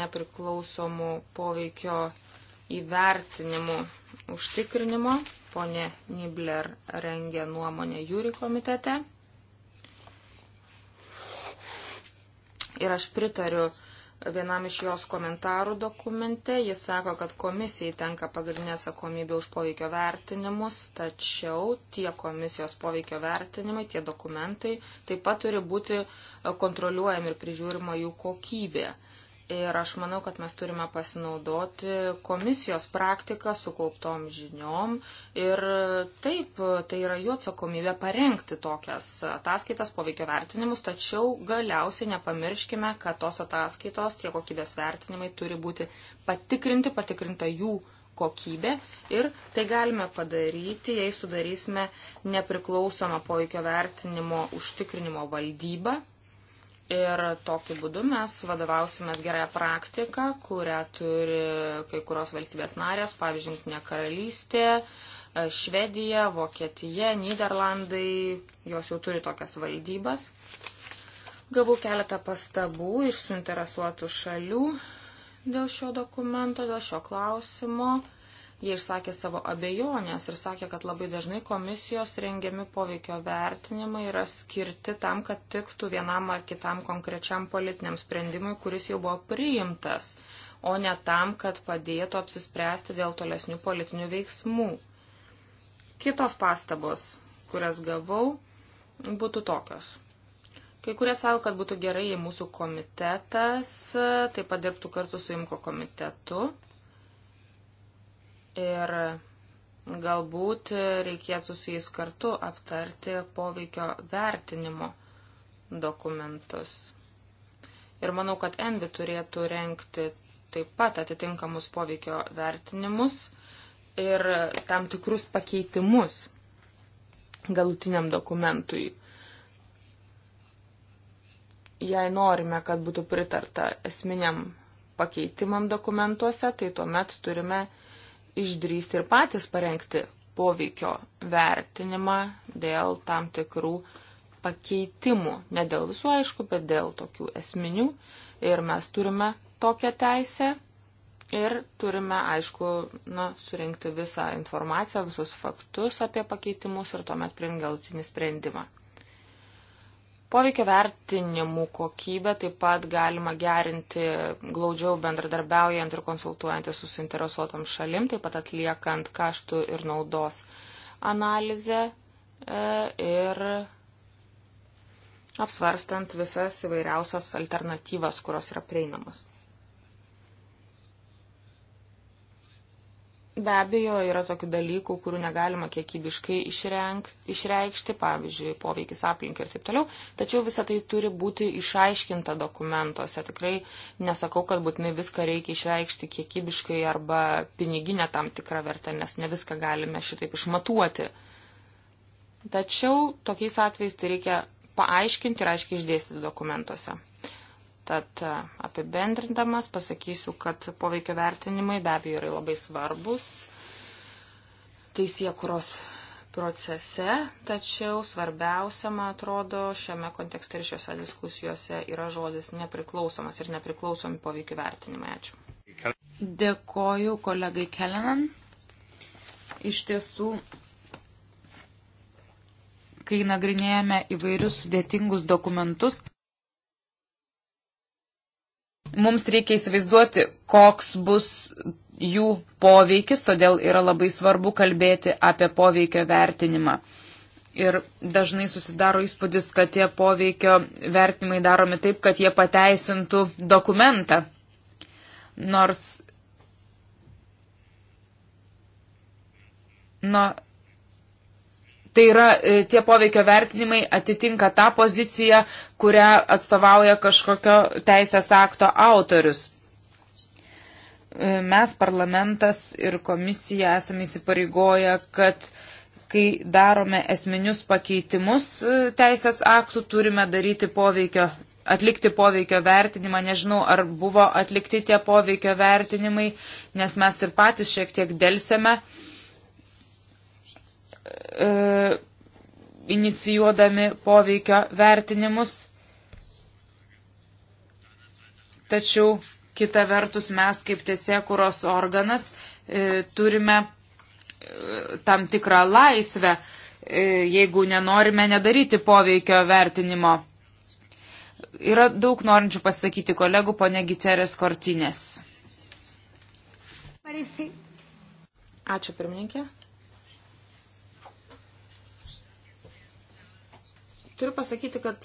nepriklausomų poveikio įvertinimų užtikrinimo. Pone Nibler rengia nuomonę jūri komitete. Ir aš pritariu vienam iš jos komentarų dokumente. Jis sako, kad komisijai tenka pagrindinė atsakomybė už poveikio vertinimus, tačiau tie komisijos poveikio vertinimai, tie dokumentai taip pat turi būti kontroliuojami ir prižiūrima jų kokybė. Ir aš manau, kad mes turime pasinaudoti komisijos praktiką sukauptom žiniom ir taip, tai yra jų atsakomybė parengti tokias ataskaitas poveikio vertinimus, tačiau galiausiai nepamirškime, kad tos ataskaitos, tie kokybės vertinimai turi būti patikrinti, patikrinta jų kokybė ir tai galime padaryti, jei sudarysime nepriklausomą poveikio vertinimo užtikrinimo valdybą Ir tokiu būdu mes vadovausimės gerąją praktiką, kurią turi kai kurios valstybės narės, pavyzdžiui, Junktinė karalystė, e, Švedija, Vokietija, Niderlandai, jos jau turi tokias valdybas. Gavau keletą pastabų iš suinteresuotų šalių dėl šio dokumento, dėl šio klausimo. Jie išsakė savo abejonės ir sakė, kad labai dažnai komisijos rengiami poveikio vertinimai yra skirti tam, kad tiktų vienam ar kitam konkrečiam politiniam sprendimui, kuris jau buvo priimtas, o ne tam, kad padėtų apsispręsti dėl tolesnių politinių veiksmų. Kitos pastabos, kurias gavau, būtų tokios. Kai kurie savo, kad būtų gerai, jei mūsų komitetas taip pat dirbtų kartu su Imko komitetu ir galbūt reikėtų su jais kartu aptarti poveikio vertinimo dokumentus. Ir manau, kad Envi turėtų renkti taip pat atitinkamus poveikio vertinimus ir tam tikrus pakeitimus galutiniam dokumentui. Jei norime, kad būtų pritarta esminiam pakeitimam dokumentuose, tai tuomet turime išdrysti ir patys parengti poveikio vertinimą dėl tam tikrų pakeitimų. Ne dėl visų aišku, bet dėl tokių esminių. Ir mes turime tokią teisę ir turime, aišku, na, surinkti visą informaciją, visus faktus apie pakeitimus ir tuomet priimti galutinį sprendimą. Poveikio vertinimų kokybę taip pat galima gerinti glaudžiau bendradarbiaujant ir konsultuojantys su suinteresuotam šalim, taip pat atliekant kaštų ir naudos analizę e, ir apsvarstant visas įvairiausias alternatyvas, kurios yra prieinamos. Be abejo, yra tokių dalykų, kurių negalima kiekybiškai išrenk, išreikšti, pavyzdžiui, poveikis aplinkai ir taip toliau, tačiau visa tai turi būti išaiškinta dokumentuose. Tikrai nesakau, kad būtinai viską reikia išreikšti kiekybiškai arba piniginę tam tikrą vertę, nes ne viską galime šitaip išmatuoti. Tačiau tokiais atvejais tai reikia paaiškinti ir aiškiai išdėstyti dokumentuose. Tad e, apibendrindamas pasakysiu, kad poveikio vertinimai be abejo yra labai svarbus teisėkuros procese, tačiau svarbiausia, man atrodo, šiame kontekste ir šiuose diskusijose yra žodis nepriklausomas ir nepriklausomi poveikio vertinimai. Ačiū. Dėkoju kolegai Kelenan. Iš tiesų, kai nagrinėjame įvairius sudėtingus dokumentus, mums reikia įsivaizduoti, koks bus jų poveikis, todėl yra labai svarbu kalbėti apie poveikio vertinimą. Ir dažnai susidaro įspūdis, kad tie poveikio vertinimai daromi taip, kad jie pateisintų dokumentą. Nors. Nuo Tai yra e, tie poveikio vertinimai atitinka tą poziciją, kurią atstovauja kažkokio teisės akto autorius. E, mes, parlamentas ir komisija, esame įsipareigoję, kad kai darome esminius pakeitimus e, teisės aktų, turime daryti poveikio, atlikti poveikio vertinimą. Nežinau, ar buvo atlikti tie poveikio vertinimai, nes mes ir patys šiek tiek dėlsėme. Uh, e, inicijuodami poveikio vertinimus. Tačiau kita vertus mes kaip tiesiekuros organas e, turime e, tam tikrą laisvę, e, jeigu nenorime nedaryti poveikio vertinimo. Yra daug norinčių pasakyti kolegų, ponė Giterės Kortinės. Ačiū pirmininkė. Turiu pasakyti, kad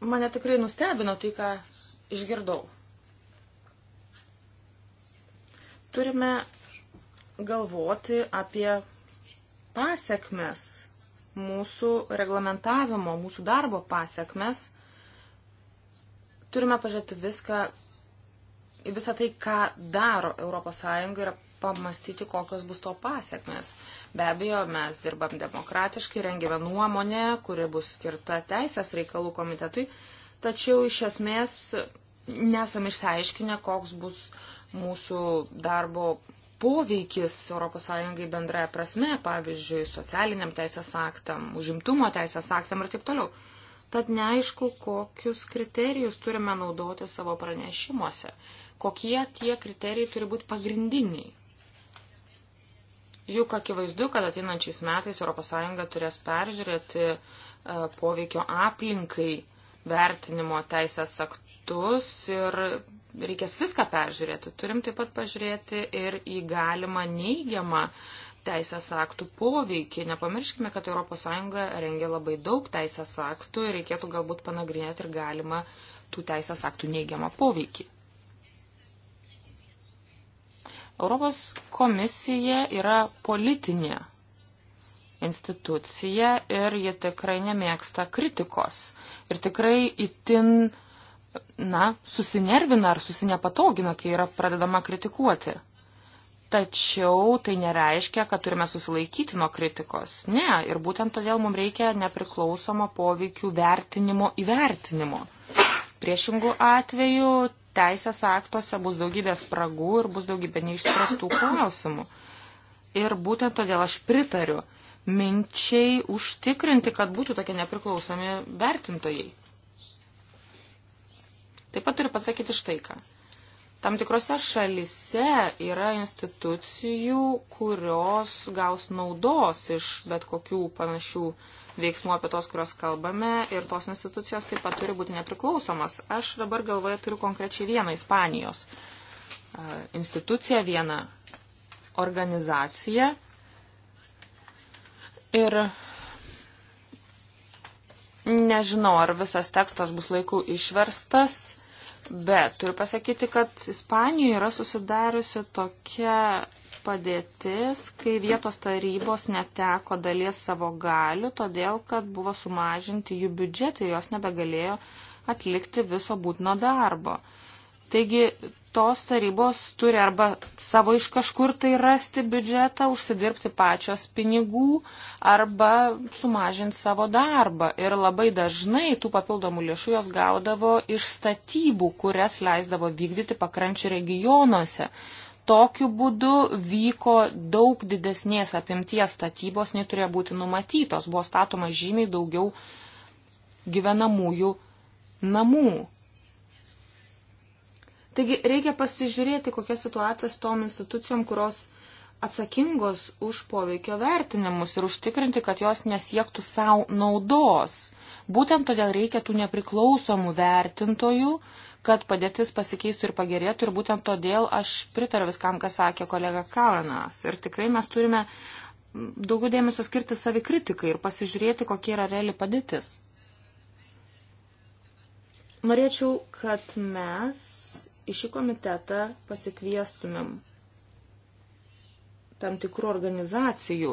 mane tikrai nustebino tai, ką išgirdau. Turime galvoti apie pasiekmes mūsų reglamentavimo, mūsų darbo pasiekmes, turime pažiūrėti viską, visą tai, ką daro ES ir pamastyti, kokios bus to pasiekmes. Be abejo, mes dirbam demokratiškai, rengėme nuomonę, kuri bus skirta Teisės reikalų komitetui, tačiau iš esmės nesam išsiaiškinę, koks bus mūsų darbo poveikis ES bendraja prasme, pavyzdžiui, socialiniam teisės aktam, užimtumo teisės aktam ir taip toliau. Tad neaišku, kokius kriterijus turime naudoti savo pranešimuose, kokie tie kriterijai turi būti pagrindiniai. Juk akivaizdu, kad ateinančiais metais ES turės peržiūrėti e, poveikio aplinkai vertinimo teisės aktus ir reikės viską peržiūrėti. Turim taip pat pažiūrėti ir į galimą neigiamą teisės aktų poveikį. Nepamirškime, kad ES rengia labai daug teisės aktų ir reikėtų galbūt panagrinėti ir galimą tų teisės aktų neigiamą poveikį. Europos komisija yra politinė institucija ir ji tikrai nemėgsta kritikos. Ir tikrai itin, na, susinervina ar susinepatogina, kai yra pradedama kritikuoti. Tačiau tai nereiškia, kad turime susilaikyti nuo kritikos. Ne, ir būtent todėl mums reikia nepriklausomo poveikių vertinimo įvertinimo. Priešingų atveju teisės aktuose bus daugybė spragų ir bus daugybė neišspręstų klausimų. Ir būtent todėl aš pritariu minčiai užtikrinti, kad būtų tokie nepriklausomi vertintojai. Taip pat turiu pasakyti štai ką. Tam tikrose šalise yra institucijų, kurios gaus naudos iš bet kokių panašių veiksmų apie tos, kurios kalbame, ir tos institucijos taip pat turi būti nepriklausomas. Aš dabar galvoje turiu konkrečiai vieną Ispanijos e, instituciją, vieną organizaciją. Ir nežinau, ar visas tekstas bus laiku išverstas Bet turiu pasakyti, kad Ispanijoje yra susidariusi tokia padėtis, kai vietos tarybos neteko dalies savo galių, todėl kad buvo sumažinti jų biudžetai ir jos nebegalėjo atlikti viso būtino darbo. Taigi tos tarybos turi arba savo iš kažkur tai rasti biudžetą, užsidirbti pačios pinigų arba sumažinti savo darbą. Ir labai dažnai tų papildomų lėšų jos gaudavo iš statybų, kurias leisdavo vykdyti pakrančių regionuose. Tokiu būdu vyko daug didesnės apimties statybos, nei turėjo būti numatytos. Buvo statoma žymiai daugiau gyvenamųjų namų Taigi reikia pasižiūrėti, kokia situacija su tom institucijom, kurios atsakingos už poveikio vertinimus ir užtikrinti, kad jos nesiektų savo naudos. Būtent todėl reikia tų nepriklausomų vertintojų, kad padėtis pasikeistų ir pagerėtų ir būtent todėl aš pritariu viskam, ką sakė kolega Kalanas. Ir tikrai mes turime daugiau dėmesio skirti savikritikai ir pasižiūrėti, kokia yra reali padėtis. Norėčiau, kad mes į šį komitetą pasikviestumėm tam tikrų organizacijų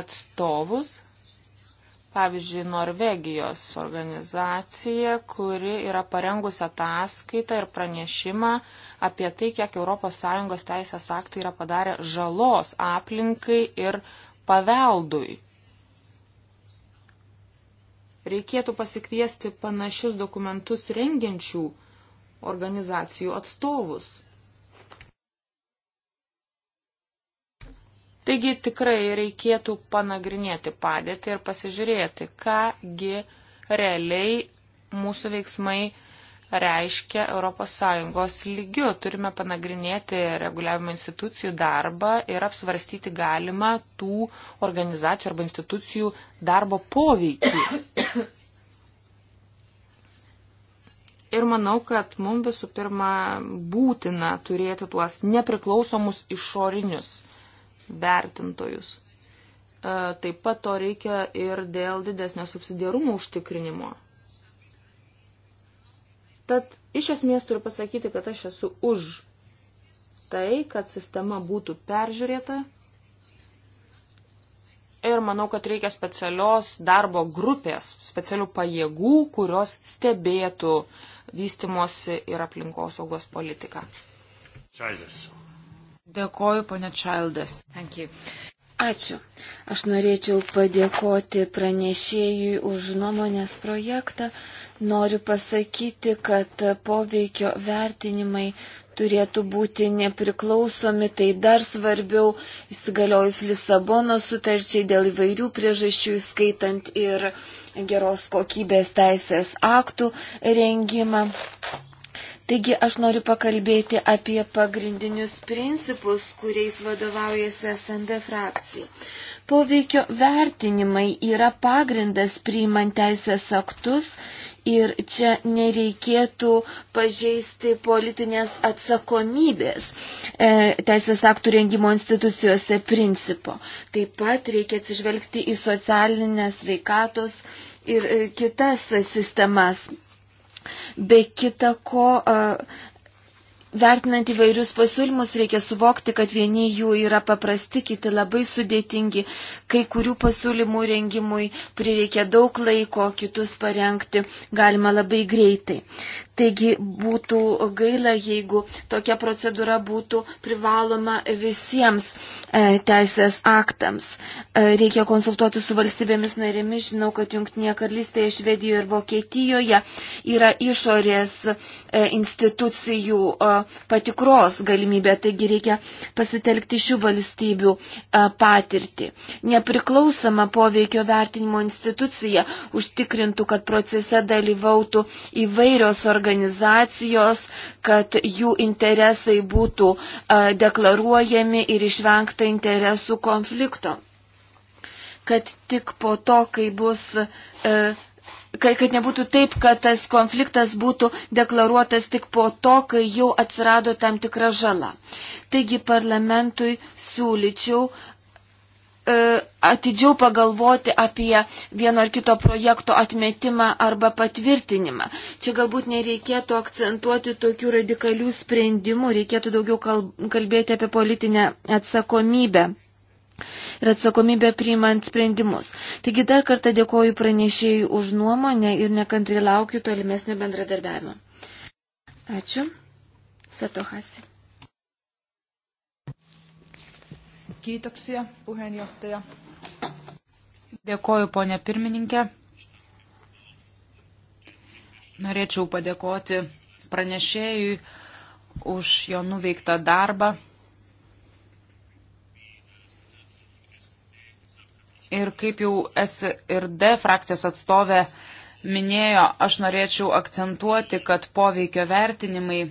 atstovus, pavyzdžiui, Norvegijos organizacija, kuri yra parengusi ataskaitą ir pranešimą apie tai, kiek ES teisės aktai yra padarę žalos aplinkai ir paveldui. Reikėtų pasikviesti panašius dokumentus rengiančių organizacijų atstovus. Taigi tikrai reikėtų panagrinėti padėtį ir pasižiūrėti, kągi realiai mūsų veiksmai reiškia ES lygiu. Turime panagrinėti reguliavimo institucijų darbą ir apsvarstyti galimą tų organizacijų arba institucijų darbo poveikį. Ir manau, kad mums visų pirma būtina turėti tuos nepriklausomus išorinius vertintojus. E, taip pat to reikia ir dėl didesnio subsidiarumo užtikrinimo. Tad iš esmės turiu pasakyti, kad aš esu už tai, kad sistema būtų peržiūrėta. Ir manau, kad reikia specialios darbo grupės, specialių pajėgų, kurios stebėtų uh, vystimosi ir aplinkosaugos politiką. Čailės. Dėkoju, ponė Čaildas. Ačiū. Aš norėčiau padėkoti pranešėjui už nuomonės projektą. Noriu pasakyti, kad poveikio vertinimai turėtų būti nepriklausomi, tai dar svarbiau įsigaliojus Lisabono sutarčiai dėl įvairių priežasčių, skaitant ir uh, geros kokybės teisės aktų rengimą. Taigi aš noriu pakalbėti apie pagrindinius principus, kuriais vadovaujasi SND frakcija. Poveikio vertinimai yra pagrindas priimant teisės aktus ir čia nereikėtų pažeisti politinės atsakomybės e, teisės aktų rengimo institucijose principo. Taip pat reikia atsižvelgti į socialinės veikatos ir e, kitas sistemas. Be kita ko, e, Vertinant įvairius pasiūlymus, reikia suvokti, kad vieni jų yra paprasti, kiti labai sudėtingi. Kai kurių pasiūlymų rengimui prireikia daug laiko, kitus parengti galima labai greitai. Taigi būtų gaila, jeigu tokia procedūra būtų privaloma visiems e, teisės aktams. E, reikia konsultuoti su valstybėmis narėmis. Žinau, kad Junktinėje karalystėje, Švedijoje ir Vokietijoje yra išorės e, institucijų e, patikros galimybė. Taigi reikia pasitelkti šių valstybių e, patirtį. Nepriklausoma poveikio vertinimo institucija užtikrintų, kad procese dalyvautų įvairios organizacijos organizacijos, kad jų interesai būtų deklaruojami ir išvengta interesų konflikto. Kad tik po to, kai bus. E, kad, kad nebūtų taip, kad tas konfliktas būtų deklaruotas tik po to, kai jau atsirado tam tikra žala. Taigi parlamentui siūlyčiau E, atidžiau pagalvoti apie vieno ar kito projekto atmetimą arba patvirtinimą. Čia galbūt nereikėtų akcentuoti tokių radikalių sprendimų, reikėtų daugiau kalbėti apie politinę atsakomybę. Ir atsakomybę priimant sprendimus. Taigi dar kartą dėkoju pranešėjai už nuomonę ir nekantri laukiu tolimesnio bendradarbiavimo. Ačiū. Satohasi. Kiitoksia, puheenjohtaja. Dėkoju, ponė pirmininkė. Norėčiau padėkoti pranešėjui už jo nuveiktą darbą. Ir kaip jau S ir D frakcijos atstovė minėjo, aš norėčiau akcentuoti, kad poveikio vertinimai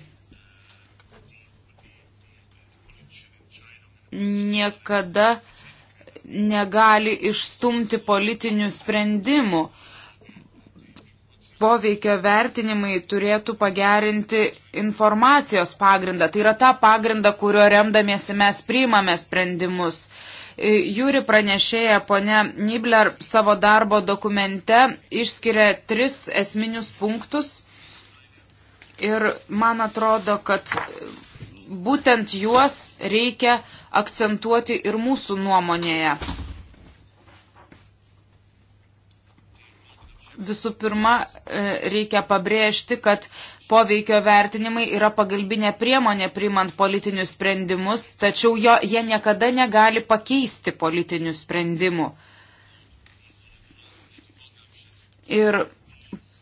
niekada negali išstumti politinių sprendimų. Poveikio vertinimai turėtų pagerinti informacijos pagrindą. Tai yra ta pagrinda, kurio remdamiesi mes priimame sprendimus. E, Jūri pranešėja ponia Nibler savo darbo dokumente išskiria tris esminius punktus. Ir man atrodo, kad būtent juos reikia akcentuoti ir mūsų nuomonėje. Visų pirma, e, reikia pabrėžti, kad poveikio vertinimai yra pagalbinė priemonė priimant politinius sprendimus, tačiau jo, jie niekada negali pakeisti politinių sprendimų. Ir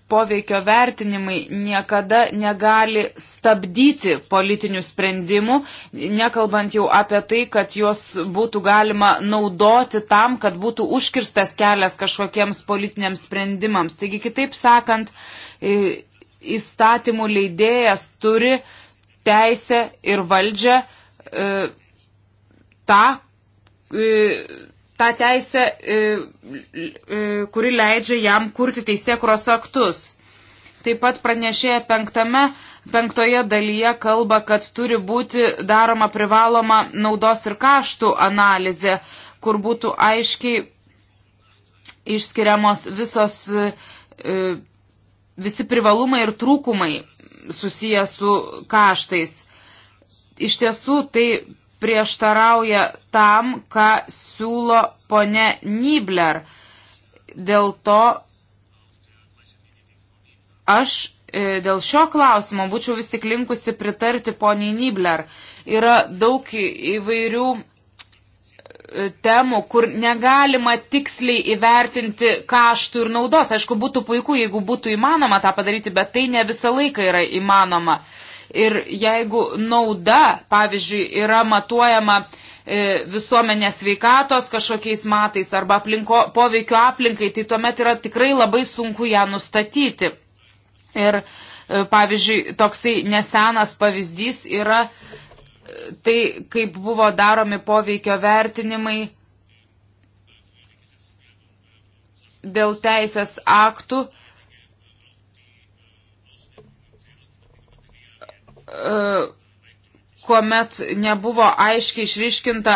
poveikio vertinimai niekada negali stabdyti politinių sprendimų, nekalbant jau apie tai, kad juos būtų galima naudoti tam, kad būtų užkirstas kelias kažkokiems politiniams sprendimams. Taigi, kitaip sakant, įstatymų leidėjas turi teisę ir valdžią e, tą e, tą teisę, e, e, kuri leidžia jam kurti teisėkuros aktus. Taip pat pranešėja penktame, penktoje dalyje kalba, kad turi būti daroma privaloma naudos ir kaštų analizė, kur būtų aiškiai išskiriamos visos, e, visi privalumai ir trūkumai susiję su kaštais. Iš tiesų, tai prieštarauja tam, ką siūlo ponė Nibler. Dėl to aš e, dėl šio klausimo būčiau vis tik linkusi pritarti poniai Nibler. Yra daug įvairių e, temų, kur negalima tiksliai įvertinti kaštų ir naudos. Aišku, būtų puiku, jeigu būtų įmanoma tą padaryti, bet tai ne visą laiką yra įmanoma. Ir jeigu nauda, pavyzdžiui, yra matuojama e, visuomenės sveikatos kažkokiais matais arba aplinko, poveikio aplinkai, tai tuomet yra tikrai labai sunku ją nustatyti. Ir e, pavyzdžiui, toksai nesenas pavyzdys yra e, tai, kaip buvo daromi poveikio vertinimai dėl teisės aktų E, kuomet nebuvo aiškiai išriškinta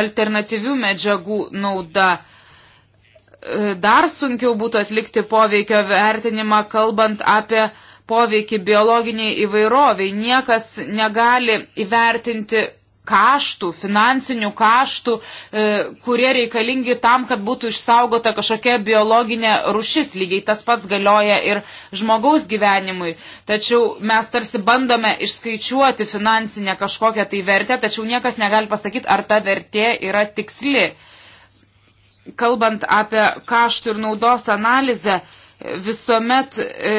alternatyvių medžiagų nauda. E, dar sunkiau būtų atlikti poveikio vertinimą, kalbant apie poveikį biologiniai įvairoviai. Niekas negali įvertinti kaštų, finansinių kaštų, e, kurie reikalingi tam, kad būtų išsaugota kažkokia biologinė rušis. Lygiai tas pats galioja ir žmogaus gyvenimui. Tačiau mes tarsi bandome išskaičiuoti finansinę kažkokią tai vertę, tačiau niekas negali pasakyti, ar ta vertė yra tiksli. Kalbant apie kaštų ir naudos analizę, visuomet e,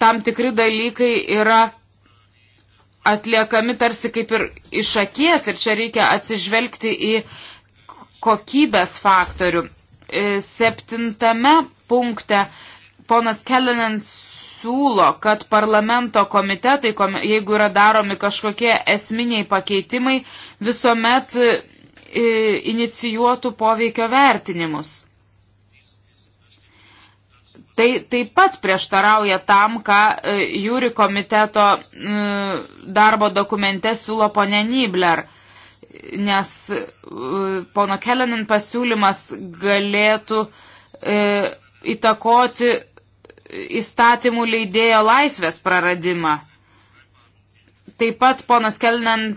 tam tikri dalykai yra atliekami tarsi kaip ir iš akies ir čia reikia atsižvelgti į kokybės faktorių. E, septintame punkte ponas Kelinen siūlo, kad parlamento komitetai, jeigu yra daromi kažkokie esminiai pakeitimai, visuomet e, inicijuotų poveikio vertinimus. Tai taip pat prieštarauja tam, ką e, jūri komiteto e, darbo dokumente siūlo ponė Nibler, nes e, pono Kellenin pasiūlymas galėtų įtakoti įstatymų leidėjo laisvės praradimą. Taip pat ponas Kellenin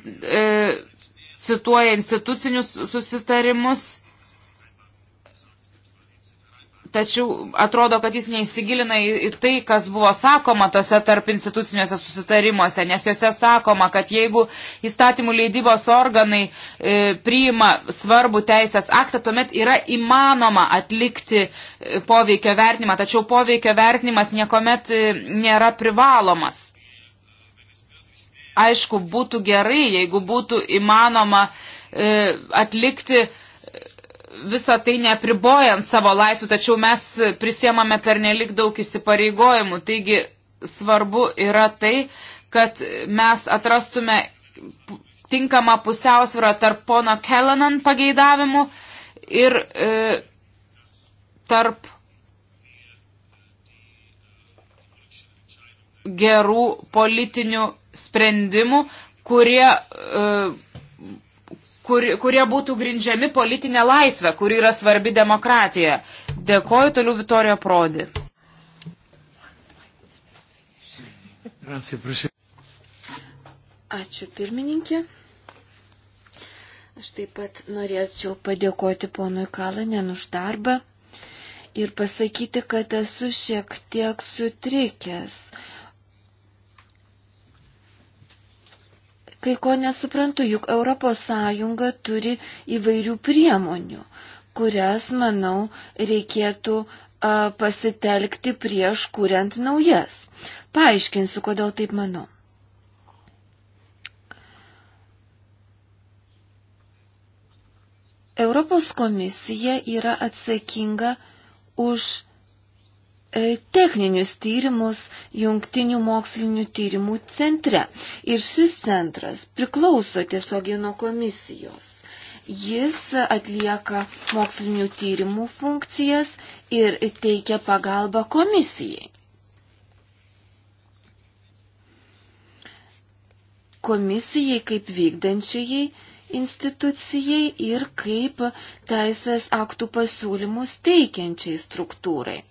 cituoja institucinius susitarimus tačiau atrodo, kad jis neįsigilina į tai, kas buvo sakoma tose tarp instituciniuose susitarimuose, nes juose sakoma, kad jeigu įstatymų leidybos organai e, priima svarbų teisės aktą, tuomet yra įmanoma atlikti e, poveikio vertinimą, tačiau poveikio vertinimas niekuomet e, nėra privalomas. Aišku, būtų gerai, jeigu būtų įmanoma e, atlikti visą tai nepribojant savo laisvų, tačiau mes prisiemame per nelik daug įsipareigojimų. Taigi svarbu yra tai, kad mes atrastume tinkamą pusiausvyrą tarp pono Kellenan pageidavimų ir e, tarp gerų politinių sprendimų, kurie e, kur, kurie būtų grindžiami politinė laisvė, kuri yra svarbi demokratijoje. Dėkoju toliau Vitorijo Prodi. Ačiū pirmininkė. Aš taip pat norėčiau padėkoti ponui Kalanen už darbą ir pasakyti, kad esu šiek tiek sutrikęs kai ko nesuprantu, juk ES turi įvairių priemonių, kurias, manau, reikėtų a, pasitelkti prieš kuriant naujas. Paaiškinsiu, kodėl taip manau. Europos komisija yra atsakinga už E, techninius tyrimus jungtinių mokslinių tyrimų centre. Ir šis centras priklauso tiesiogiai nuo komisijos. Jis atlieka mokslinių tyrimų funkcijas ir teikia pagalbą komisijai. Komisijai kaip vykdančiai institucijai ir kaip teisės aktų pasiūlymus teikiančiai struktūrai.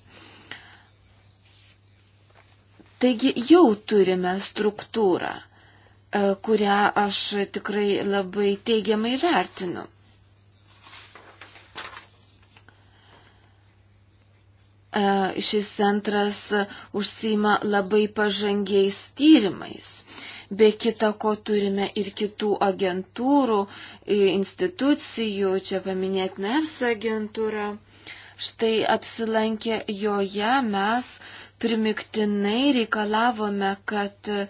Taigi jau turime struktūrą, e, kurią aš tikrai labai teigiamai vertinu. E, šis centras užsima labai pažangiais tyrimais. Be kita ko turime ir kitų agentūrų, institucijų, čia paminėtina EFSA agentūra. Štai apsilankę joje mes uh, primiktinai reikalavome, kad e,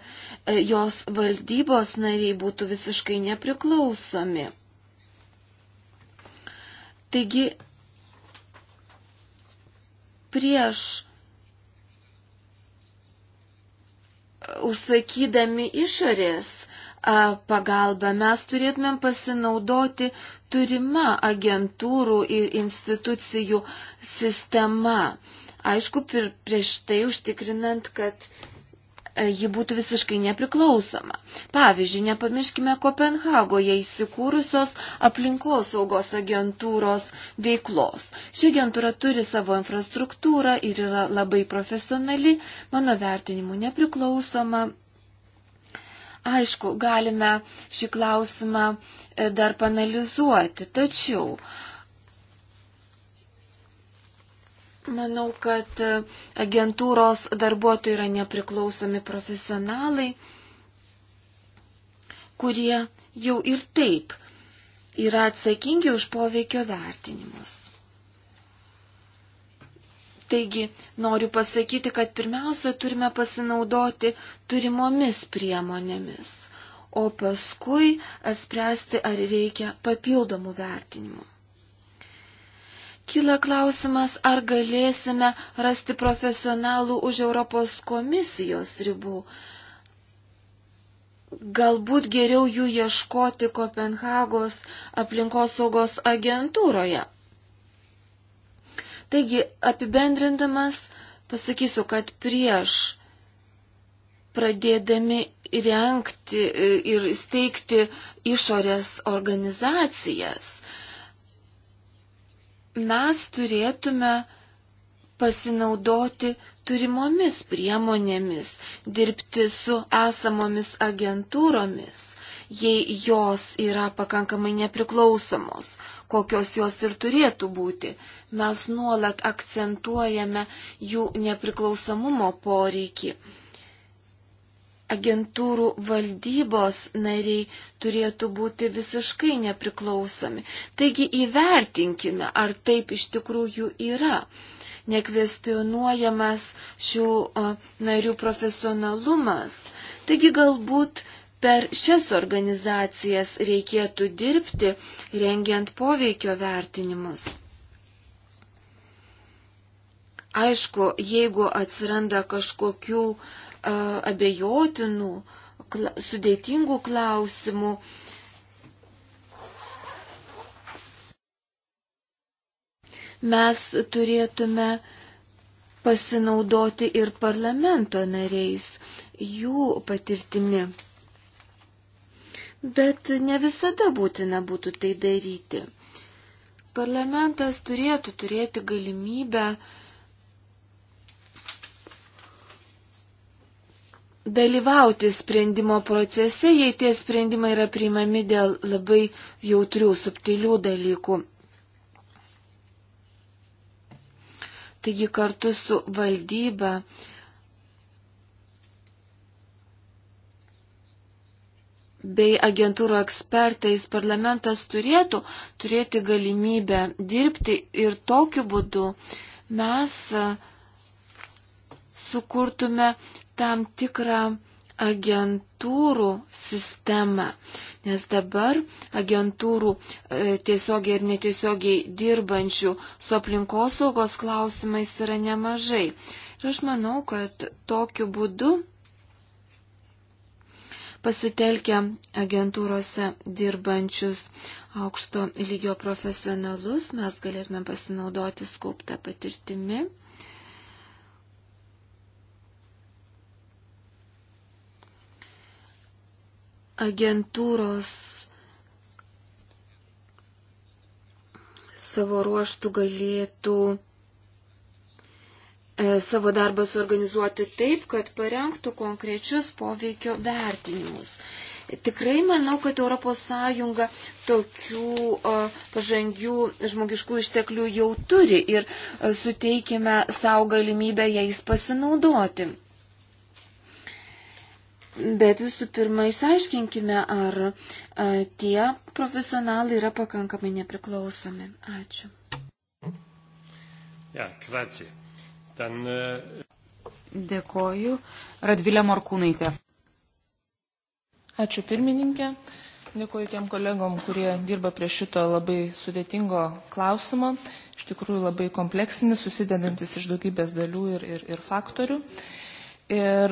jos valdybos nariai būtų visiškai nepriklausomi. Taigi, prieš užsakydami išorės pagalbą mes turėtumėm pasinaudoti turima agentūrų ir institucijų sistema. Aišku, prieš tai užtikrinant, kad e, ji būtų visiškai nepriklausoma. Pavyzdžiui, nepamirškime Kopenhagoje įsikūrusios aplinkosaugos agentūros veiklos. Ši agentūra turi savo infrastruktūrą ir yra labai profesionali, mano vertinimu nepriklausoma. Aišku, galime šį klausimą e, dar panalizuoti, tačiau uh, Manau, kad e, agentūros darbuotojai yra nepriklausomi profesionalai, kurie jau ir taip yra atsakingi už poveikio vertinimus. Taigi, noriu pasakyti, kad pirmiausia turime pasinaudoti turimomis priemonėmis, o paskui spręsti, ar reikia papildomų vertinimų. Kila klausimas, ar galėsime rasti profesionalų už Europos komisijos ribų. Galbūt geriau jų ieškoti Kopenhagos aplinkosaugos agentūroje. Taigi, apibendrindamas, pasakysiu, kad prieš pradėdami renkti e, ir steigti išorės organizacijas, mes turėtume pasinaudoti turimomis priemonėmis, dirbti su esamomis agentūromis, jei jos yra pakankamai nepriklausomos, kokios jos ir turėtų būti. Mes nuolat akcentuojame jų nepriklausomumo poreikį agentūrų valdybos nariai turėtų būti visiškai nepriklausomi. Taigi įvertinkime, ar taip iš tikrųjų yra. Nekvestionuojamas šių o, narių profesionalumas. Taigi galbūt per šias organizacijas reikėtų dirbti, rengiant poveikio vertinimus. Aišku, jeigu atsiranda kažkokių uh, abejotinų, sudėtingų klausimų. Mes turėtume pasinaudoti ir parlamento nariais, jų patirtimi. Bet ne visada būtina būtų tai daryti. Parlamentas turėtų turėti galimybę uh, dalyvauti sprendimo procese, jei tie sprendimai yra priimami dėl labai jautrių, subtilių dalykų. Taigi kartu su valdyba bei agentūrų ekspertais parlamentas turėtų turėti galimybę dirbti ir tokiu būdu mes uh, sukurtume tam tikrą agentūrų sistemą, nes dabar agentūrų e, tiesiogiai ir netiesiogiai dirbančių su aplinkosaugos klausimais yra nemažai. Ir aš manau, kad tokiu būdu pasitelkę agentūrose dirbančius aukšto lygio profesionalus mes galėtume pasinaudoti skauptą patirtimi agentūros savo ruoštų galėtų e, savo darbą suorganizuoti taip, kad parengtų konkrečius poveikio vertinimus. Tikrai manau, kad ES tokių e, pažangių žmogiškų išteklių jau turi ir e, suteikime savo galimybę jais pasinaudoti. Bet visų pirma, išsiaiškinkime, ar a, tie profesionalai yra pakankamai nepriklausomi. Ačiū. Ja, grazie. Ten, uh... Äh, Dėkoju. Radvilė Morkūnaitė. Ačiū pirmininkė. Dėkoju tiem kolegom, kurie dirba prie šito labai sudėtingo klausimo. Iš tikrųjų labai kompleksinis, susidedantis iš daugybės dalių ir, ir, ir faktorių. Uh, Ir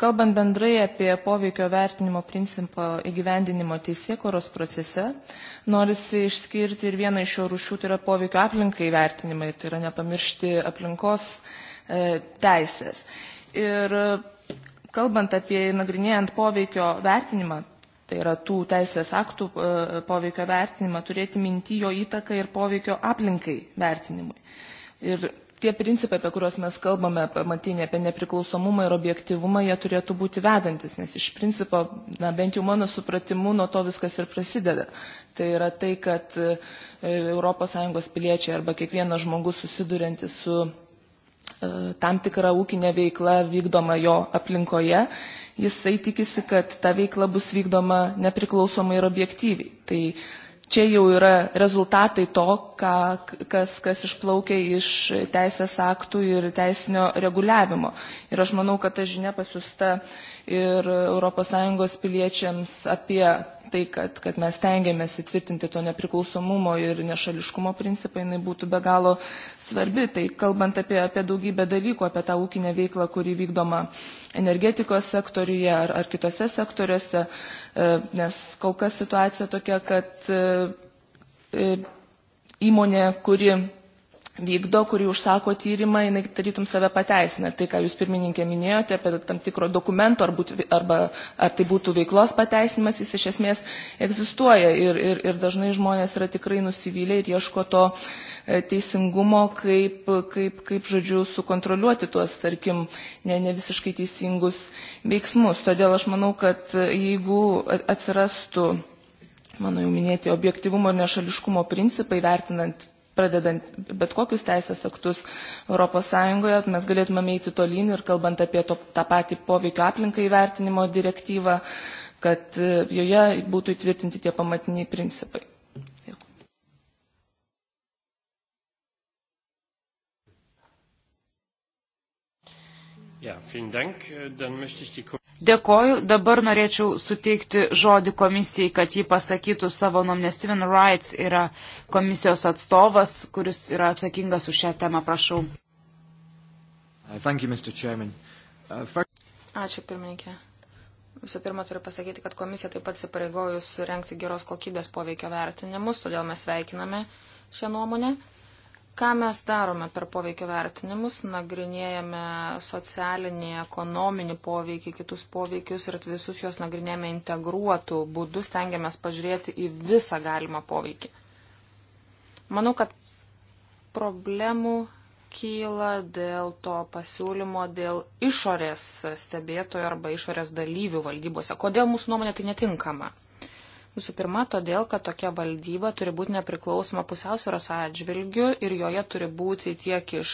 kalbant bendrai apie poveikio vertinimo principą įgyvendinimo teisėkoros procese, norisi išskirti ir vieną iš šio rušių, tai yra poveikio aplinkai vertinimai, tai yra nepamiršti aplinkos e, teisės. Ir kalbant apie nagrinėjant poveikio vertinimą, tai yra tų teisės aktų e, poveikio vertinimą, turėti minti jo įtaką ir poveikio aplinkai vertinimui. Ir tie principai, apie kuriuos mes kalbame, pamatiniai apie nepriklausomumą ir objektivumą, jie turėtų būti vedantis, nes iš principo, na, bent jau mano supratimu, nuo to viskas ir prasideda. Tai yra tai, kad ES piliečiai arba kiekvienas žmogus susiduriantis su e, tam tikra ūkinė veikla vykdoma jo aplinkoje, jisai tikisi, kad ta veikla bus vykdoma nepriklausomai ir objektyviai. Tai čia jau yra rezultatai to, ką, kas, kas išplaukia iš teisės aktų ir teisinio reguliavimo. Ir aš manau, kad ta žinia pasiusta ir ES piliečiams apie tai, kad, kad mes tengiamės įtvirtinti to nepriklausomumo ir nešališkumo principą, jinai būtų be galo svarbi. Tai kalbant apie, apie daugybę dalykų, apie tą ūkinę veiklą, kuri vykdoma energetikos sektoriuje ar, ar kitose sektoriuose, E, nes kol kas situacija tokia, kad e, e, įmonė, kuri vykdo, kuri užsako tyrimą, jinai tarytum save pateisina. Ir tai, ką jūs pirmininkė minėjote apie tam tikro dokumento, ar, būt, arba, ar tai būtų veiklos pateisinimas, jis iš esmės egzistuoja. Ir, ir, ir dažnai žmonės yra tikrai nusivylę ir ieško to e, teisingumo, kaip, kaip, kaip žodžiu, sukontroliuoti tuos, tarkim, ne, ne visiškai teisingus veiksmus. Todėl aš manau, kad e, jeigu atsirastų mano jau minėti objektivumo ir nešališkumo principai vertinant pradedant bet kokius teisės aktus ES, mes galėtumėm eiti tolyn ir kalbant apie to, tą patį poveikio aplinkai vertinimo direktyvą, kad e, joje būtų įtvirtinti tie pamatiniai principai. Ja, vielen Dank. Äh, dann möchte ich die Dėkoju, dabar norėčiau suteikti žodį komisijai, kad ji pasakytų savo nuomonę. Steven Wrights yra komisijos atstovas, kuris yra atsakingas už šią temą, prašau. Uh, uh, Ačiū, pirmininkė. Visų pirma, turiu pasakyti, kad komisija taip pat įsipareigojus rengti geros kokybės poveikio vertinimus, todėl mes sveikiname šią nuomonę. Ką mes darome per poveikio vertinimus? Nagrinėjame socialinį, ekonominį poveikį, kitus poveikius ir visus juos nagrinėjame integruotų būdų, stengiamės pažiūrėti į visą galimą poveikį. Manau, kad problemų kyla dėl to pasiūlymo dėl išorės stebėtojų arba išorės dalyvių valdybose. Kodėl mūsų nuomonė tai netinkama? Visų pirma, todėl, kad tokia valdyba turi būti nepriklausoma pusiausvėros atžvilgių ir joje turi būti tiek iš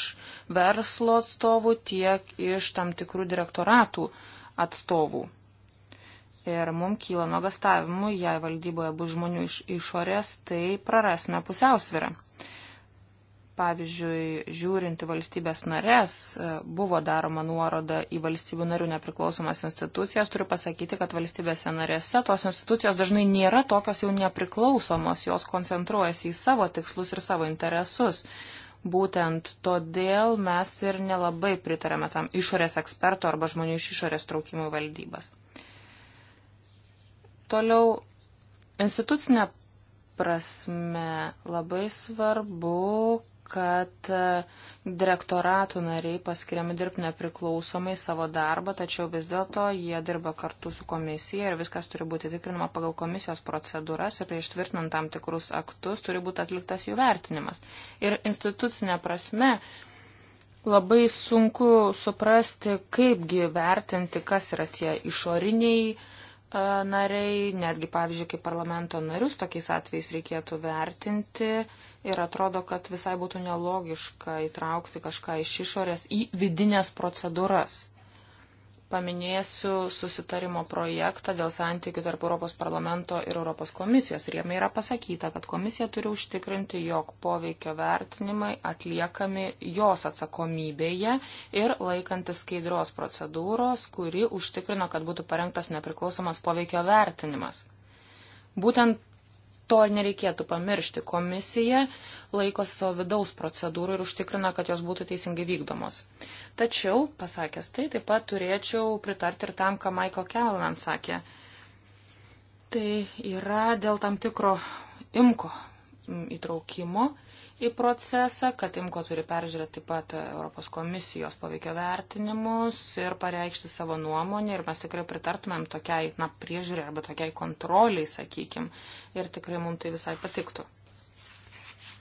verslo atstovų, tiek iš tam tikrų direktoratų atstovų. Ir mums kyla nuogastavimų, jei valdyboje bus žmonių iš išorės, tai prarasime pusiausvyrą pavyzdžiui, žiūrinti valstybės narės, e, buvo daroma nuoroda į valstybių narių nepriklausomas institucijas. Turiu pasakyti, kad valstybėse narėse tos institucijos dažnai nėra tokios jau nepriklausomos, jos koncentruojasi į savo tikslus ir savo interesus. Būtent todėl mes ir nelabai pritarėme tam išorės eksperto arba žmonių iš išorės traukimų valdybas. Toliau, institucinė prasme labai svarbu, kad e, direktoratų nariai paskiriami dirbti nepriklausomai savo darbą, tačiau vis dėlto jie dirba kartu su komisija ir viskas turi būti tikrinama pagal komisijos procedūras ir prieš tvirtinant tam tikrus aktus turi būti atliktas jų vertinimas. Ir institucinė prasme labai sunku suprasti, kaipgi vertinti, kas yra tie išoriniai E, nariai, netgi pavyzdžiui, kaip parlamento narius tokiais atvejais reikėtų vertinti ir atrodo, kad visai būtų nelogiška įtraukti kažką iš išorės į vidinės procedūras paminėsiu susitarimo projektą dėl santykių tarp Europos parlamento ir Europos komisijos. Ir jame yra pasakyta, kad komisija turi užtikrinti, jog poveikio vertinimai atliekami jos atsakomybėje ir laikantis skaidros procedūros, kuri užtikrina, kad būtų parengtas nepriklausomas poveikio vertinimas. Būtent to nereikėtų pamiršti. Komisija laikosi savo vidaus procedūrų ir užtikrina, kad jos būtų teisingai vykdomos. Tačiau, pasakęs tai, taip pat turėčiau pritarti ir tam, ką Michael Callanan sakė. Tai yra dėl tam tikro imko įtraukimo į procesą, kad IMCO turi peržiūrėti taip pat Europos komisijos poveikio vertinimus ir pareikšti savo nuomonę ir mes tikrai pritartumėm tokiai, na, priežiūrė arba tokiai kontroliai, sakykim, ir tikrai mums tai visai patiktų.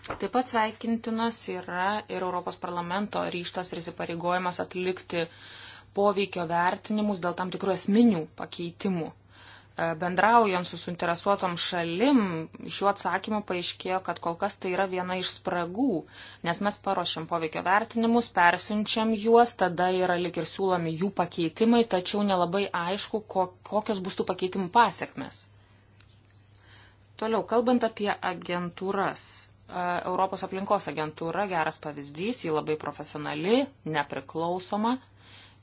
Taip pat sveikintinas yra ir Europos parlamento ryštas ir įsipareigojimas atlikti poveikio vertinimus dėl tam tikrų esminių pakeitimų bendraujant su suinteresuotom šalim, šiuo atsakymu paaiškėjo, kad kol kas tai yra viena iš spragų, nes mes paruošiam poveikio vertinimus, persiunčiam juos, tada yra lik ir siūlomi jų pakeitimai, tačiau nelabai aišku, kokios bus tų pakeitimų pasiekmes. Toliau, kalbant apie agentūras. E, Europos aplinkos agentūra geras pavyzdys, ji labai profesionali, nepriklausoma,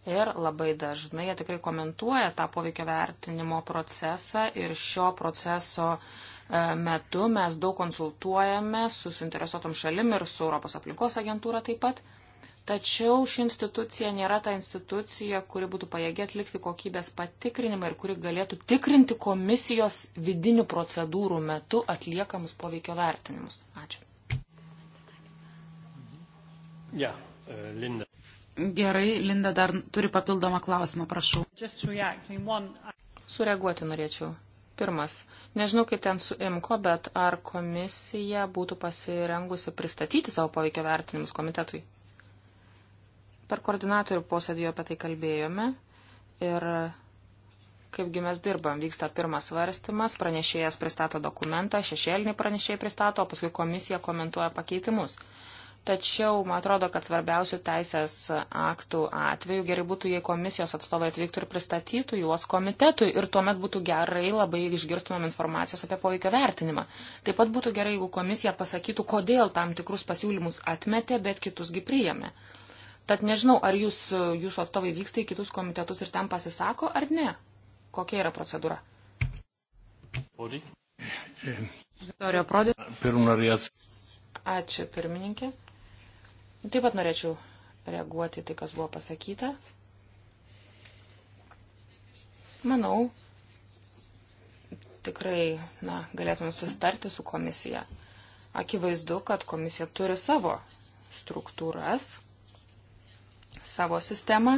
ir labai dažnai jie tikrai komentuoja tą poveikio vertinimo procesą ir šio proceso e, metu mes daug konsultuojame su suinteresuotom šalim ir su Europos aplinkos agentūra taip pat. Tačiau ši institucija nėra ta institucija, kuri būtų pajėgi atlikti kokybės patikrinimą ir kuri galėtų tikrinti komisijos vidinių procedūrų metu atliekamus poveikio vertinimus. Ačiū. Ja, e, Linda. Gerai, Linda dar turi papildomą klausimą, prašau. Sureaguoti norėčiau. Pirmas. Nežinau, kaip ten su IMCO, bet ar komisija būtų pasirengusi pristatyti savo poveikio vertinimus komitetui? Per koordinatorių posėdį apie tai kalbėjome ir kaipgi mes dirbam. Vyksta pirmas svarstymas, pranešėjas pristato dokumentą, šešėliniai pranešėjai pristato, o paskui komisija komentuoja pakeitimus. Tačiau, man atrodo, kad svarbiausių teisės aktų atveju gerai būtų, jei komisijos atstovai atvyktų ir pristatytų juos komitetui ir tuomet būtų gerai labai išgirstumėm informacijos apie poveikio vertinimą. Taip pat būtų gerai, jeigu komisija pasakytų, kodėl tam tikrus pasiūlymus atmetė, bet kitusgi priėmė. Tad nežinau, ar jūs, jūsų atstovai vyksta į kitus komitetus ir ten pasisako, ar ne. Kokia yra procedūra? Podi. Viktorija Prodė. Pirmą reakciją. Ačiū, pirmininkė. Taip pat norėčiau reaguoti tai, kas buvo pasakyta. Manau, tikrai na, galėtume susitarti su komisija. Akivaizdu, kad komisija turi savo struktūras, savo sistemą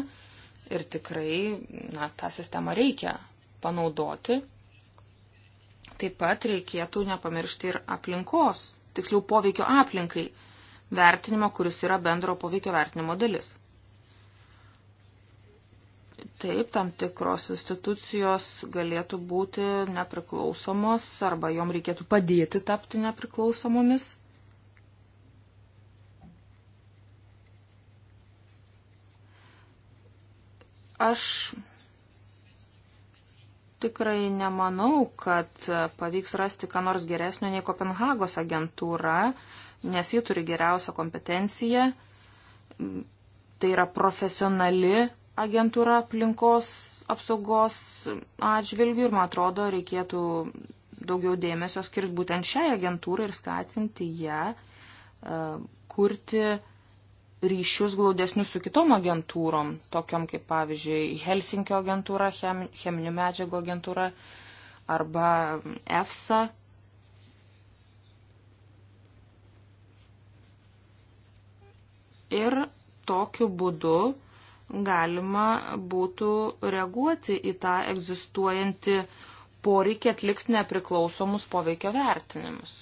ir tikrai na, tą sistemą reikia panaudoti. Taip pat reikėtų nepamiršti ir aplinkos, tiksliau poveikio aplinkai vertinimo, kuris yra bendro poveikio vertinimo dalis. Taip, tam tikros institucijos galėtų būti nepriklausomos arba jom reikėtų padėti tapti nepriklausomomis. Aš tikrai nemanau, kad pavyks rasti ką nors geresnio nei Kopenhagos agentūra. Uh, nes ji turi geriausią kompetenciją. Tai yra profesionali agentūra aplinkos apsaugos atžvilgių ir, man atrodo, reikėtų daugiau dėmesio skirti būtent šiai agentūrai ir skatinti ją e, kurti ryšius glaudesnius su kitom agentūrom, tokiom kaip pavyzdžiui Helsinkio agentūra, cheminių medžiagų agentūra arba EFSA Ir tokiu būdu galima būtų reaguoti į tą egzistuojantį poreikį atlikti nepriklausomus poveikio vertinimus.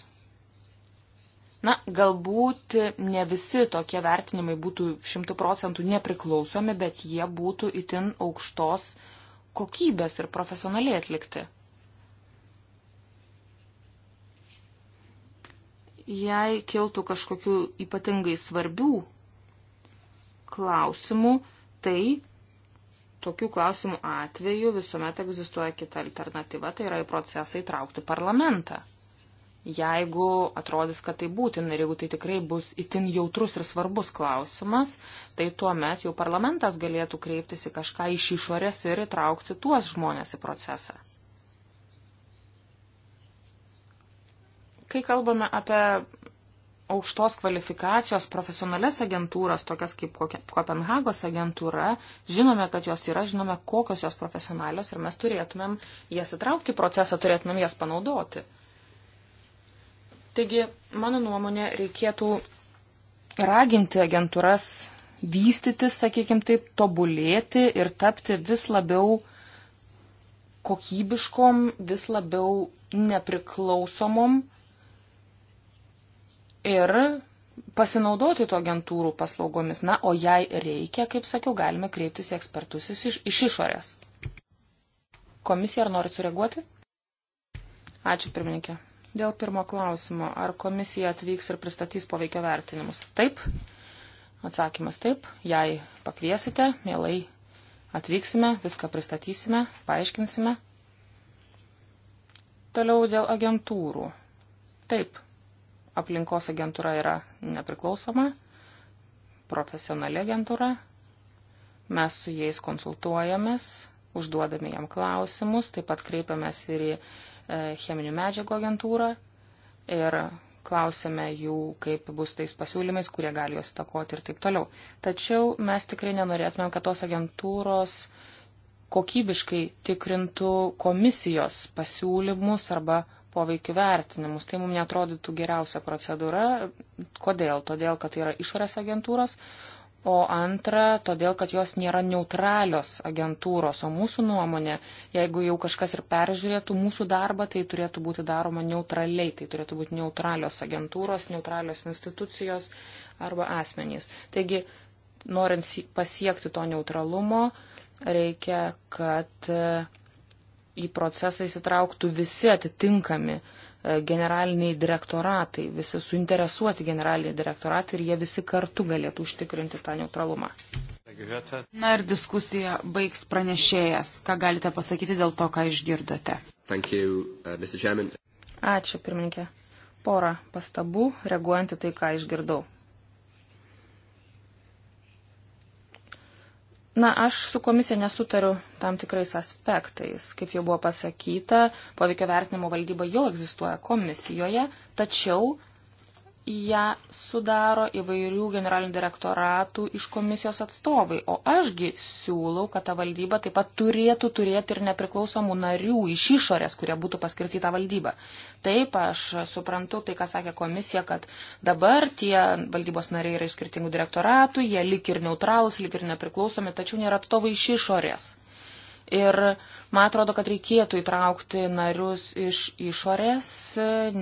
Na, galbūt ne visi tokie vertinimai būtų šimtų procentų nepriklausomi, bet jie būtų itin aukštos kokybės ir profesionaliai atlikti. Jei kiltų kažkokių ypatingai svarbių klausimų, tai tokių klausimų atveju visuomet egzistuoja kita alternatyva, tai yra į procesą įtraukti parlamentą. Jeigu atrodys, kad tai būtina ir jeigu tai tikrai bus itin jautrus ir svarbus klausimas, tai tuo met jau parlamentas galėtų kreiptis į kažką iš išorės ir įtraukti tuos žmonės į procesą. Kai kalbame apie aukštos kvalifikacijos profesionales agentūras, tokias kaip Kopenhagos agentūra, žinome, kad jos yra, žinome, kokios jos profesionalios ir mes turėtumėm jas įtraukti į procesą, turėtumėm jas panaudoti. Taigi, mano nuomonė, reikėtų raginti agentūras vystytis, sakykime taip, tobulėti ir tapti vis labiau kokybiškom, vis labiau nepriklausomom ir pasinaudoti tų agentūrų paslaugomis. Na, o jei reikia, kaip sakiau, galime kreiptis į ekspertus iš, iš išorės. Komisija, ar norit sureaguoti? Ačiū, pirmininkė. Dėl pirmo klausimo, ar komisija atvyks ir pristatys poveikio vertinimus? Taip. Atsakymas taip. Jei pakviesite, mielai atvyksime, viską pristatysime, paaiškinsime. Toliau dėl agentūrų. Taip, aplinkos agentūra yra nepriklausoma, profesionali agentūra. Mes su jais konsultuojamės, užduodame jam klausimus, taip pat kreipiamės ir į e, cheminių medžiagų agentūrą ir klausėme jų, kaip bus tais pasiūlymais, kurie gali juos įtakoti ir taip toliau. Tačiau mes tikrai nenorėtumėm, kad tos agentūros kokybiškai tikrintų komisijos pasiūlymus arba uh, poveikių vertinimus. Tai mums netrodytų geriausia procedūra. Kodėl? Todėl, kad tai yra išorės agentūros. O antra, todėl, kad jos nėra neutralios agentūros, o mūsų nuomonė, jeigu jau kažkas ir peržiūrėtų mūsų darbą, tai turėtų būti daroma neutraliai, tai turėtų būti neutralios agentūros, neutralios institucijos arba asmenys. Taigi, norint pasiekti to neutralumo, reikia, kad į procesą įsitrauktų visi atitinkami e, generaliniai direktoratai, visi suinteresuoti generaliniai direktoratai ir jie visi kartu galėtų užtikrinti tą neutralumą. Na ir diskusiją baigs pranešėjas. Ką galite pasakyti dėl to, ką išgirdote? Thank you, uh, Ačiū, pirmininkė. Porą pastabų, reaguojant į tai, ką išgirdau. Na, aš su komisija nesutariu tam tikrais aspektais. Kaip jau buvo pasakyta, poveikio vertinimo valdyba jau egzistuoja komisijoje, tačiau ją sudaro įvairių generalinių direktoratų iš komisijos atstovai, o ašgi siūlau, kad ta valdyba taip pat turėtų turėti ir nepriklausomų narių iš išorės, kurie būtų paskirti tą valdybą. Taip, aš suprantu tai, ką sakė komisija, kad dabar tie valdybos nariai yra iš skirtingų direktoratų, jie lik ir neutralus, lik ir nepriklausomi, tačiau nėra atstovai iš išorės. Ir man atrodo, kad reikėtų įtraukti narius iš išorės,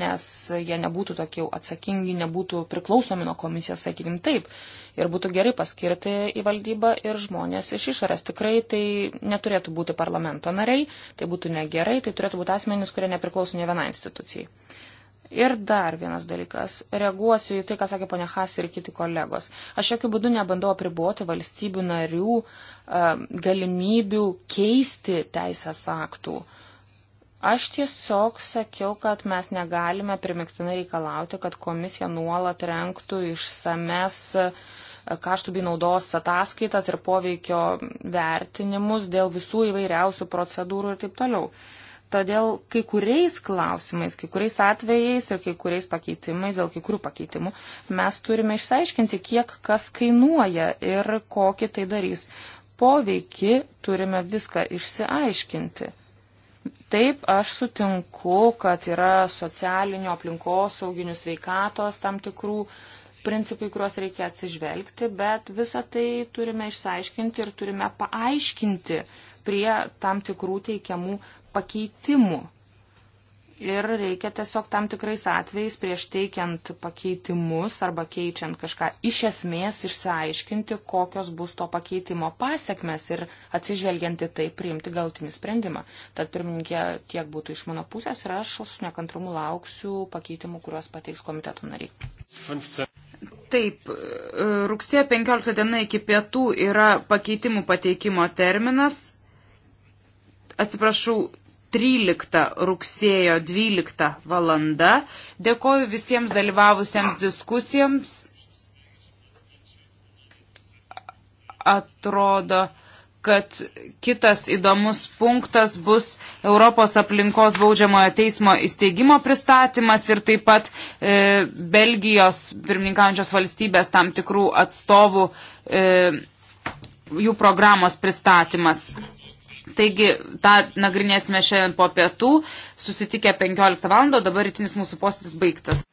nes jie nebūtų tokie atsakingi, nebūtų priklausomi nuo komisijos, sakykim, taip. Ir būtų gerai paskirti į valdybą ir žmonės iš išorės. Tikrai tai neturėtų būti parlamento nariai, tai būtų negerai, tai turėtų būti asmenys, kurie nepriklauso ne vienai institucijai. Ir dar vienas dalykas. Reaguosiu į tai, ką sakė ponia Hasi ir kiti kolegos. Aš jokių būdų nebandau apriboti valstybių narių e, galimybių keisti teisės aktų. Aš tiesiog sakiau, kad mes negalime primiktinai reikalauti, kad komisija nuolat renktų išsames e, kaštų bei naudos ataskaitas ir poveikio vertinimus dėl visų įvairiausių procedūrų ir taip toliau. Uh, Todėl kai kuriais klausimais, kai kuriais atvejais ir kai kuriais pakeitimais, dėl kai kurių pakeitimų, mes turime išsiaiškinti, kiek kas kainuoja ir kokį tai darys. Poveikį turime viską išsiaiškinti. Taip, aš sutinku, kad yra socialinio aplinkos, sauginių sveikatos tam tikrų principai, kuriuos reikia atsižvelgti, bet visą tai turime išsiaiškinti ir turime paaiškinti prie tam tikrų teikiamų pakeitimų. Ir reikia tiesiog tam tikrais atvejais prieš teikiant pakeitimus arba keičiant kažką iš esmės išsiaiškinti, kokios bus to pakeitimo pasiekmes ir atsižvelgiant į tai priimti gautinį sprendimą. Tad pirmininkė tiek būtų iš mano pusės ir aš su nekantrumu lauksiu pakeitimų, kuriuos pateiks komiteto nariai. 15. Taip, rugsėjo 15 diena iki pietų yra pakeitimų pateikimo terminas. Atsiprašau, 13 rugsėjo 12 valanda. Dėkoju visiems dalyvavusiems diskusijoms. Atrodo, kad kitas įdomus punktas bus Europos aplinkos baudžiamojo teismo įsteigimo pristatymas ir taip pat e, Belgijos pirmininkaujančios valstybės tam tikrų atstovų e, jų programos pristatymas. Taigi, tą nagrinėsime šiandien po pietų, susitikę 15 val. dabar rytinis mūsų postis baigtas.